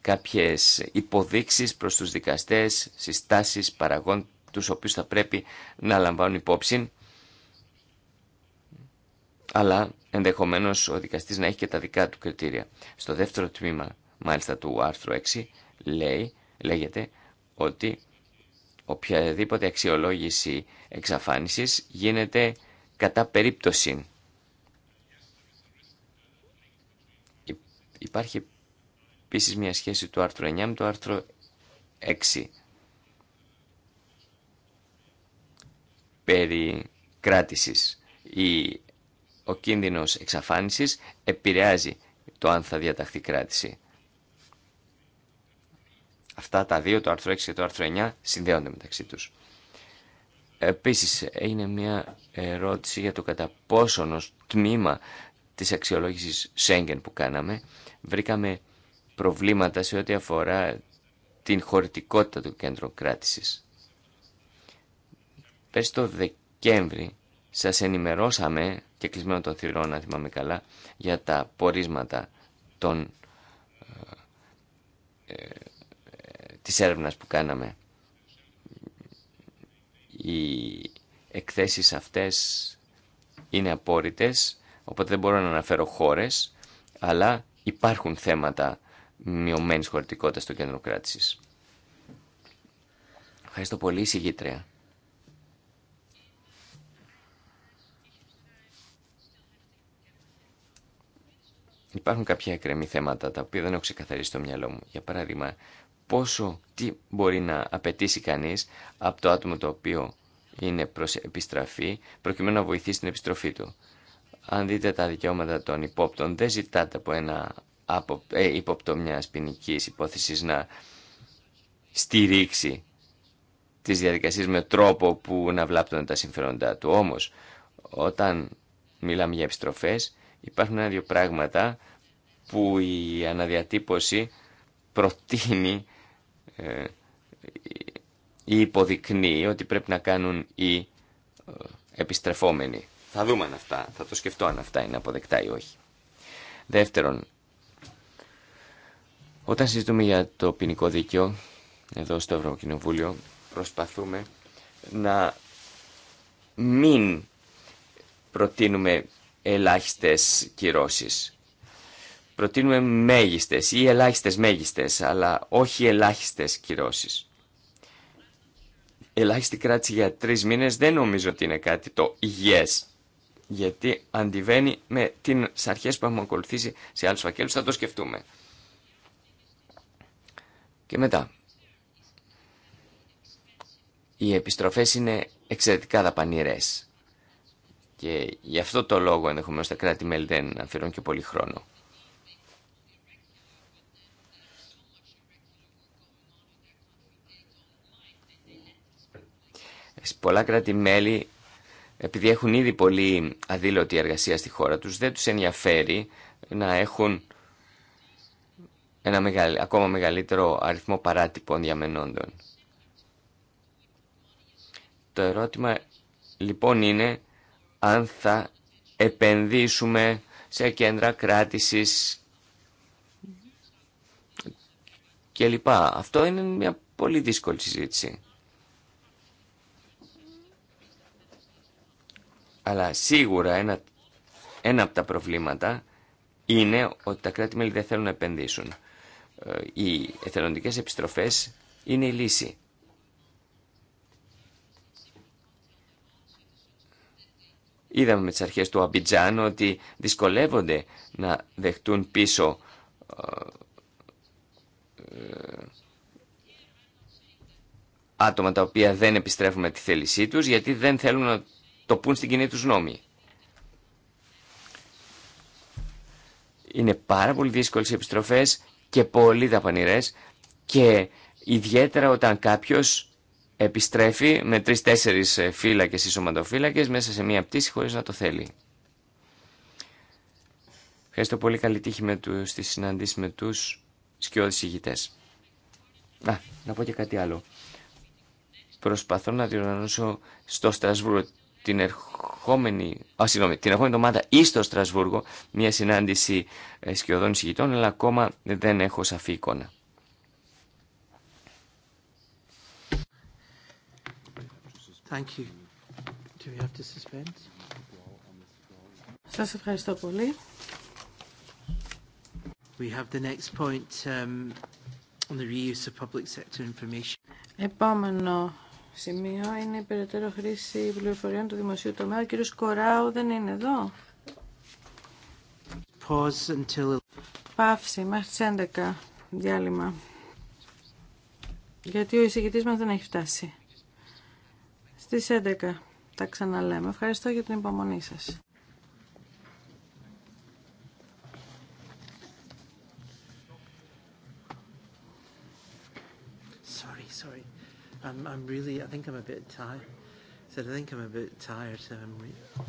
[SPEAKER 2] κάποιες υποδείξεις προς τους δικαστές, συστάσεις παραγών, τους οποίους θα πρέπει να λαμβάνουν υπόψη. Αλλά ενδεχομένως ο δικαστής να έχει και τα δικά του κριτήρια. Στο δεύτερο τμήμα, μάλιστα του άρθρου 6, λέει, λέγεται ότι οποιαδήποτε αξιολόγηση εξαφάνισης γίνεται κατά περίπτωση. Υπάρχει επίση μια σχέση του άρθρου 9 με το άρθρο 6. Περί κράτησης. Η, ο κίνδυνος εξαφάνισης επηρεάζει το αν θα διαταχθεί κράτηση. Αυτά τα δύο, το άρθρο 6 και το άρθρο 9, συνδέονται μεταξύ τους. Επίσης, έγινε μια ερώτηση για το κατά πόσον ως τμήμα της αξιολόγησης Σέγγεν που κάναμε, βρήκαμε προβλήματα σε ό,τι αφορά την χωρητικότητα του κέντρου κράτησης. Πέστο το Δεκέμβρη σας ενημερώσαμε, και κλεισμένο το θυρών να θυμάμαι καλά, για τα πορίσματα των ε, ε, της έρευνας που κάναμε. Οι εκθέσεις αυτές είναι απόρριτες, οπότε δεν μπορώ να αναφέρω χώρες, αλλά υπάρχουν θέματα μειωμένης χωρητικότητας στο κέντρο κράτησης. Ευχαριστώ πολύ, συγγήτρια. Υπάρχουν κάποια εκκρεμή θέματα τα οποία δεν έχω ξεκαθαρίσει στο μυαλό μου. Για παράδειγμα, πόσο, τι μπορεί να απαιτήσει κανείς από το άτομο το οποίο είναι προς επιστραφή, προκειμένου να βοηθήσει την επιστροφή του. Αν δείτε τα δικαιώματα των υπόπτων, δεν ζητάτε από ένα από, ε, υπόπτο μια ποινική υπόθεση να στηρίξει τις διαδικασίες με τρόπο που να βλάπτουν τα συμφέροντά του. Όμως, όταν μιλάμε για επιστροφές, υπάρχουν ένα-δύο πράγματα που η αναδιατύπωση προτείνει ή ε, υποδεικνύει ότι πρέπει να κάνουν οι ε, επιστρεφόμενοι. Θα δούμε αν αυτά, θα το σκεφτώ αν αυτά είναι αποδεκτά ή όχι. Δεύτερον, όταν συζητούμε για το ποινικό δίκαιο, εδώ στο Ευρωκοινοβούλιο, προσπαθούμε να μην προτείνουμε ελάχιστες κυρώσεις προτείνουμε μέγιστες ή ελάχιστες μέγιστες, αλλά όχι ελάχιστες κυρώσεις. Ελάχιστη κράτηση για τρεις μήνες δεν νομίζω ότι είναι κάτι το υγιές, γιατί αντιβαίνει με τις αρχές που έχουμε ακολουθήσει σε άλλους φακέλους, θα το σκεφτούμε. Και μετά, οι επιστροφές είναι εξαιρετικά δαπανηρές. Και γι' αυτό το λόγο ενδεχομένως τα κράτη-μέλη δεν αφιερώνουν και πολύ χρόνο. πολλά κράτη-μέλη, επειδή έχουν ήδη πολύ αδήλωτη εργασία στη χώρα τους, δεν τους ενδιαφέρει να έχουν ένα ακόμα μεγαλύτερο αριθμό παράτυπων διαμενόντων. Το ερώτημα λοιπόν είναι αν θα επενδύσουμε σε κέντρα κράτησης και λοιπά. Αυτό είναι μια πολύ δύσκολη συζήτηση. Αλλά σίγουρα ένα, ένα από τα προβλήματα είναι ότι τα κράτη-μέλη δεν θέλουν να επενδύσουν. Ε, οι εθελοντικές επιστροφές είναι η λύση. Είδαμε με τις αρχές του Αμπιτζάν ότι δυσκολεύονται να δεχτούν πίσω ε, ε, άτομα τα οποία δεν επιστρέφουν με τη θέλησή τους γιατί δεν θέλουν να το πουν στην κοινή του νόμη. Είναι πάρα πολύ δύσκολες οι επιστροφές και πολύ δαπανηρές και ιδιαίτερα όταν κάποιος επιστρέφει με τρεις-τέσσερις φύλακε ή σωματοφύλακε μέσα σε μία πτήση χωρί να το θέλει. Ευχαριστώ πολύ καλή τύχη με τους, στη συναντήση με τους σκιώδει ηγητέ. να πω και κάτι άλλο. Προσπαθώ να διοργανώσω στο Στρασβούργο την ερχόμενη, α, συγγνώμη, την ερχόμενη εβδομάδα ή στο Στρασβούργο μια συνάντηση ε, σκιωδών εισηγητών, αλλά ακόμα δεν έχω σαφή εικόνα.
[SPEAKER 1] Thank you. Do we have to suspend?
[SPEAKER 4] Σας ευχαριστώ πολύ.
[SPEAKER 1] We have the next point um, on the reuse of public sector information.
[SPEAKER 4] Επόμενο σημείο είναι η περαιτέρω χρήση πληροφοριών του δημοσίου τομέα. Ο κύριος Κοράου δεν είναι εδώ.
[SPEAKER 1] Pause until...
[SPEAKER 4] Παύση μέχρι τις 11 διάλειμμα. Γιατί ο εισηγητής μας δεν έχει φτάσει. Στις 11 τα ξαναλέμε. Ευχαριστώ για την υπομονή σας.
[SPEAKER 1] I'm, I'm really, I think I'm a bit tired. Said, I think I'm a bit tired, so I'm.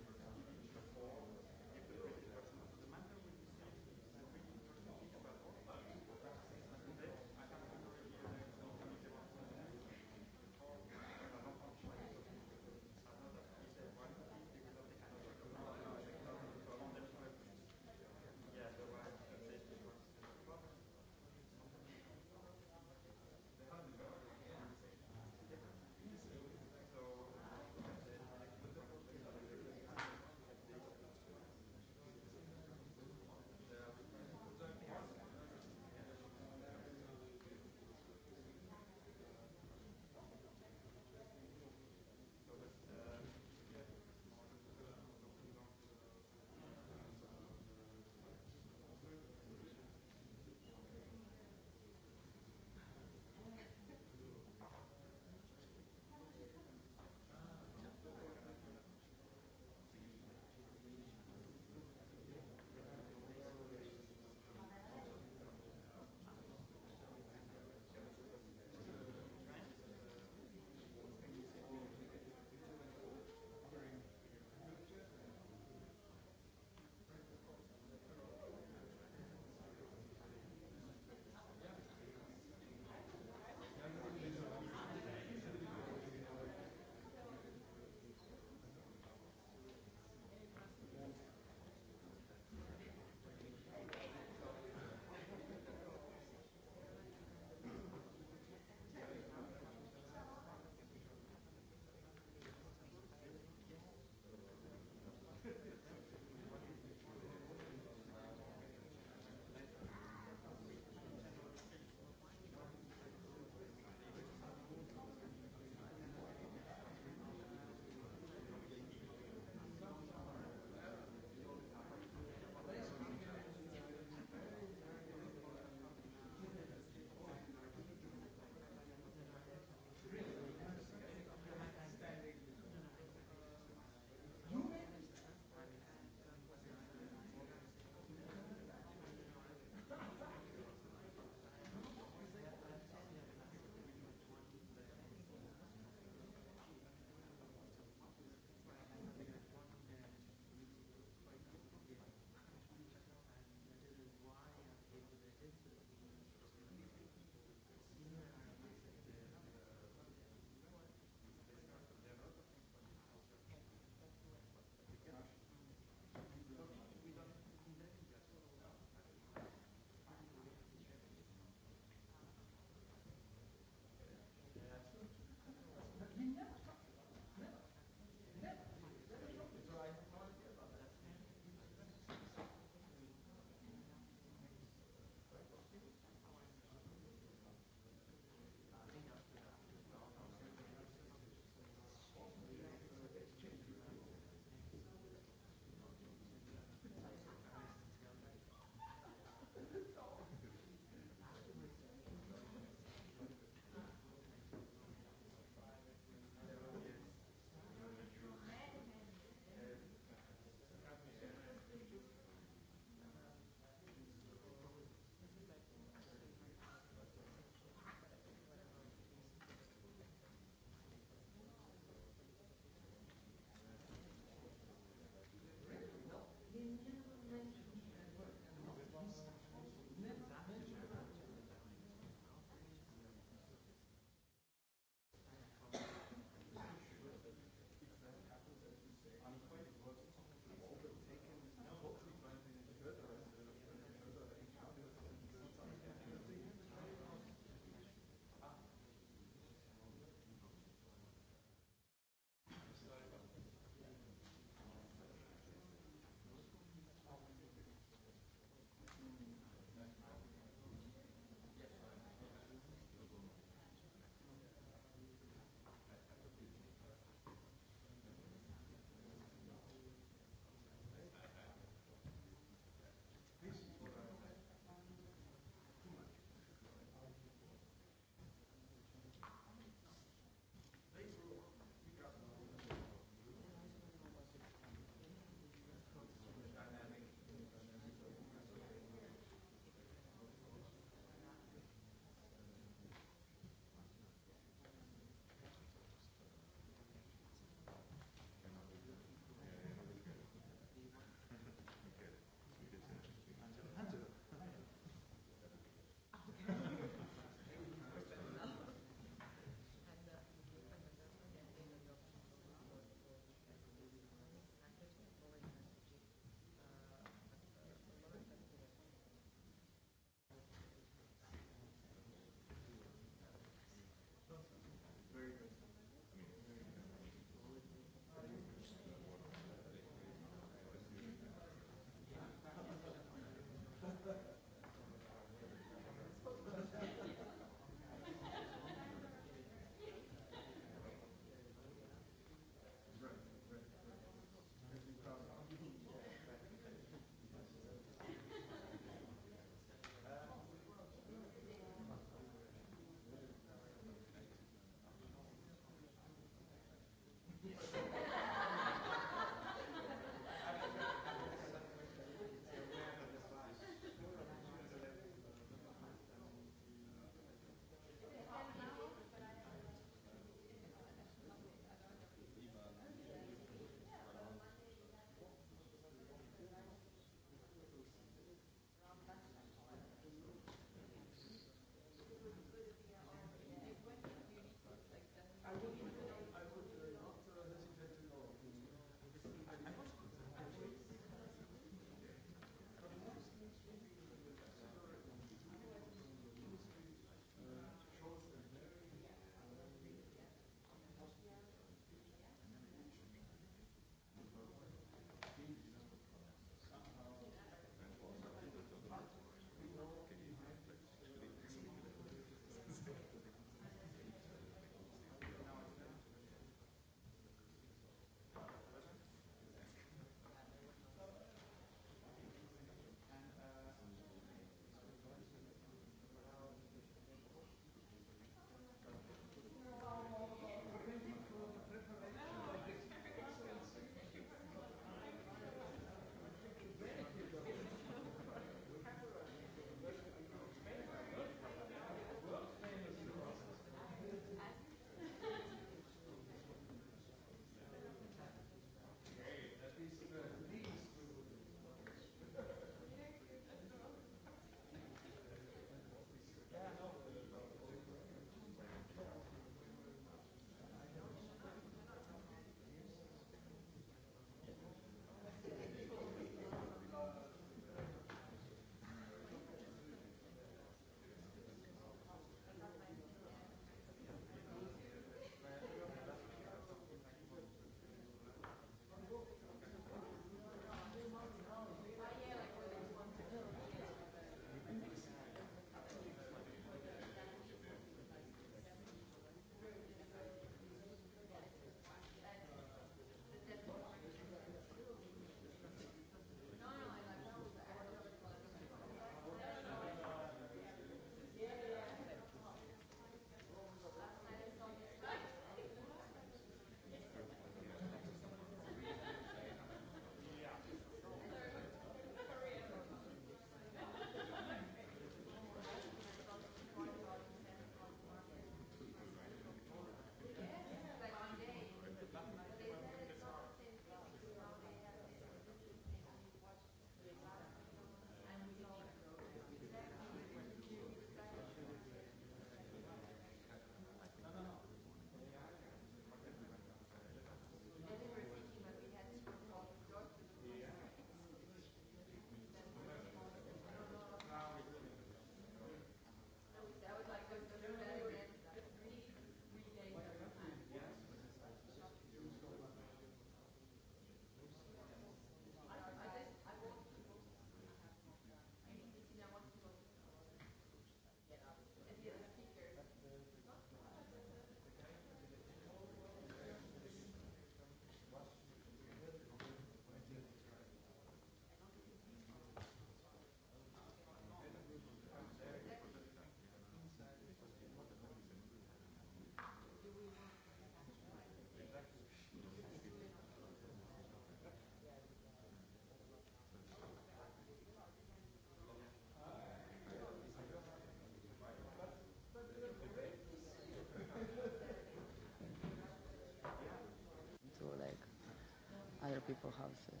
[SPEAKER 4] people houses.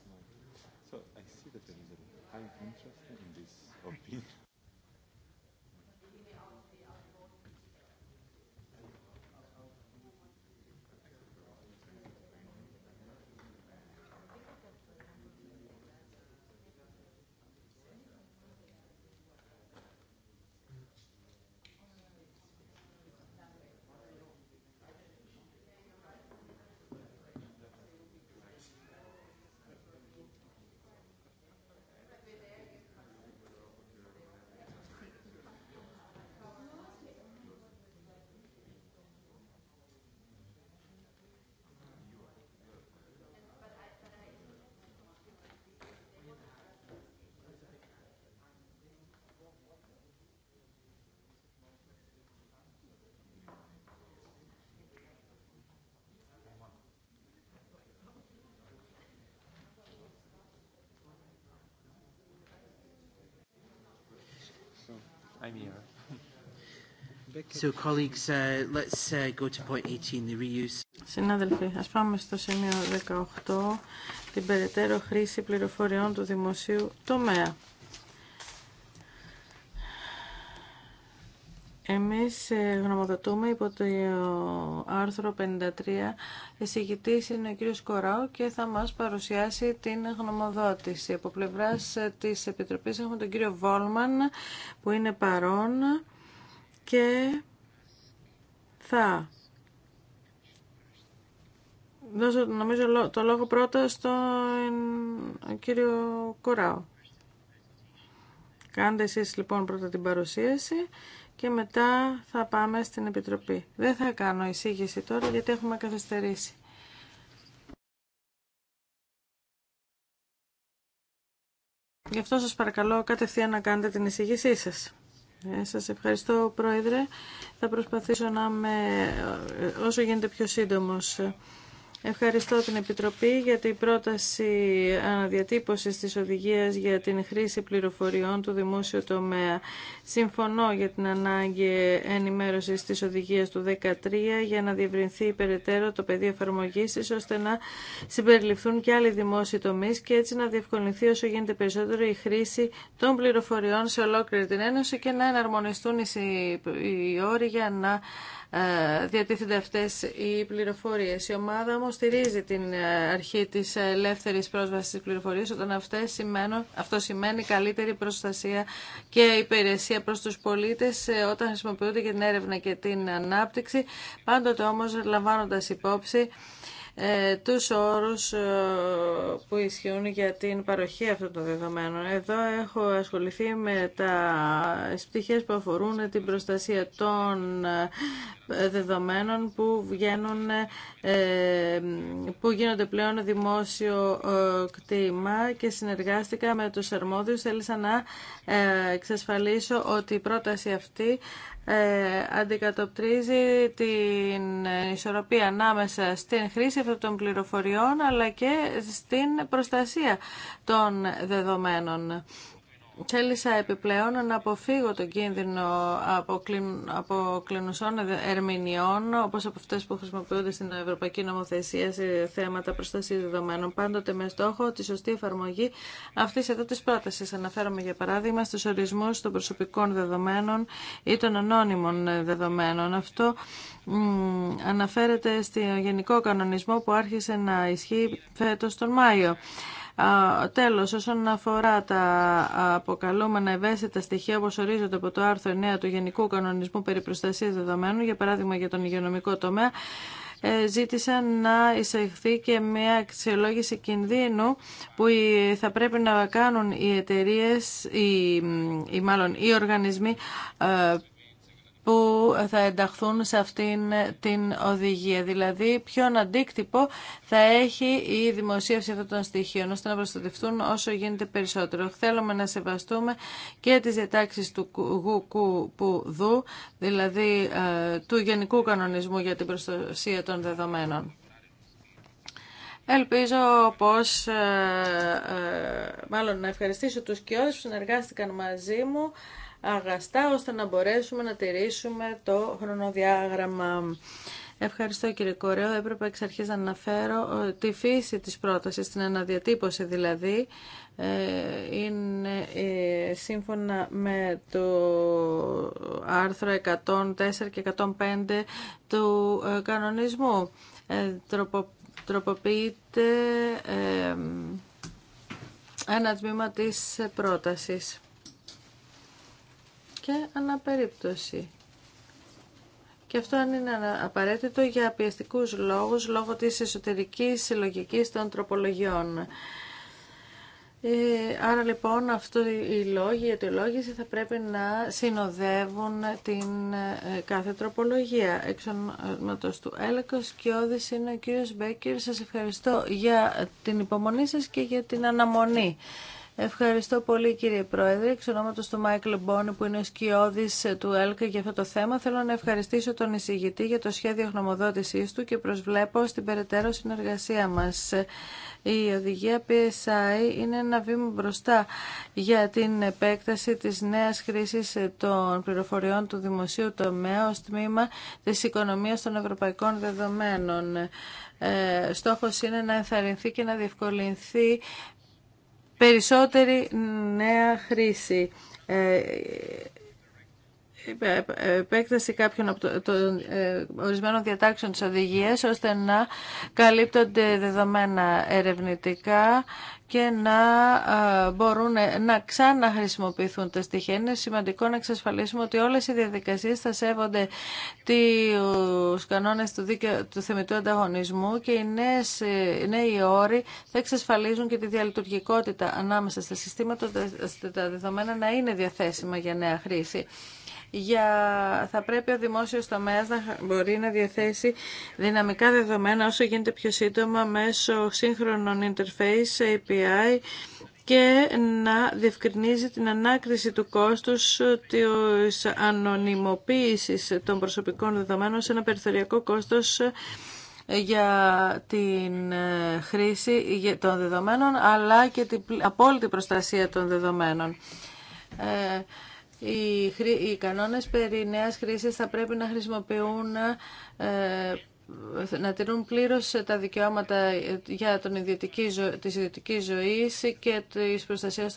[SPEAKER 3] So I see that there is a high interest in this opinion.
[SPEAKER 1] So,
[SPEAKER 4] Συνάδελφοι, ας πάμε στο σημείο 18, την περαιτέρω χρήση πληροφοριών του δημοσίου τομέα. Εμείς ε, γνωμοδοτούμε υπό το ε, άρθρο 53. Εισηγητής είναι ο κύριος Κοράου και θα μας παρουσιάσει την γνωμοδότηση. Από πλευράς ε, της Επιτροπής έχουμε τον κύριο Βόλμαν που είναι παρόν και θα δώσω νομίζω το λόγο πρώτα στον κύριο Κοράου. Κάντε εσείς λοιπόν πρώτα την παρουσίαση και μετά θα πάμε στην Επιτροπή. Δεν θα κάνω εισήγηση τώρα γιατί έχουμε καθυστερήσει. Γι' αυτό σας παρακαλώ κατευθείαν να κάνετε την εισηγήσή σας. Ε, σας ευχαριστώ Πρόεδρε. Θα προσπαθήσω να είμαι ε, όσο γίνεται πιο σύντομος. Ευχαριστώ την Επιτροπή για την πρόταση αναδιατύπωσης της οδηγίας για την χρήση πληροφοριών του δημόσιου τομέα. Συμφωνώ για την ανάγκη ενημέρωσης της οδηγίας του 13 για να διευρυνθεί περαιτέρω το πεδίο εφαρμογή ώστε να συμπεριληφθούν και άλλοι δημόσιοι τομείς και έτσι να διευκολυνθεί όσο γίνεται περισσότερο η χρήση των πληροφοριών σε ολόκληρη την Ένωση και να εναρμονιστούν οι όροι για να ε, διατίθενται αυτές οι πληροφορίες. Η ομάδα όμω στηρίζει την ε, αρχή της ελεύθερης πρόσβασης της πληροφορίας, όταν αυτό σημαίνει καλύτερη προστασία και υπηρεσία προς τους πολίτες ε, όταν χρησιμοποιούνται και την έρευνα και την ανάπτυξη, πάντοτε όμως λαμβάνοντας υπόψη ε, τους όρους ε, που ισχύουν για την παροχή αυτών των δεδομένων. Εδώ έχω ασχοληθεί με τα πτυχές που αφορούν την προστασία των ε, δεδομένων που που γίνονται πλέον δημόσιο κτήμα και συνεργάστηκα με τους αρμόδιους. Θέλησα να εξασφαλίσω ότι η πρόταση αυτή ε, αντικατοπτρίζει την ισορροπία ανάμεσα στην χρήση αυτών των πληροφοριών αλλά και στην προστασία των δεδομένων. Θέλησα επιπλέον να αποφύγω τον κίνδυνο από, ερμηνείων από όπως από αυτές που χρησιμοποιούνται στην Ευρωπαϊκή Νομοθεσία σε θέματα προστασίας δεδομένων, πάντοτε με στόχο τη σωστή εφαρμογή αυτής εδώ της πρότασης. Αναφέρομαι για παράδειγμα στους ορισμούς των προσωπικών δεδομένων ή των ανώνυμων δεδομένων. Αυτό αναφέρεται στο γενικό κανονισμό που άρχισε να ισχύει φέτος τον Μάιο. Τέλος, όσον αφορά τα αποκαλούμενα ευαίσθητα στοιχεία όπως ορίζονται από το άρθρο 9 του Γενικού Κανονισμού περί προστασίας δεδομένων, για παράδειγμα για τον υγειονομικό τομέα, ε, ζήτησαν να εισαχθεί και μια αξιολόγηση κινδύνου που θα πρέπει να κάνουν οι εταιρείε ή μάλλον οι οργανισμοί ε, που θα ενταχθούν σε αυτήν την οδηγία. Δηλαδή, ποιον αντίκτυπο θα έχει η δημοσίευση αυτών των στοιχείων, ώστε να προστατευτούν όσο γίνεται περισσότερο. Θέλουμε να σεβαστούμε και τις διατάξεις του γουκου που δηλαδή ε, του Γενικού Κανονισμού για την Προστασία των Δεδομένων. Ελπίζω πως, ε, ε, μάλλον να ευχαριστήσω τους κοιόδες που συνεργάστηκαν μαζί μου αγαστά ώστε να μπορέσουμε να τηρήσουμε το χρονοδιάγραμμα. Ευχαριστώ κύριε Κορέο. Έπρεπε εξ να αναφέρω ε, τη φύση της πρότασης, την αναδιατύπωση δηλαδή, ε, είναι ε, σύμφωνα με το άρθρο 104 και 105 του κανονισμού. Τροπο, τροποποιείται ένα τμήμα της πρότασης και αναπερίπτωση. Και αυτό αν είναι απαραίτητο για πιεστικούς λόγους, λόγω της εσωτερικής συλλογικής των τροπολογιών. Ε, άρα λοιπόν αυτό οι λόγοι, η αιτιολόγηση θα πρέπει να συνοδεύουν την ε, κάθε τροπολογία. Εξ του Έλεκος και Όδης είναι ο κύριος Μπέκερ. Σας ευχαριστώ για την υπομονή σας και για την αναμονή. Ευχαριστώ πολύ κύριε Πρόεδρε. Εξ ονόματος του Μάικλ Μπόνι που είναι ο σκιώδης του ΕΛΚΑ για αυτό το θέμα θέλω να ευχαριστήσω τον εισηγητή για το σχέδιο γνωμοδότησής του και προσβλέπω στην περαιτέρω συνεργασία μας. Η οδηγία PSI είναι ένα βήμα μπροστά για την επέκταση της νέας χρήσης των πληροφοριών του δημοσίου τομέα ως τμήμα της οικονομίας των ευρωπαϊκών δεδομένων. Ε, στόχος είναι να ενθαρρυνθεί και να διευκολυνθεί περισσότερη νέα χρήση ε, ε, ε, επέκταση κάποιων από το, των ε, ορισμένων διατάξεων της οδηγίας ώστε να καλύπτονται δεδομένα ερευνητικά και να ε, μπορούν να ξαναχρησιμοποιηθούν τα στοιχεία. Είναι σημαντικό να εξασφαλίσουμε ότι όλες οι διαδικασίες θα σέβονται τους κανόνες του, δίκαιο, του θεμητού ανταγωνισμού και οι, νέες, οι νέοι όροι θα εξασφαλίζουν και τη διαλειτουργικότητα ανάμεσα στα συστήματα, τα δεδομένα να είναι διαθέσιμα για νέα χρήση για... θα πρέπει ο δημόσιο τομέα να μπορεί να διαθέσει δυναμικά δεδομένα όσο γίνεται πιο σύντομα μέσω σύγχρονων interface API και να διευκρινίζει την ανάκριση του κόστους της ανωνυμοποίησης των προσωπικών δεδομένων σε ένα περιθωριακό κόστος για την χρήση των δεδομένων αλλά και την απόλυτη προστασία των δεδομένων. Ε, οι κανόνες περί νέας χρήσης θα πρέπει να χρησιμοποιούν ε, να τηρούν πλήρως τα δικαιώματα για τον ιδιωτική ζω... της ιδιωτικής ζωής και της προστασίας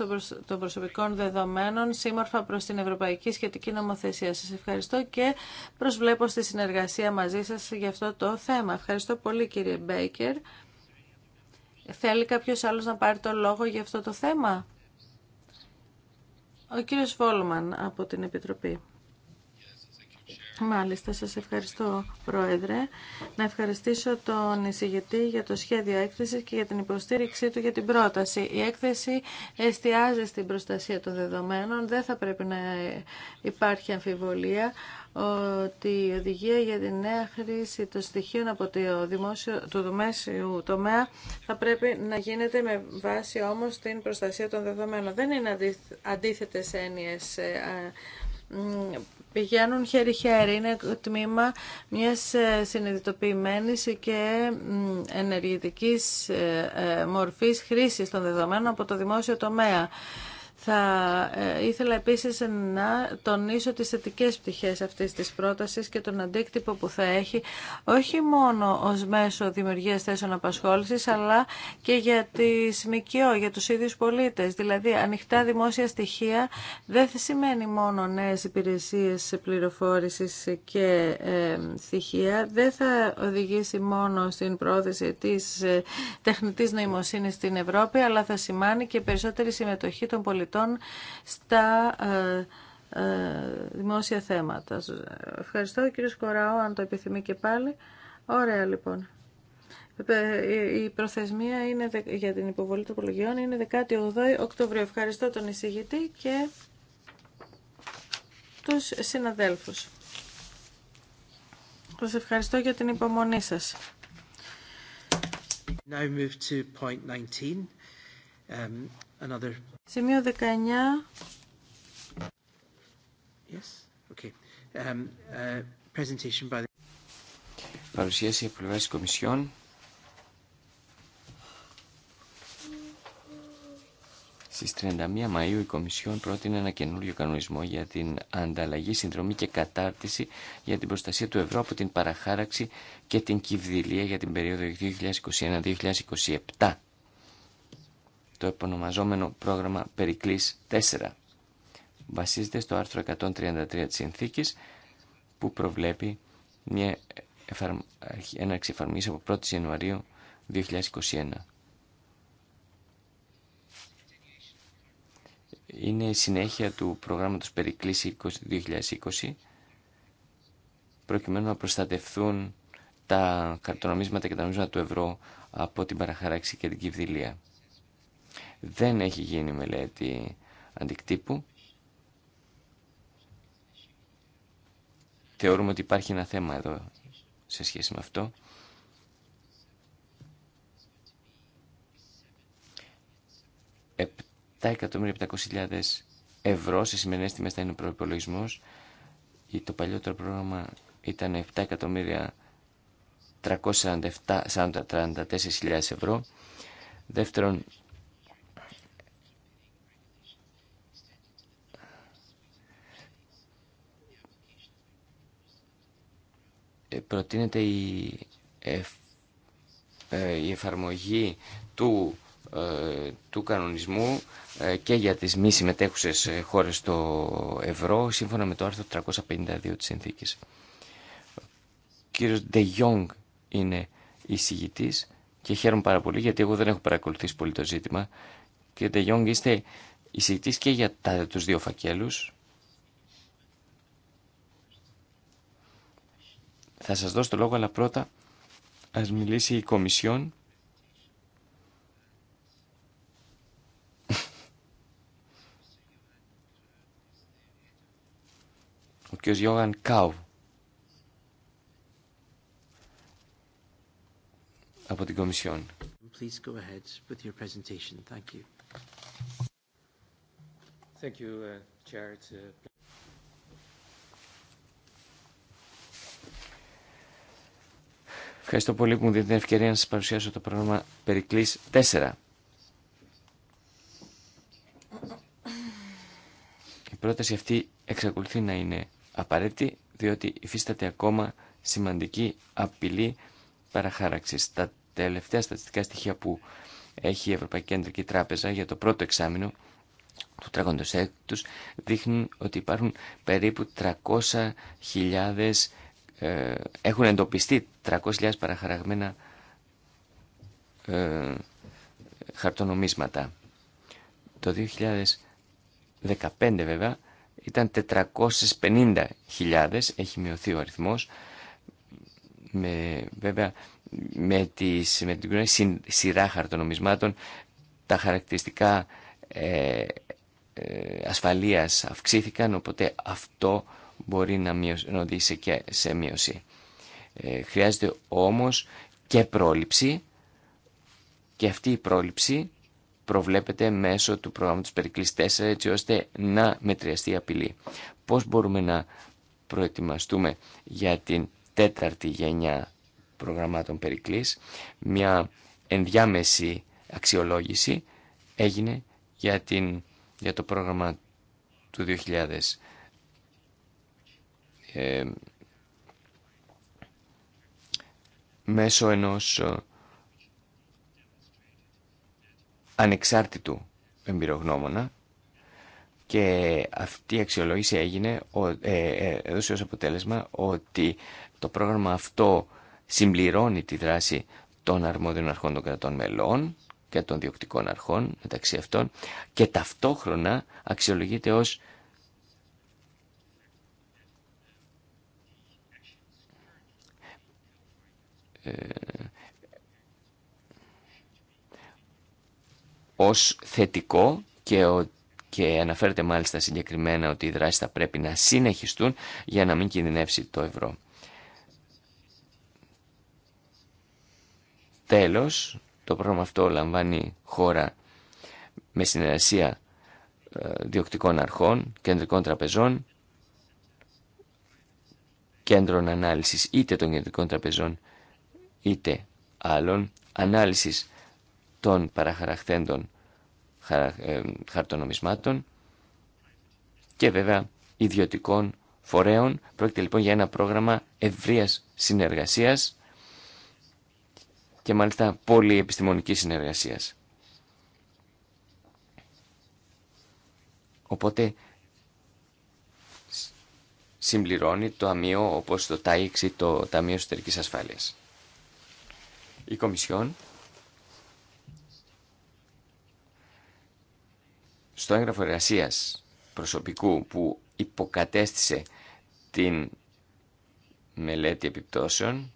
[SPEAKER 4] των, προσωπικών δεδομένων σύμμορφα προς την Ευρωπαϊκή Σχετική Νομοθεσία. Σας ευχαριστώ και προσβλέπω στη συνεργασία μαζί σας για αυτό το θέμα. Ευχαριστώ πολύ κύριε Μπέικερ. Θέλει κάποιος άλλος να πάρει το λόγο για αυτό το θέμα. Ο κύριος Βόλμαν από την Επιτροπή. Μάλιστα, σας ευχαριστώ Πρόεδρε. Να ευχαριστήσω τον εισηγητή για το σχέδιο έκθεσης και για την υποστήριξή του για την πρόταση. Η έκθεση εστιάζει στην προστασία των δεδομένων, δεν θα πρέπει να υπάρχει αμφιβολία, ότι η οδηγία για τη νέα χρήση των στοιχείων από το δημόσιο, του τομέα θα πρέπει να γίνεται με βάση όμως την προστασία των δεδομένων. Δεν είναι αντίθετες έννοιες ε, πηγαίνουν χέρι-χέρι. Είναι τμήμα μιας ε, συνειδητοποιημένης και ενεργητικής ε, μορφής χρήσης των δεδομένων από το δημόσιο τομέα. Θα ε, ήθελα επίσης να τονίσω τις θετικές πτυχές αυτής της πρότασης και τον αντίκτυπο που θα έχει όχι μόνο ως μέσο δημιουργίας θέσεων απασχόλησης αλλά και για τις ΜΚΟ, για τους ίδιους πολίτες. Δηλαδή ανοιχτά δημόσια στοιχεία δεν θα σημαίνει μόνο νέες υπηρεσίες πληροφόρησης και ε, στοιχεία. Δεν θα οδηγήσει μόνο στην πρόθεση της ε, τεχνητής νοημοσύνης στην Ευρώπη αλλά θα σημάνει και περισσότερη συμμετοχή των πολιτών στα ε, ε, δημόσια θέματα. Ευχαριστώ κύριε Σκοράο αν το επιθυμεί και πάλι. Ωραία λοιπόν. Ε, η προθεσμία είναι, για την υποβολή των υπολογιών είναι 18 Οκτωβρίου. Ευχαριστώ τον εισηγητή και τους συναδέλφους. Σας ευχαριστώ για την υπομονή σας.
[SPEAKER 1] Now move to um, another Σημείο 19. Um, uh,
[SPEAKER 2] Παρουσίαση από πλευρά τη Κομισιόν. Στι 31 Μαου η Κομισιόν πρότεινε ένα καινούριο κανονισμό για την ανταλλαγή, συνδρομή και κατάρτιση για την προστασία του ευρώ από την παραχάραξη και την κυβδηλία για την περίοδο 2021-2027. Το επωνομαζόμενο πρόγραμμα Περικλής 4 βασίζεται στο άρθρο 133 της Συνθήκης που προβλέπει μια έναρξη 1η Ιανουαρίου 2021. Είναι η συνέχεια του προγράμματος Περικλής 2020 προκειμένου να προστατευθούν τα καρτονομίσματα και τα νομίσματα του ευρώ από την παραχαράξη και την κυβδηλία. Δεν έχει γίνει μελέτη αντικτύπου. Θεωρούμε ότι υπάρχει ένα θέμα εδώ σε σχέση με αυτό. Τα ευρώ σε σημερινές τιμές θα είναι ο προϋπολογισμός. Το παλιότερο πρόγραμμα ήταν 7.344.000 ευρώ. Δεύτερον, προτείνεται ε, η, εφαρμογή του, ε, του κανονισμού ε, και για τις μη συμμετέχουσες χώρες στο ευρώ σύμφωνα με το άρθρο 352 της συνθήκης. Ο κύριος Ντε είναι εισηγητής και χαίρομαι πάρα πολύ γιατί εγώ δεν έχω παρακολουθήσει πολύ το ζήτημα. Κύριε Ντε είστε εισηγητής και για τα, τους δύο φακέλους Θα σας δώσω το λόγο, αλλά πρώτα ας μιλήσει η Κομισιόν. Ο κ. Γιώργαν Κάου. από την Κομισιόν. Thank you. Uh, uh, Ευχαριστώ πολύ που μου δίνετε την ευκαιρία να σας παρουσιάσω το πρόγραμμα Περικλής 4. Η πρόταση αυτή εξακολουθεί να είναι απαραίτητη, διότι υφίσταται ακόμα σημαντική απειλή παραχάραξης. Τα τελευταία στατιστικά στοιχεία που έχει η Ευρωπαϊκή Κεντρική Τράπεζα για το πρώτο εξάμεινο του τρέχοντος έκτους δείχνουν ότι υπάρχουν περίπου 300.000 ε, έχουν εντοπιστεί 300.000 παραχαραγμένα ε, χαρτονομίσματα. Το 2015 βέβαια ήταν 450.000, έχει μειωθεί ο αριθμός, με, βέβαια με, τις, με την σειρά χαρτονομισμάτων τα χαρακτηριστικά ε, ε ασφαλείας αυξήθηκαν, οπότε αυτό μπορεί να, μειώσει, να οδηγήσει και σε μείωση. Ε, χρειάζεται όμως και πρόληψη και αυτή η πρόληψη προβλέπεται μέσω του προγράμματος Περικλής 4 έτσι ώστε να μετριαστεί η απειλή. Πώς μπορούμε να προετοιμαστούμε για την τέταρτη γενιά προγραμμάτων Περικλής. Μια ενδιάμεση αξιολόγηση έγινε για, την, για το πρόγραμμα του 2000 ε, μέσω ενός ε, ανεξάρτητου εμπειρογνώμονα και αυτή η αξιολόγηση έγινε, ε, ε, έδωσε ως αποτέλεσμα ότι το πρόγραμμα αυτό συμπληρώνει τη δράση των αρμόδιων αρχών των κρατών μελών και των διοκτικών αρχών μεταξύ αυτών και ταυτόχρονα αξιολογείται ως Ε, ως θετικό και, ο, και αναφέρεται μάλιστα συγκεκριμένα ότι οι δράσεις θα πρέπει να συνεχιστούν για να μην κινδυνεύσει το ευρώ. Τέλος, το πρόγραμμα αυτό λαμβάνει χώρα με συνεργασία ε, διοκτικών αρχών, κεντρικών τραπεζών, κέντρων ανάλυσης είτε των κεντρικών τραπεζών είτε άλλων ανάλυσης των παραχαρακτέντων ε, χαρτονομισμάτων και βέβαια ιδιωτικών φορέων. Πρόκειται λοιπόν για ένα πρόγραμμα ευρείας συνεργασίας και μάλιστα πολυεπιστημονικής συνεργασίας. Οπότε συμπληρώνει το αμείο όπως το ΤΑΙΚΣ ή το Ταμείο Εσωτερικής Ασφάλειας η Κομισιόν στο έγγραφο εργασία προσωπικού που υποκατέστησε την μελέτη επιπτώσεων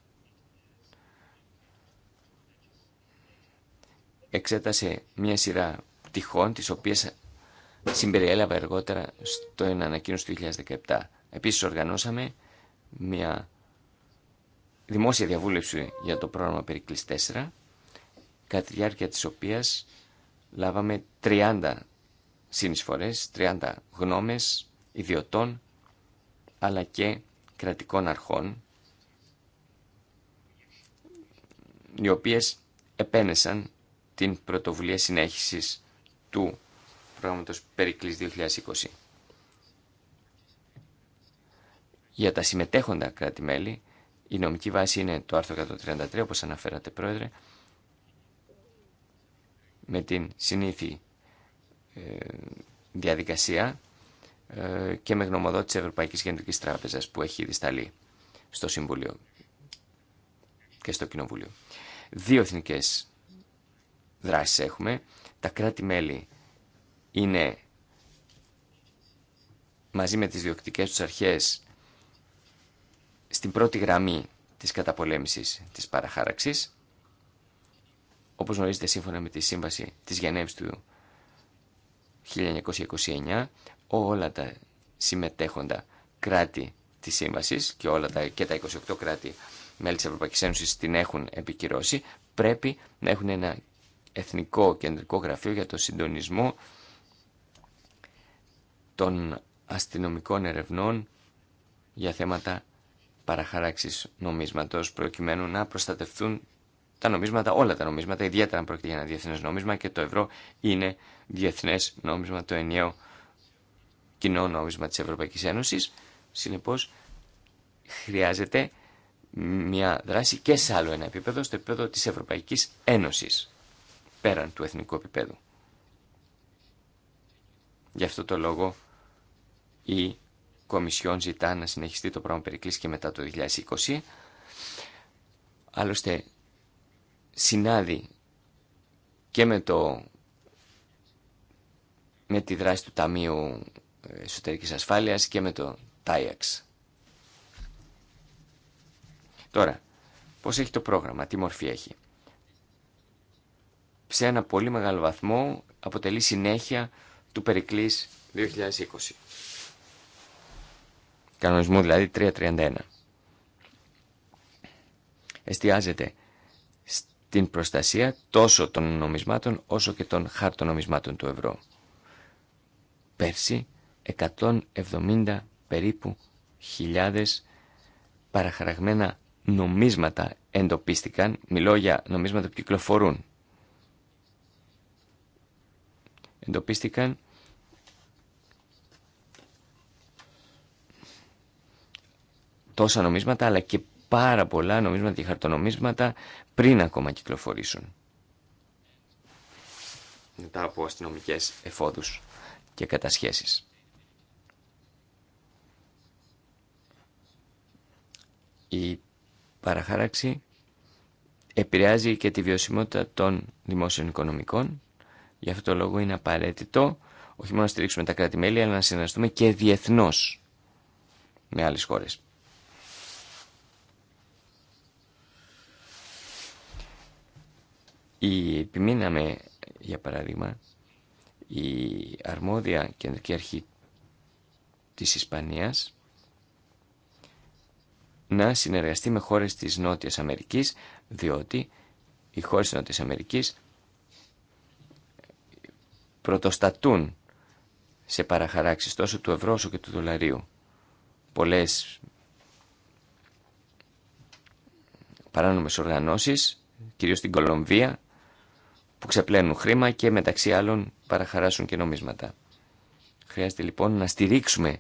[SPEAKER 2] εξέτασε μια σειρά πτυχών τις οποίες συμπεριέλαβα εργότερα στο ανακοίνωση του 2017. Επίσης οργανώσαμε μια δημόσια διαβούλευση για το πρόγραμμα Περικλής 4, κατά τη διάρκεια της οποίας λάβαμε 30 συνεισφορές, 30 γνώμες ιδιωτών, αλλά και κρατικών αρχών, οι οποίες επένεσαν την πρωτοβουλία συνέχισης του πρόγραμματος Περικλής 2020. Για τα συμμετέχοντα κράτη-μέλη, η νομική βάση είναι το άρθρο 133, όπως αναφέρατε πρόεδρε, με την συνήθη ε, διαδικασία ε, και με γνωμοδότηση της Ευρωπαϊκής Γενικής Τράπεζας που έχει δισταλεί στο Συμβούλιο και στο Κοινοβούλιο. Δύο εθνικέ δράσεις έχουμε. Τα κράτη-μέλη είναι μαζί με τις διοκτικές τους αρχές στην πρώτη γραμμή της καταπολέμησης της παραχάραξης, όπως γνωρίζετε σύμφωνα με τη Σύμβαση της Γενέβης του 1929, όλα τα συμμετέχοντα κράτη της Σύμβασης και, όλα τα, και τα 28 κράτη μέλη της Ευρωπαϊκής Ένωσης την έχουν επικυρώσει, πρέπει να έχουν ένα εθνικό κεντρικό γραφείο για το συντονισμό των αστυνομικών ερευνών για θέματα παραχαράξεις νομίσματος προκειμένου να προστατευτούν τα νομίσματα, όλα τα νομίσματα, ιδιαίτερα αν πρόκειται για ένα διεθνές νόμισμα και το ευρώ είναι διεθνές νόμισμα, το ενιαίο κοινό νόμισμα της Ευρωπαϊκής Ένωσης. Συνεπώς χρειάζεται μια δράση και σε άλλο ένα επίπεδο, στο επίπεδο της Ευρωπαϊκής Ένωσης, πέραν του εθνικού επίπεδου. Γι' αυτό το λόγο η Κομισιόν ζητά να συνεχιστεί το πρόγραμμα Περικλής και μετά το 2020. Άλλωστε, συνάδει και με, το, με τη δράση του Ταμείου Εσωτερικής Ασφάλειας και με το ΤΑΙΑΞ. Τώρα, πώς έχει το πρόγραμμα, τι μορφή έχει. Σε ένα πολύ μεγάλο βαθμό αποτελεί συνέχεια του Περικλής 2020 κανονισμού δηλαδή 331. Εστιάζεται στην προστασία τόσο των νομισμάτων όσο και των νομισμάτων του ευρώ. Πέρσι 170 περίπου χιλιάδες παραχαραγμένα νομίσματα εντοπίστηκαν, μιλώ για νομίσματα που κυκλοφορούν. Εντοπίστηκαν τόσα νομίσματα αλλά και πάρα πολλά νομίσματα και χαρτονομίσματα πριν ακόμα κυκλοφορήσουν. Μετά από αστυνομικέ εφόδους και κατασχέσεις. Η παραχάραξη επηρεάζει και τη βιωσιμότητα των δημόσιων οικονομικών. Γι' αυτό το λόγο είναι απαραίτητο όχι μόνο να στηρίξουμε τα κράτη-μέλη, αλλά να συνεργαστούμε και διεθνώς με άλλες χώρες. Η, επιμείναμε, για παράδειγμα, η αρμόδια κεντρική αρχή της Ισπανίας να συνεργαστεί με χώρες της Νότιας Αμερικής, διότι οι χώρες της Νότιας Αμερικής πρωτοστατούν σε παραχαράξεις τόσο του ευρώ όσο και του δολαρίου. Πολλές παράνομες οργανώσεις, κυρίως στην Κολομβία, που ξεπλένουν χρήμα και μεταξύ άλλων παραχαράσουν και νομίσματα. Χρειάζεται λοιπόν να στηρίξουμε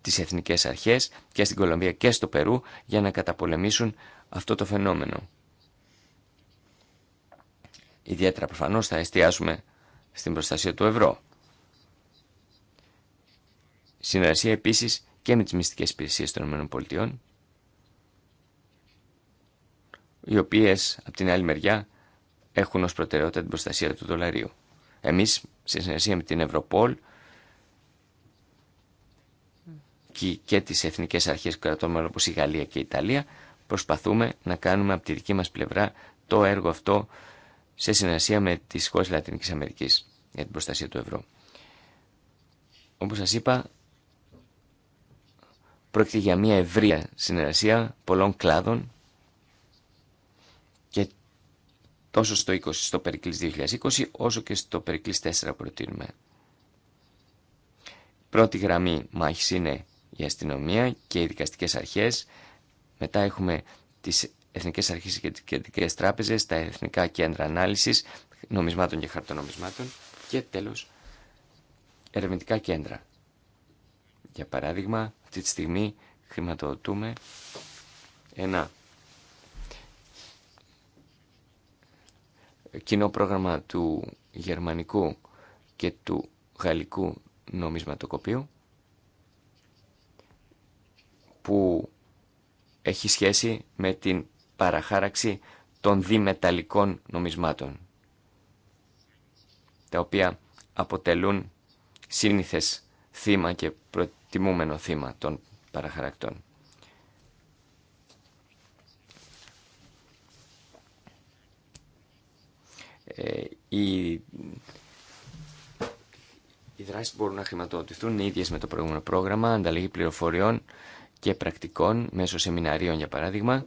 [SPEAKER 2] τις εθνικές αρχές και στην Κολομβία και στο Περού για να καταπολεμήσουν αυτό το φαινόμενο. Ιδιαίτερα προφανώς θα εστιάσουμε στην προστασία του ευρώ. Συνεργασία επίσης και με τις μυστικές υπηρεσίες των ΗΠΑ, οι οποίες από την άλλη μεριά έχουν ως προτεραιότητα την προστασία του δολαρίου. Εμείς, σε συνεργασία με την Ευρωπόλ και τις εθνικές αρχές κρατών όπω όπως η Γαλλία και η Ιταλία, προσπαθούμε να κάνουμε από τη δική μας πλευρά το έργο αυτό σε συνεργασία με τις χώρες Λατινικής Αμερικής για την προστασία του ευρώ. Όπως σας είπα, πρόκειται για μια ευρεία συνεργασία πολλών κλάδων τόσο στο 20 στο Περικλής 2020 όσο και στο Περικλής 4 προτείνουμε. Πρώτη γραμμή μάχης είναι η αστυνομία και οι δικαστικές αρχές. Μετά έχουμε τις Εθνικές Αρχές και τις Κεντρικές Τράπεζες, τα Εθνικά Κέντρα Ανάλυσης, Νομισμάτων και Χαρτονομισμάτων και τέλος ερευνητικά κέντρα. Για παράδειγμα, αυτή τη στιγμή χρηματοδοτούμε ένα κοινό πρόγραμμα του γερμανικού και του γαλλικού νομισματοκοπίου που έχει σχέση με την παραχάραξη των διμεταλλικών νομισμάτων τα οποία αποτελούν σύνηθες θύμα και προτιμούμενο θύμα των παραχαρακτών. Ε, ε, οι, οι δράσεις που μπορούν να χρηματοδοτηθούν είναι ίδιες με το προηγούμενο πρόγραμμα, ανταλλαγή πληροφοριών και πρακτικών μέσω σεμιναρίων για παράδειγμα.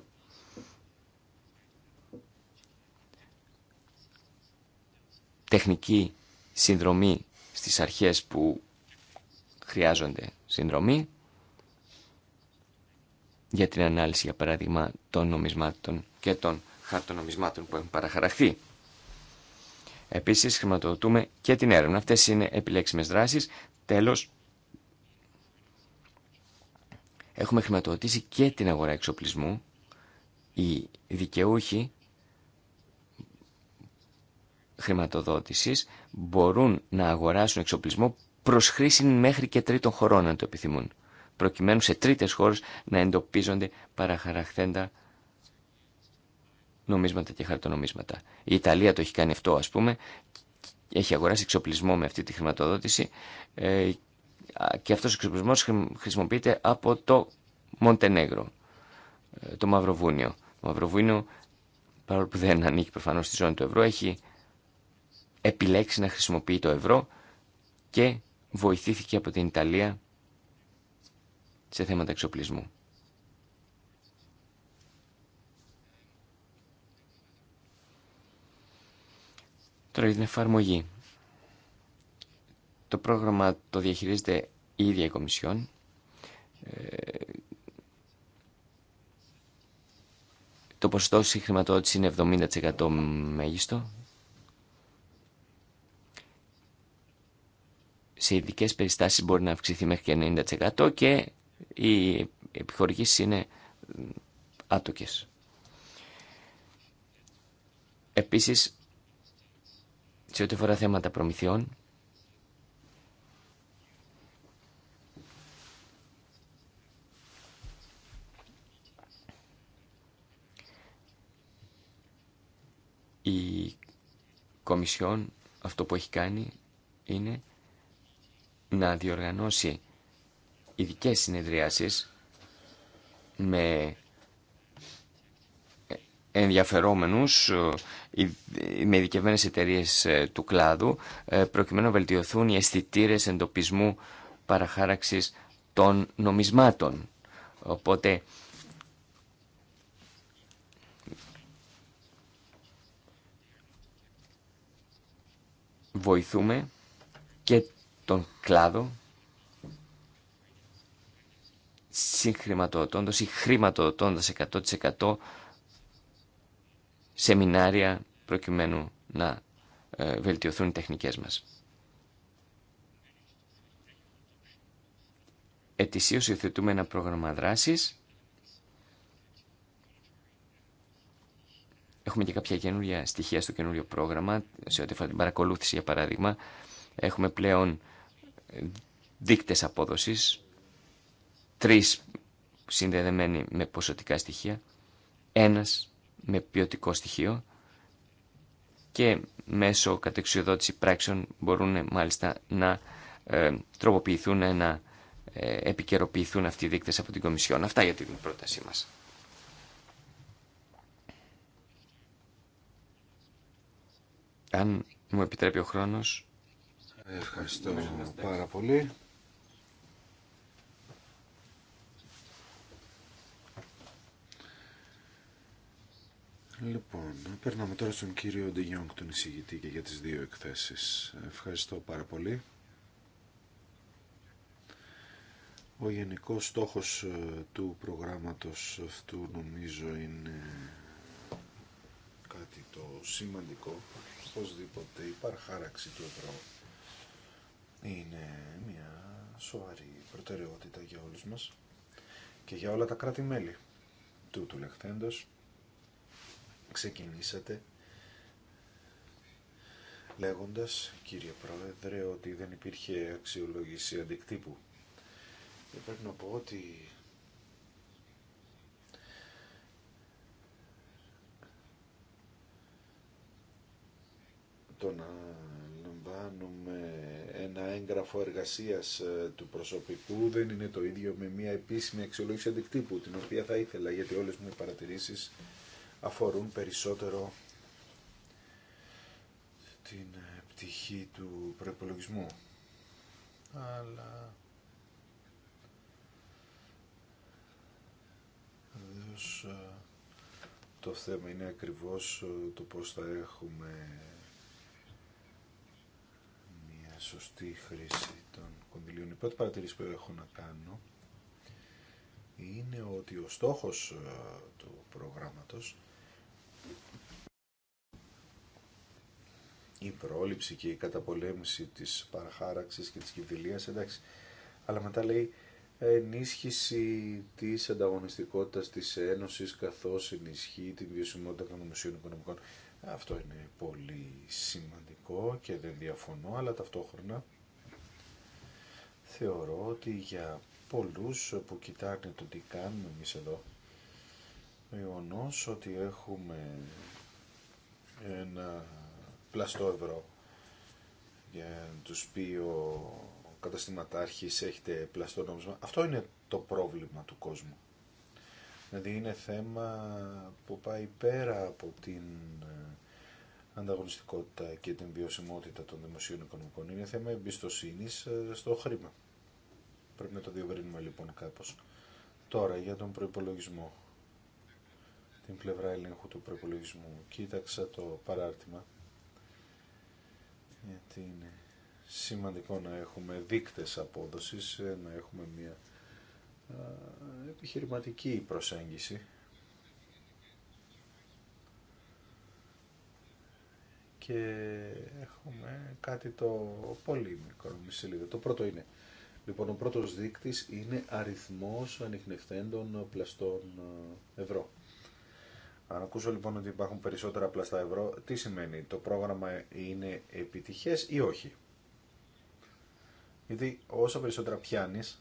[SPEAKER 2] Τεχνική συνδρομή στις αρχές που χρειάζονται συνδρομή για την ανάλυση, για παράδειγμα, των νομισμάτων και των χαρτονομισμάτων που έχουν παραχαραχθεί. Επίση χρηματοδοτούμε και την έρευνα. Αυτές είναι επιλέξιμες δράσεις. Τέλος, έχουμε χρηματοδοτήσει και την αγορά εξοπλισμού. Οι δικαιούχοι χρηματοδότησης μπορούν να αγοράσουν εξοπλισμό προ χρήση μέχρι και τρίτων χωρών αν το επιθυμούν προκειμένου σε τρίτες χώρε να εντοπίζονται παραχαραχθέντα νομίσματα και χαρτονομίσματα. Η Ιταλία το έχει κάνει αυτό α πούμε, έχει αγοράσει εξοπλισμό με αυτή τη χρηματοδότηση ε, και αυτό ο εξοπλισμό χρησιμοποιείται από το Μοντενέγρο, ε, το Μαυροβούνιο. Το Μαυροβούνιο, παρόλο που δεν ανήκει προφανώ στη ζώνη του ευρώ, έχει επιλέξει να χρησιμοποιεί το ευρώ και βοηθήθηκε από την Ιταλία σε θέματα εξοπλισμού. Τώρα για την εφαρμογή. Το πρόγραμμα το διαχειρίζεται η ίδια η Κομισιόν. Ε, το ποσοστό συγχρηματοδότηση είναι 70% μέγιστο. Σε ειδικέ περιστάσεις μπορεί να αυξηθεί μέχρι και 90% και οι επιχορηγήσεις είναι άτοκες. Επίσης, σε ό,τι αφορά θέματα προμηθειών, η Κομισιόν αυτό που έχει κάνει είναι να διοργανώσει ειδικές συνεδριάσεις με ενδιαφερόμενους ε, με ειδικευμένε εταιρείε ε, του κλάδου ε, προκειμένου να βελτιωθούν οι αισθητήρε εντοπισμού παραχάραξης των νομισμάτων. Οπότε βοηθούμε και τον κλάδο συγχρηματοδοτώντας ή χρηματοδοτώντας 100% σεμινάρια προκειμένου να ε, βελτιωθούν οι τεχνικές μας. Ετησίως υιοθετούμε ένα πρόγραμμα δράσης. Έχουμε και κάποια καινούργια στοιχεία στο καινούριο πρόγραμμα, σε ό,τι αφορά την παρακολούθηση για παράδειγμα. Έχουμε πλέον δείκτες απόδοσης, τρεις συνδεδεμένοι με ποσοτικά στοιχεία, ένας με ποιοτικό στοιχείο και μέσω κατεξιοδότηση πράξεων μπορούν ε, μάλιστα να ε, τροποποιηθούν, να ε, επικαιροποιηθούν αυτοί οι δείκτες από την Κομισιόν. Αυτά για την πρότασή μας. Αν μου επιτρέπει ο χρόνος...
[SPEAKER 3] Ευχαριστώ πάρα πολύ. Λοιπόν, περνάμε τώρα στον κύριο Ντεγιόγκ, τον εισηγητή και για τις δύο εκθέσεις. Ευχαριστώ πάρα πολύ. Ο γενικός στόχος ε, του προγράμματος αυτού νομίζω είναι κάτι το σημαντικό. Οπωσδήποτε η παρχάραξη του ευρώ είναι μια σοβαρή προτεραιότητα για όλους μας και για όλα τα κράτη-μέλη του του ξεκινήσατε λέγοντας, κύριε Πρόεδρε, ότι δεν υπήρχε αξιολόγηση αντικτύπου. Και πρέπει να πω ότι το να λαμβάνουμε ένα έγγραφο εργασίας ε, του προσωπικού δεν είναι το ίδιο με μια επίσημη αξιολόγηση αντικτύπου, την οποία θα ήθελα, γιατί όλες μου οι παρατηρήσεις αφορούν περισσότερο την ε, πτυχή του προπολογισμού. Αλλά βεβαίως ε, το θέμα είναι ακριβώς ε, το πώς θα έχουμε μια σωστή χρήση των κονδυλίων. Η πρώτη παρατηρήση που έχω να κάνω είναι ότι ο στόχος του προγράμματος η πρόληψη και η καταπολέμηση της παραχάραξης και της κινδυλίας, εντάξει. Αλλά μετά λέει ενίσχυση της ανταγωνιστικότητας της Ένωσης καθώς ενισχύει την βιωσιμότητα των δημοσίων οικονομικών. Αυτό είναι πολύ σημαντικό και δεν διαφωνώ, αλλά ταυτόχρονα θεωρώ ότι για πολλούς που κοιτάνε το τι κάνουμε εμείς εδώ, γεγονό ότι έχουμε ένα πλαστό ευρώ για να τους πει ο καταστηματάρχης έχετε πλαστό νόμισμα. Αυτό είναι το πρόβλημα του κόσμου. Δηλαδή είναι θέμα που πάει πέρα από την ε, ανταγωνιστικότητα και την βιωσιμότητα των δημοσίων οικονομικών. Είναι θέμα εμπιστοσύνη ε, στο χρήμα. Πρέπει να το διευρύνουμε λοιπόν κάπως. Τώρα για τον προϋπολογισμό την πλευρά ελέγχου του προπολογισμού. Κοίταξα το παράρτημα, γιατί είναι σημαντικό να έχουμε δείκτες απόδοσης, ε, να έχουμε μια επιχειρηματική προσέγγιση. Και έχουμε κάτι το πολύ μικρό, μισή Το πρώτο είναι, λοιπόν, ο πρώτος δείκτης είναι αριθμός ανιχνευτέντων πλαστών ε, ευρώ. Αν ακούσω λοιπόν ότι υπάρχουν περισσότερα πλαστά ευρώ, τι σημαίνει, το πρόγραμμα είναι επιτυχές ή όχι. Γιατί όσο περισσότερα πιάνεις,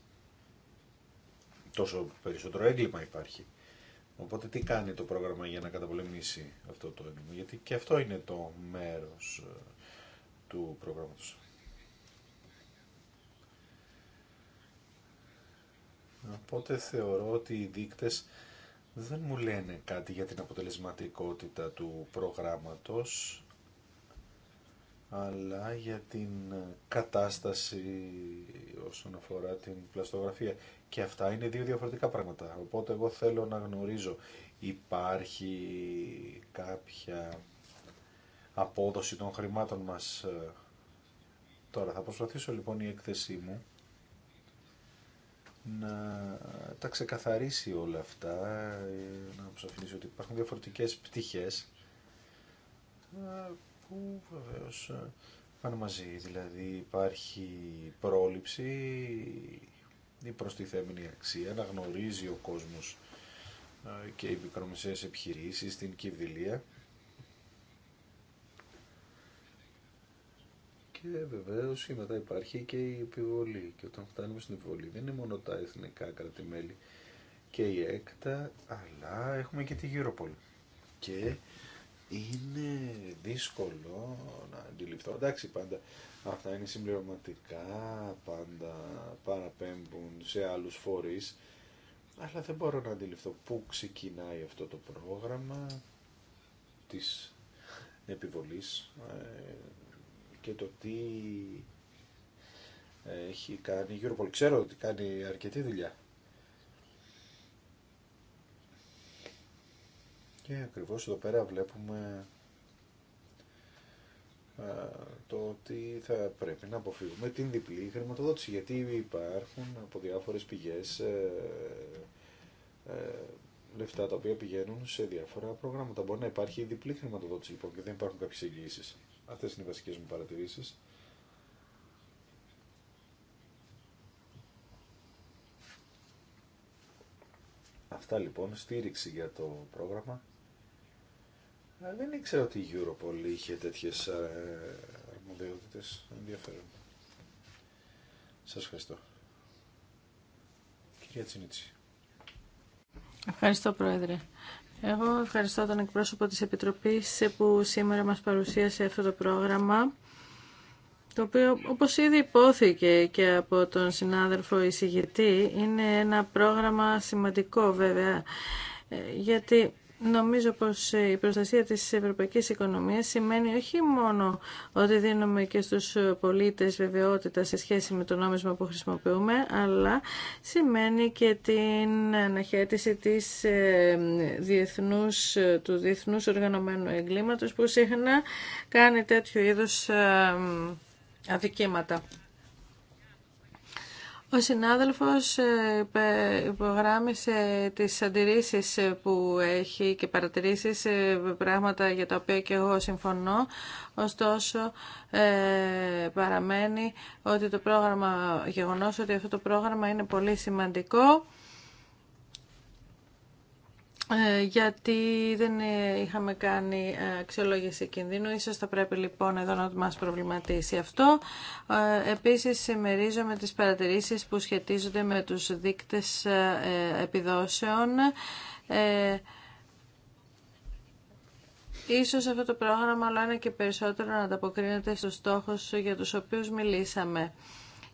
[SPEAKER 3] τόσο περισσότερο έγκλημα υπάρχει. Οπότε τι κάνει το πρόγραμμα για να καταπολεμήσει αυτό το έγκλημα, γιατί και αυτό είναι το μέρος ε, του προγράμματος. Οπότε θεωρώ ότι οι δείκτες δεν μου λένε κάτι για την αποτελεσματικότητα του προγράμματος, αλλά για την κατάσταση όσον αφορά την πλαστογραφία. Και αυτά είναι δύο διαφορετικά πράγματα. Οπότε εγώ θέλω να γνωρίζω υπάρχει κάποια απόδοση των χρημάτων μας. Ε, τώρα θα προσπαθήσω λοιπόν η έκθεσή μου να τα ξεκαθαρίσει όλα αυτά, ε, να αποσαφηνίσει ότι υπάρχουν διαφορετικές πτυχές ε, που βεβαίως ε, πάνε μαζί. Δηλαδή υπάρχει πρόληψη, η προστιθέμενη αξία, να γνωρίζει ο κόσμος και οι μικρομεσαίες επιχειρήσεις, την κυβδηλία Και βεβαίω μετά υπάρχει και η επιβολή. Και όταν φτάνουμε στην επιβολή δεν είναι μόνο τα εθνικά κρατημέλη και η ΕΚΤΑ, αλλά έχουμε και τη Γύροπολη. Και είναι δύσκολο να αντιληφθώ. Εντάξει, πάντα αυτά είναι συμπληρωματικά, πάντα παραπέμπουν σε άλλους φορείς, αλλά δεν μπορώ να αντιληφθώ πού ξεκινάει αυτό το πρόγραμμα της επιβολής. Ε, και το τι ε, έχει κάνει η Europol. Ξέρω ότι κάνει αρκετή δουλειά. Και ακριβώς εδώ πέρα βλέπουμε ε, το ότι θα πρέπει να αποφύγουμε την διπλή χρηματοδότηση γιατί υπάρχουν από διάφορες πηγές ε, ε, λεφτά τα οποία πηγαίνουν σε διάφορα προγράμματα. Μπορεί να υπάρχει διπλή χρηματοδότηση λοιπόν και δεν υπάρχουν κάποιες εγγύησεις. Αυτές είναι οι βασικές μου παρατηρήσεις. Αυτά λοιπόν, στήριξη για το πρόγραμμα. Ε, δεν ήξερα ότι η Europol είχε τέτοιες ε, αρμοδιότητες. Ενδιαφέρον. Σας ευχαριστώ. Κυρία Τσινίτση.
[SPEAKER 4] Ευχαριστώ, Πρόεδρε. Εγώ ευχαριστώ τον εκπρόσωπο της Επιτροπής που σήμερα μας παρουσίασε αυτό το πρόγραμμα το οποίο όπως ήδη υπόθηκε και από τον συνάδελφο εισηγητή είναι ένα πρόγραμμα σημαντικό βέβαια ε, γιατί Νομίζω πως η προστασία της ευρωπαϊκής οικονομίας σημαίνει όχι μόνο ότι δίνουμε και στους πολίτες βεβαιότητα σε σχέση με το νόμισμα που χρησιμοποιούμε, αλλά σημαίνει και την αναχέτηση της ε, διεθνούς, του διεθνούς οργανωμένου εγκλήματος που συχνά κάνει τέτοιου είδου ε, αδικήματα. Ο συνάδελφος ε, υπογράμμισε τις αντιρρήσεις ε, που έχει και παρατηρήσεις, ε, πράγματα για τα οποία και εγώ συμφωνώ. Ωστόσο, παραμένει ότι το πρόγραμμα, γεγονός ότι αυτό το πρόγραμμα είναι πολύ σημαντικό ε, γιατί δεν είχαμε κάνει ε, αξιολόγηση κινδύνου. Ίσως θα πρέπει λοιπόν εδώ να μας προβληματίσει αυτό. Ε, επίσης, συμμερίζομαι τις παρατηρήσεις που σχετίζονται με τους δείκτες επιδόσεων. Ίσως αυτό το πρόγραμμα, αλλά είναι και περισσότερο, να ανταποκρίνεται στους στόχους για τους οποίους μιλήσαμε.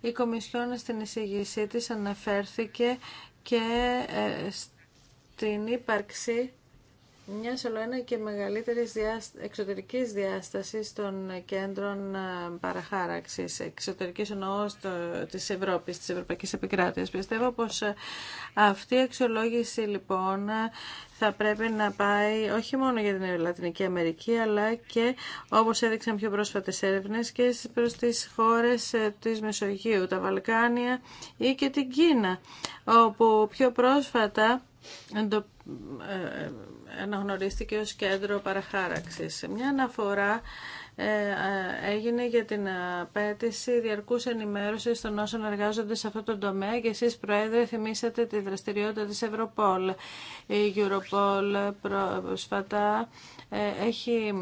[SPEAKER 4] Η Κομισιόν στην εισηγησή της αναφέρθηκε και την ύπαρξη μιας ολοένα και μεγαλύτερης εξωτερικής διάστασης των κέντρων ε, παραχάραξης, εξωτερικής εννοώ της Ευρώπης, της Ευρωπαϊκής Επικράτειας. Πιστεύω πως ε, αυτή η αξιολόγηση λοιπόν ε, θα πρέπει να πάει όχι μόνο για την Λατινική Αμερική, αλλά και όπως έδειξαν πιο πρόσφατες έρευνες και προς τις χώρες της Μεσογείου, τα Βαλκάνια ή και την Κίνα, όπου πιο πρόσφατα ε, ε, αναγνωρίστηκε ως κέντρο παραχάραξης. Μια αναφορά ε, έγινε για την απέτηση διαρκούς ενημέρωσης των όσων εργάζονται σε αυτό το τομέα και εσείς Πρόεδρε θυμήσατε τη δραστηριότητα της Ευρωπόλ. Η Europol προσφατά έχει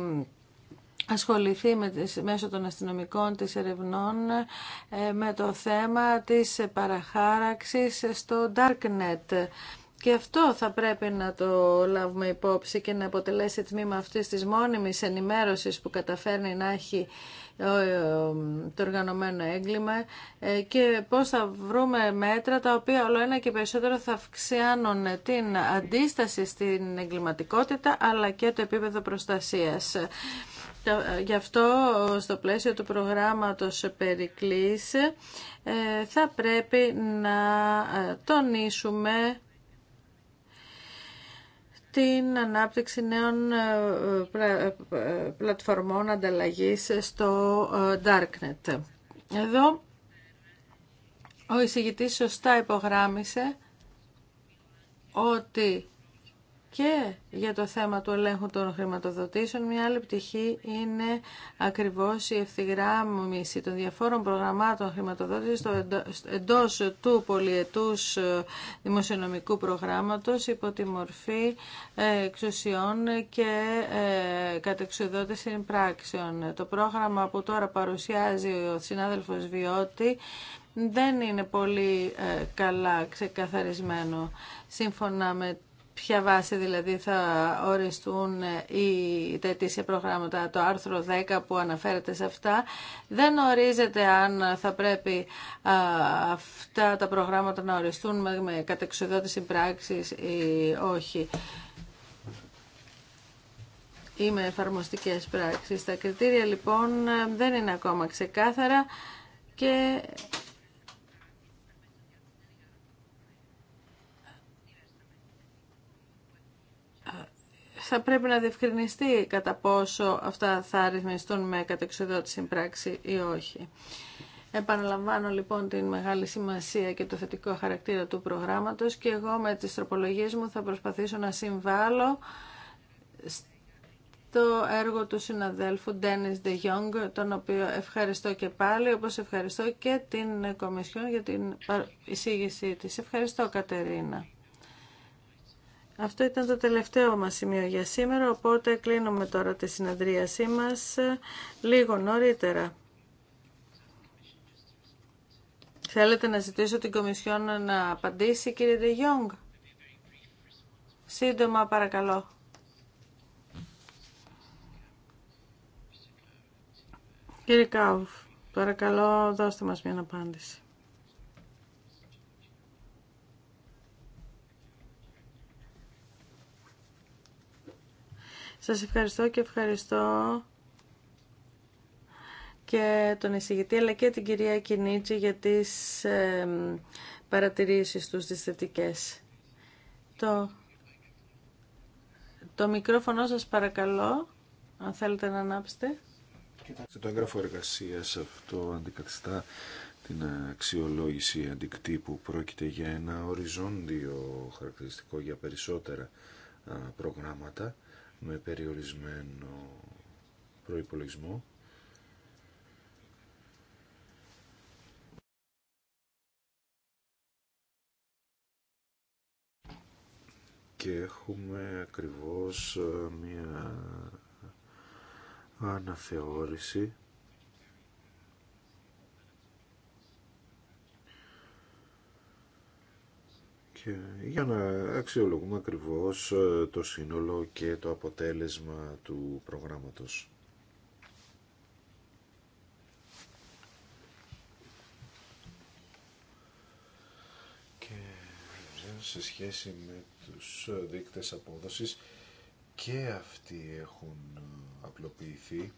[SPEAKER 4] ασχοληθεί μέσω των αστυνομικών της ερευνών με το θέμα της παραχάραξης στο Darknet. Και αυτό θα πρέπει να το λάβουμε υπόψη και να αποτελέσει τμήμα αυτής της μόνιμης ενημέρωσης που καταφέρνει να έχει ε, ε, το οργανωμένο έγκλημα ε, και πώς θα βρούμε μέτρα τα οποία όλο ένα και περισσότερο θα αυξάνουν την αντίσταση στην εγκληματικότητα αλλά και το επίπεδο προστασίας. Γι' αυτό στο πλαίσιο του προγράμματος Περικλής θα πρέπει να τονίσουμε την ανάπτυξη νέων ε, ε, πλατφορμών ανταλλαγής στο ε, Darknet. Εδώ ο εισηγητής σωστά υπογράμμισε ότι και για το θέμα του ελέγχου των χρηματοδοτήσεων. Μια άλλη πτυχή είναι ακριβώς η ευθυγράμμιση των διαφόρων προγραμμάτων χρηματοδότησης εντός του πολύετούς ε, δημοσιονομικού προγράμματος υπό τη μορφή ε, εξουσιών και ε, κατεξουδότηση πράξεων. Το πρόγραμμα που τώρα παρουσιάζει ο συνάδελφος Βιώτη δεν είναι πολύ καλά ξεκαθαρισμένο σύμφωνα με ποια βάση δηλαδή θα οριστούν οι, τα ετήσια προγράμματα. Το άρθρο 10 που αναφέρεται σε αυτά δεν ορίζεται αν θα πρέπει αυτά τα προγράμματα να οριστούν με, με κατεξοδότηση πράξης ή όχι ή με εφαρμοστικές πράξεις. Τα κριτήρια λοιπόν δεν είναι ακόμα ξεκάθαρα και θα πρέπει να διευκρινιστεί κατά πόσο αυτά θα αριθμιστούν με κατεξοδότηση πράξη ή όχι. Επαναλαμβάνω λοιπόν την μεγάλη σημασία και το θετικό χαρακτήρα του προγράμματος και εγώ με τις τροπολογίες μου θα προσπαθήσω να συμβάλλω το έργο του συναδέλφου Dennis De Jong, τον οποίο ευχαριστώ και πάλι, όπως ευχαριστώ και την Κομισιόν για την εισήγησή της. Ευχαριστώ Κατερίνα. Αυτό ήταν το τελευταίο μας σημείο για σήμερα, οπότε κλείνουμε τώρα τη συναντρίασή μας ε, λίγο νωρίτερα. Θέλετε να ζητήσω την Κομισιόν να απαντήσει, κύριε De Γιόγκ. Σύντομα, παρακαλώ. Κύριε Κάουφ, παρακαλώ δώστε μας μια απάντηση. Σας ευχαριστώ και ευχαριστώ και τον εισηγητή αλλά και την κυρία Κινίτσι για τις παρατηρήσεις τους, τις Το, το μικρόφωνο σας παρακαλώ, αν θέλετε να ανάψετε.
[SPEAKER 3] Κοιτάξτε, το έγγραφο εργασία αυτό αντικαθιστά την αξιολόγηση αντικτύπου. Πρόκειται για ένα οριζόντιο χαρακτηριστικό για περισσότερα προγράμματα με περιορισμένο προϋπολογισμό. Και έχουμε ακριβώς ε, μία αναθεώρηση για να αξιολογούμε ακριβώς ε, το σύνολο και το αποτέλεσμα του προγράμματος. Και ε, σε σχέση με τους ε, δείκτες απόδοσης και αυτοί έχουν απλοποιηθεί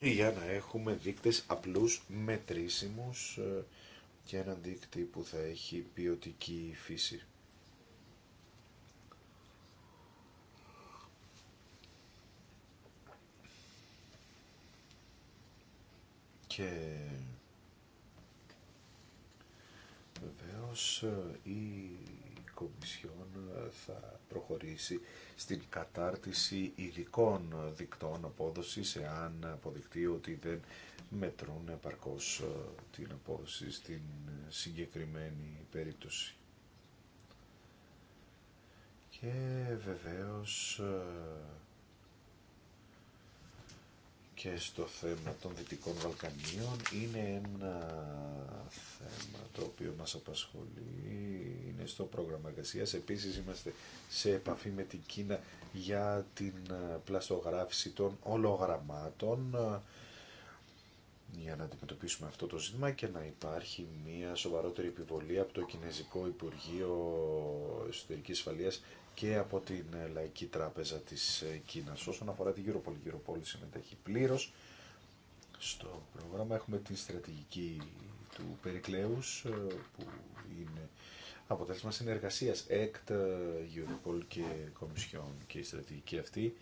[SPEAKER 3] για να έχουμε δείκτες απλούς, μετρήσιμους ε, και έναν δείκτη που θα έχει ποιοτική φύση. Και βεβαίως ε, η ε, θα προχωρήσει στην κατάρτιση ειδικών δικτών απόδοσης εάν αποδεικτεί ότι δεν μετρούν επαρκώς ε, την απόδοση στην συγκεκριμένη περίπτωση. Και βεβαίως ε, και στο θέμα των Δυτικών Βαλκανίων είναι ένα θέμα το οποίο μας απασχολεί, είναι στο πρόγραμμα εργασία. Επίσης είμαστε σε επαφή με την Κίνα για την ε, πλαστογράφηση των ολογραμμάτων ε, για να αντιμετωπίσουμε αυτό το ζήτημα και να υπάρχει μια σοβαρότερη επιβολή από το Κινέζικο Υπουργείο Εσωτερικής Ασφαλείας και από την ε, Λαϊκή Τράπεζα της ε, Κίνας. Όσον αφορά την Europol, η Europol συμμετέχει πλήρω στο πρόγραμμα. Έχουμε την στρατηγική του Περικλέους ε, που είναι αποτέλεσμα συνεργασίας ΕΚΤ, Europol και Κομισιόν και η στρατηγική αυτή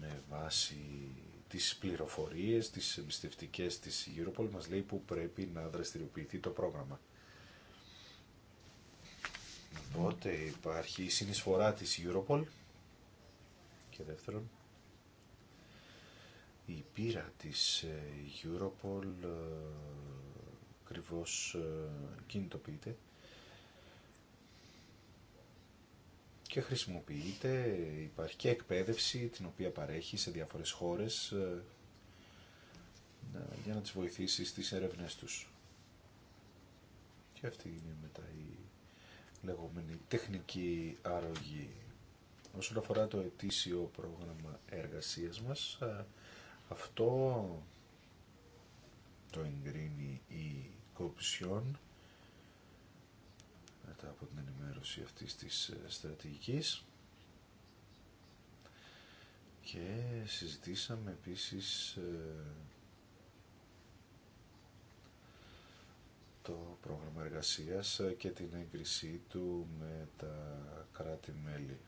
[SPEAKER 3] με βάση τις πληροφορίες, τις εμπιστευτικές της Europol μας λέει που πρέπει να δραστηριοποιηθεί το πρόγραμμα. Οπότε υπάρχει η συνεισφορά της Europol και δεύτερον η πείρα της ε, Europol ε, ακριβώ ε, κινητοποιείται και χρησιμοποιείται, υπάρχει και εκπαίδευση την οποία παρέχει σε διάφορες χώρες για να τις βοηθήσει στις έρευνές τους. Και αυτή είναι μετά η λεγόμενη τεχνική αρρωγή. Όσον αφορά το ετήσιο πρόγραμμα εργασίας μας, ε, αυτό το εγκρίνει η Κοπισιόν μετά από την ενημέρωση αυτής της ε, στρατηγικής και συζητήσαμε επίσης ε, το πρόγραμμα εργασίας και την έγκρισή του με τα κράτη-μέλη.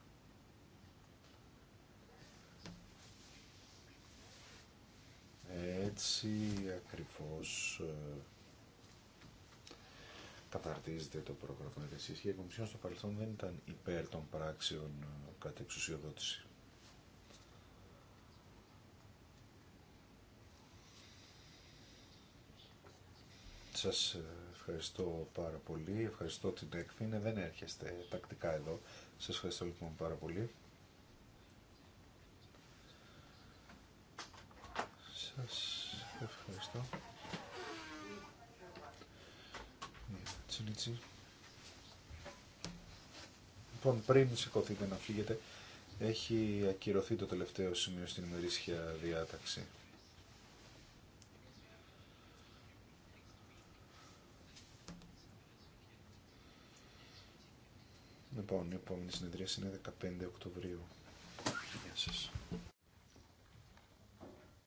[SPEAKER 3] Έτσι ακριβώς ε, καταρτίζεται το πρόγραμμα εργασίας και η Κομισιόν στο παρελθόν δεν ήταν υπέρ των πράξεων ε, κατά εξουσιοδότηση. Σας ε, ευχαριστώ πάρα πολύ. Ευχαριστώ την ΕΚΦΙΝΕ. Δεν έρχεστε τακτικά εδώ. Σα ευχαριστώ λοιπόν πάρα πολύ. Σα ευχαριστώ. Τσινίτσι. Λοιπόν, πριν σηκωθείτε να φύγετε, έχει ακυρωθεί το τελευταίο σημείο στην ημερήσια διάταξη. Λοιπόν, η επόμενη συνεδρίαση είναι 15 Οκτωβρίου. Γεια σας.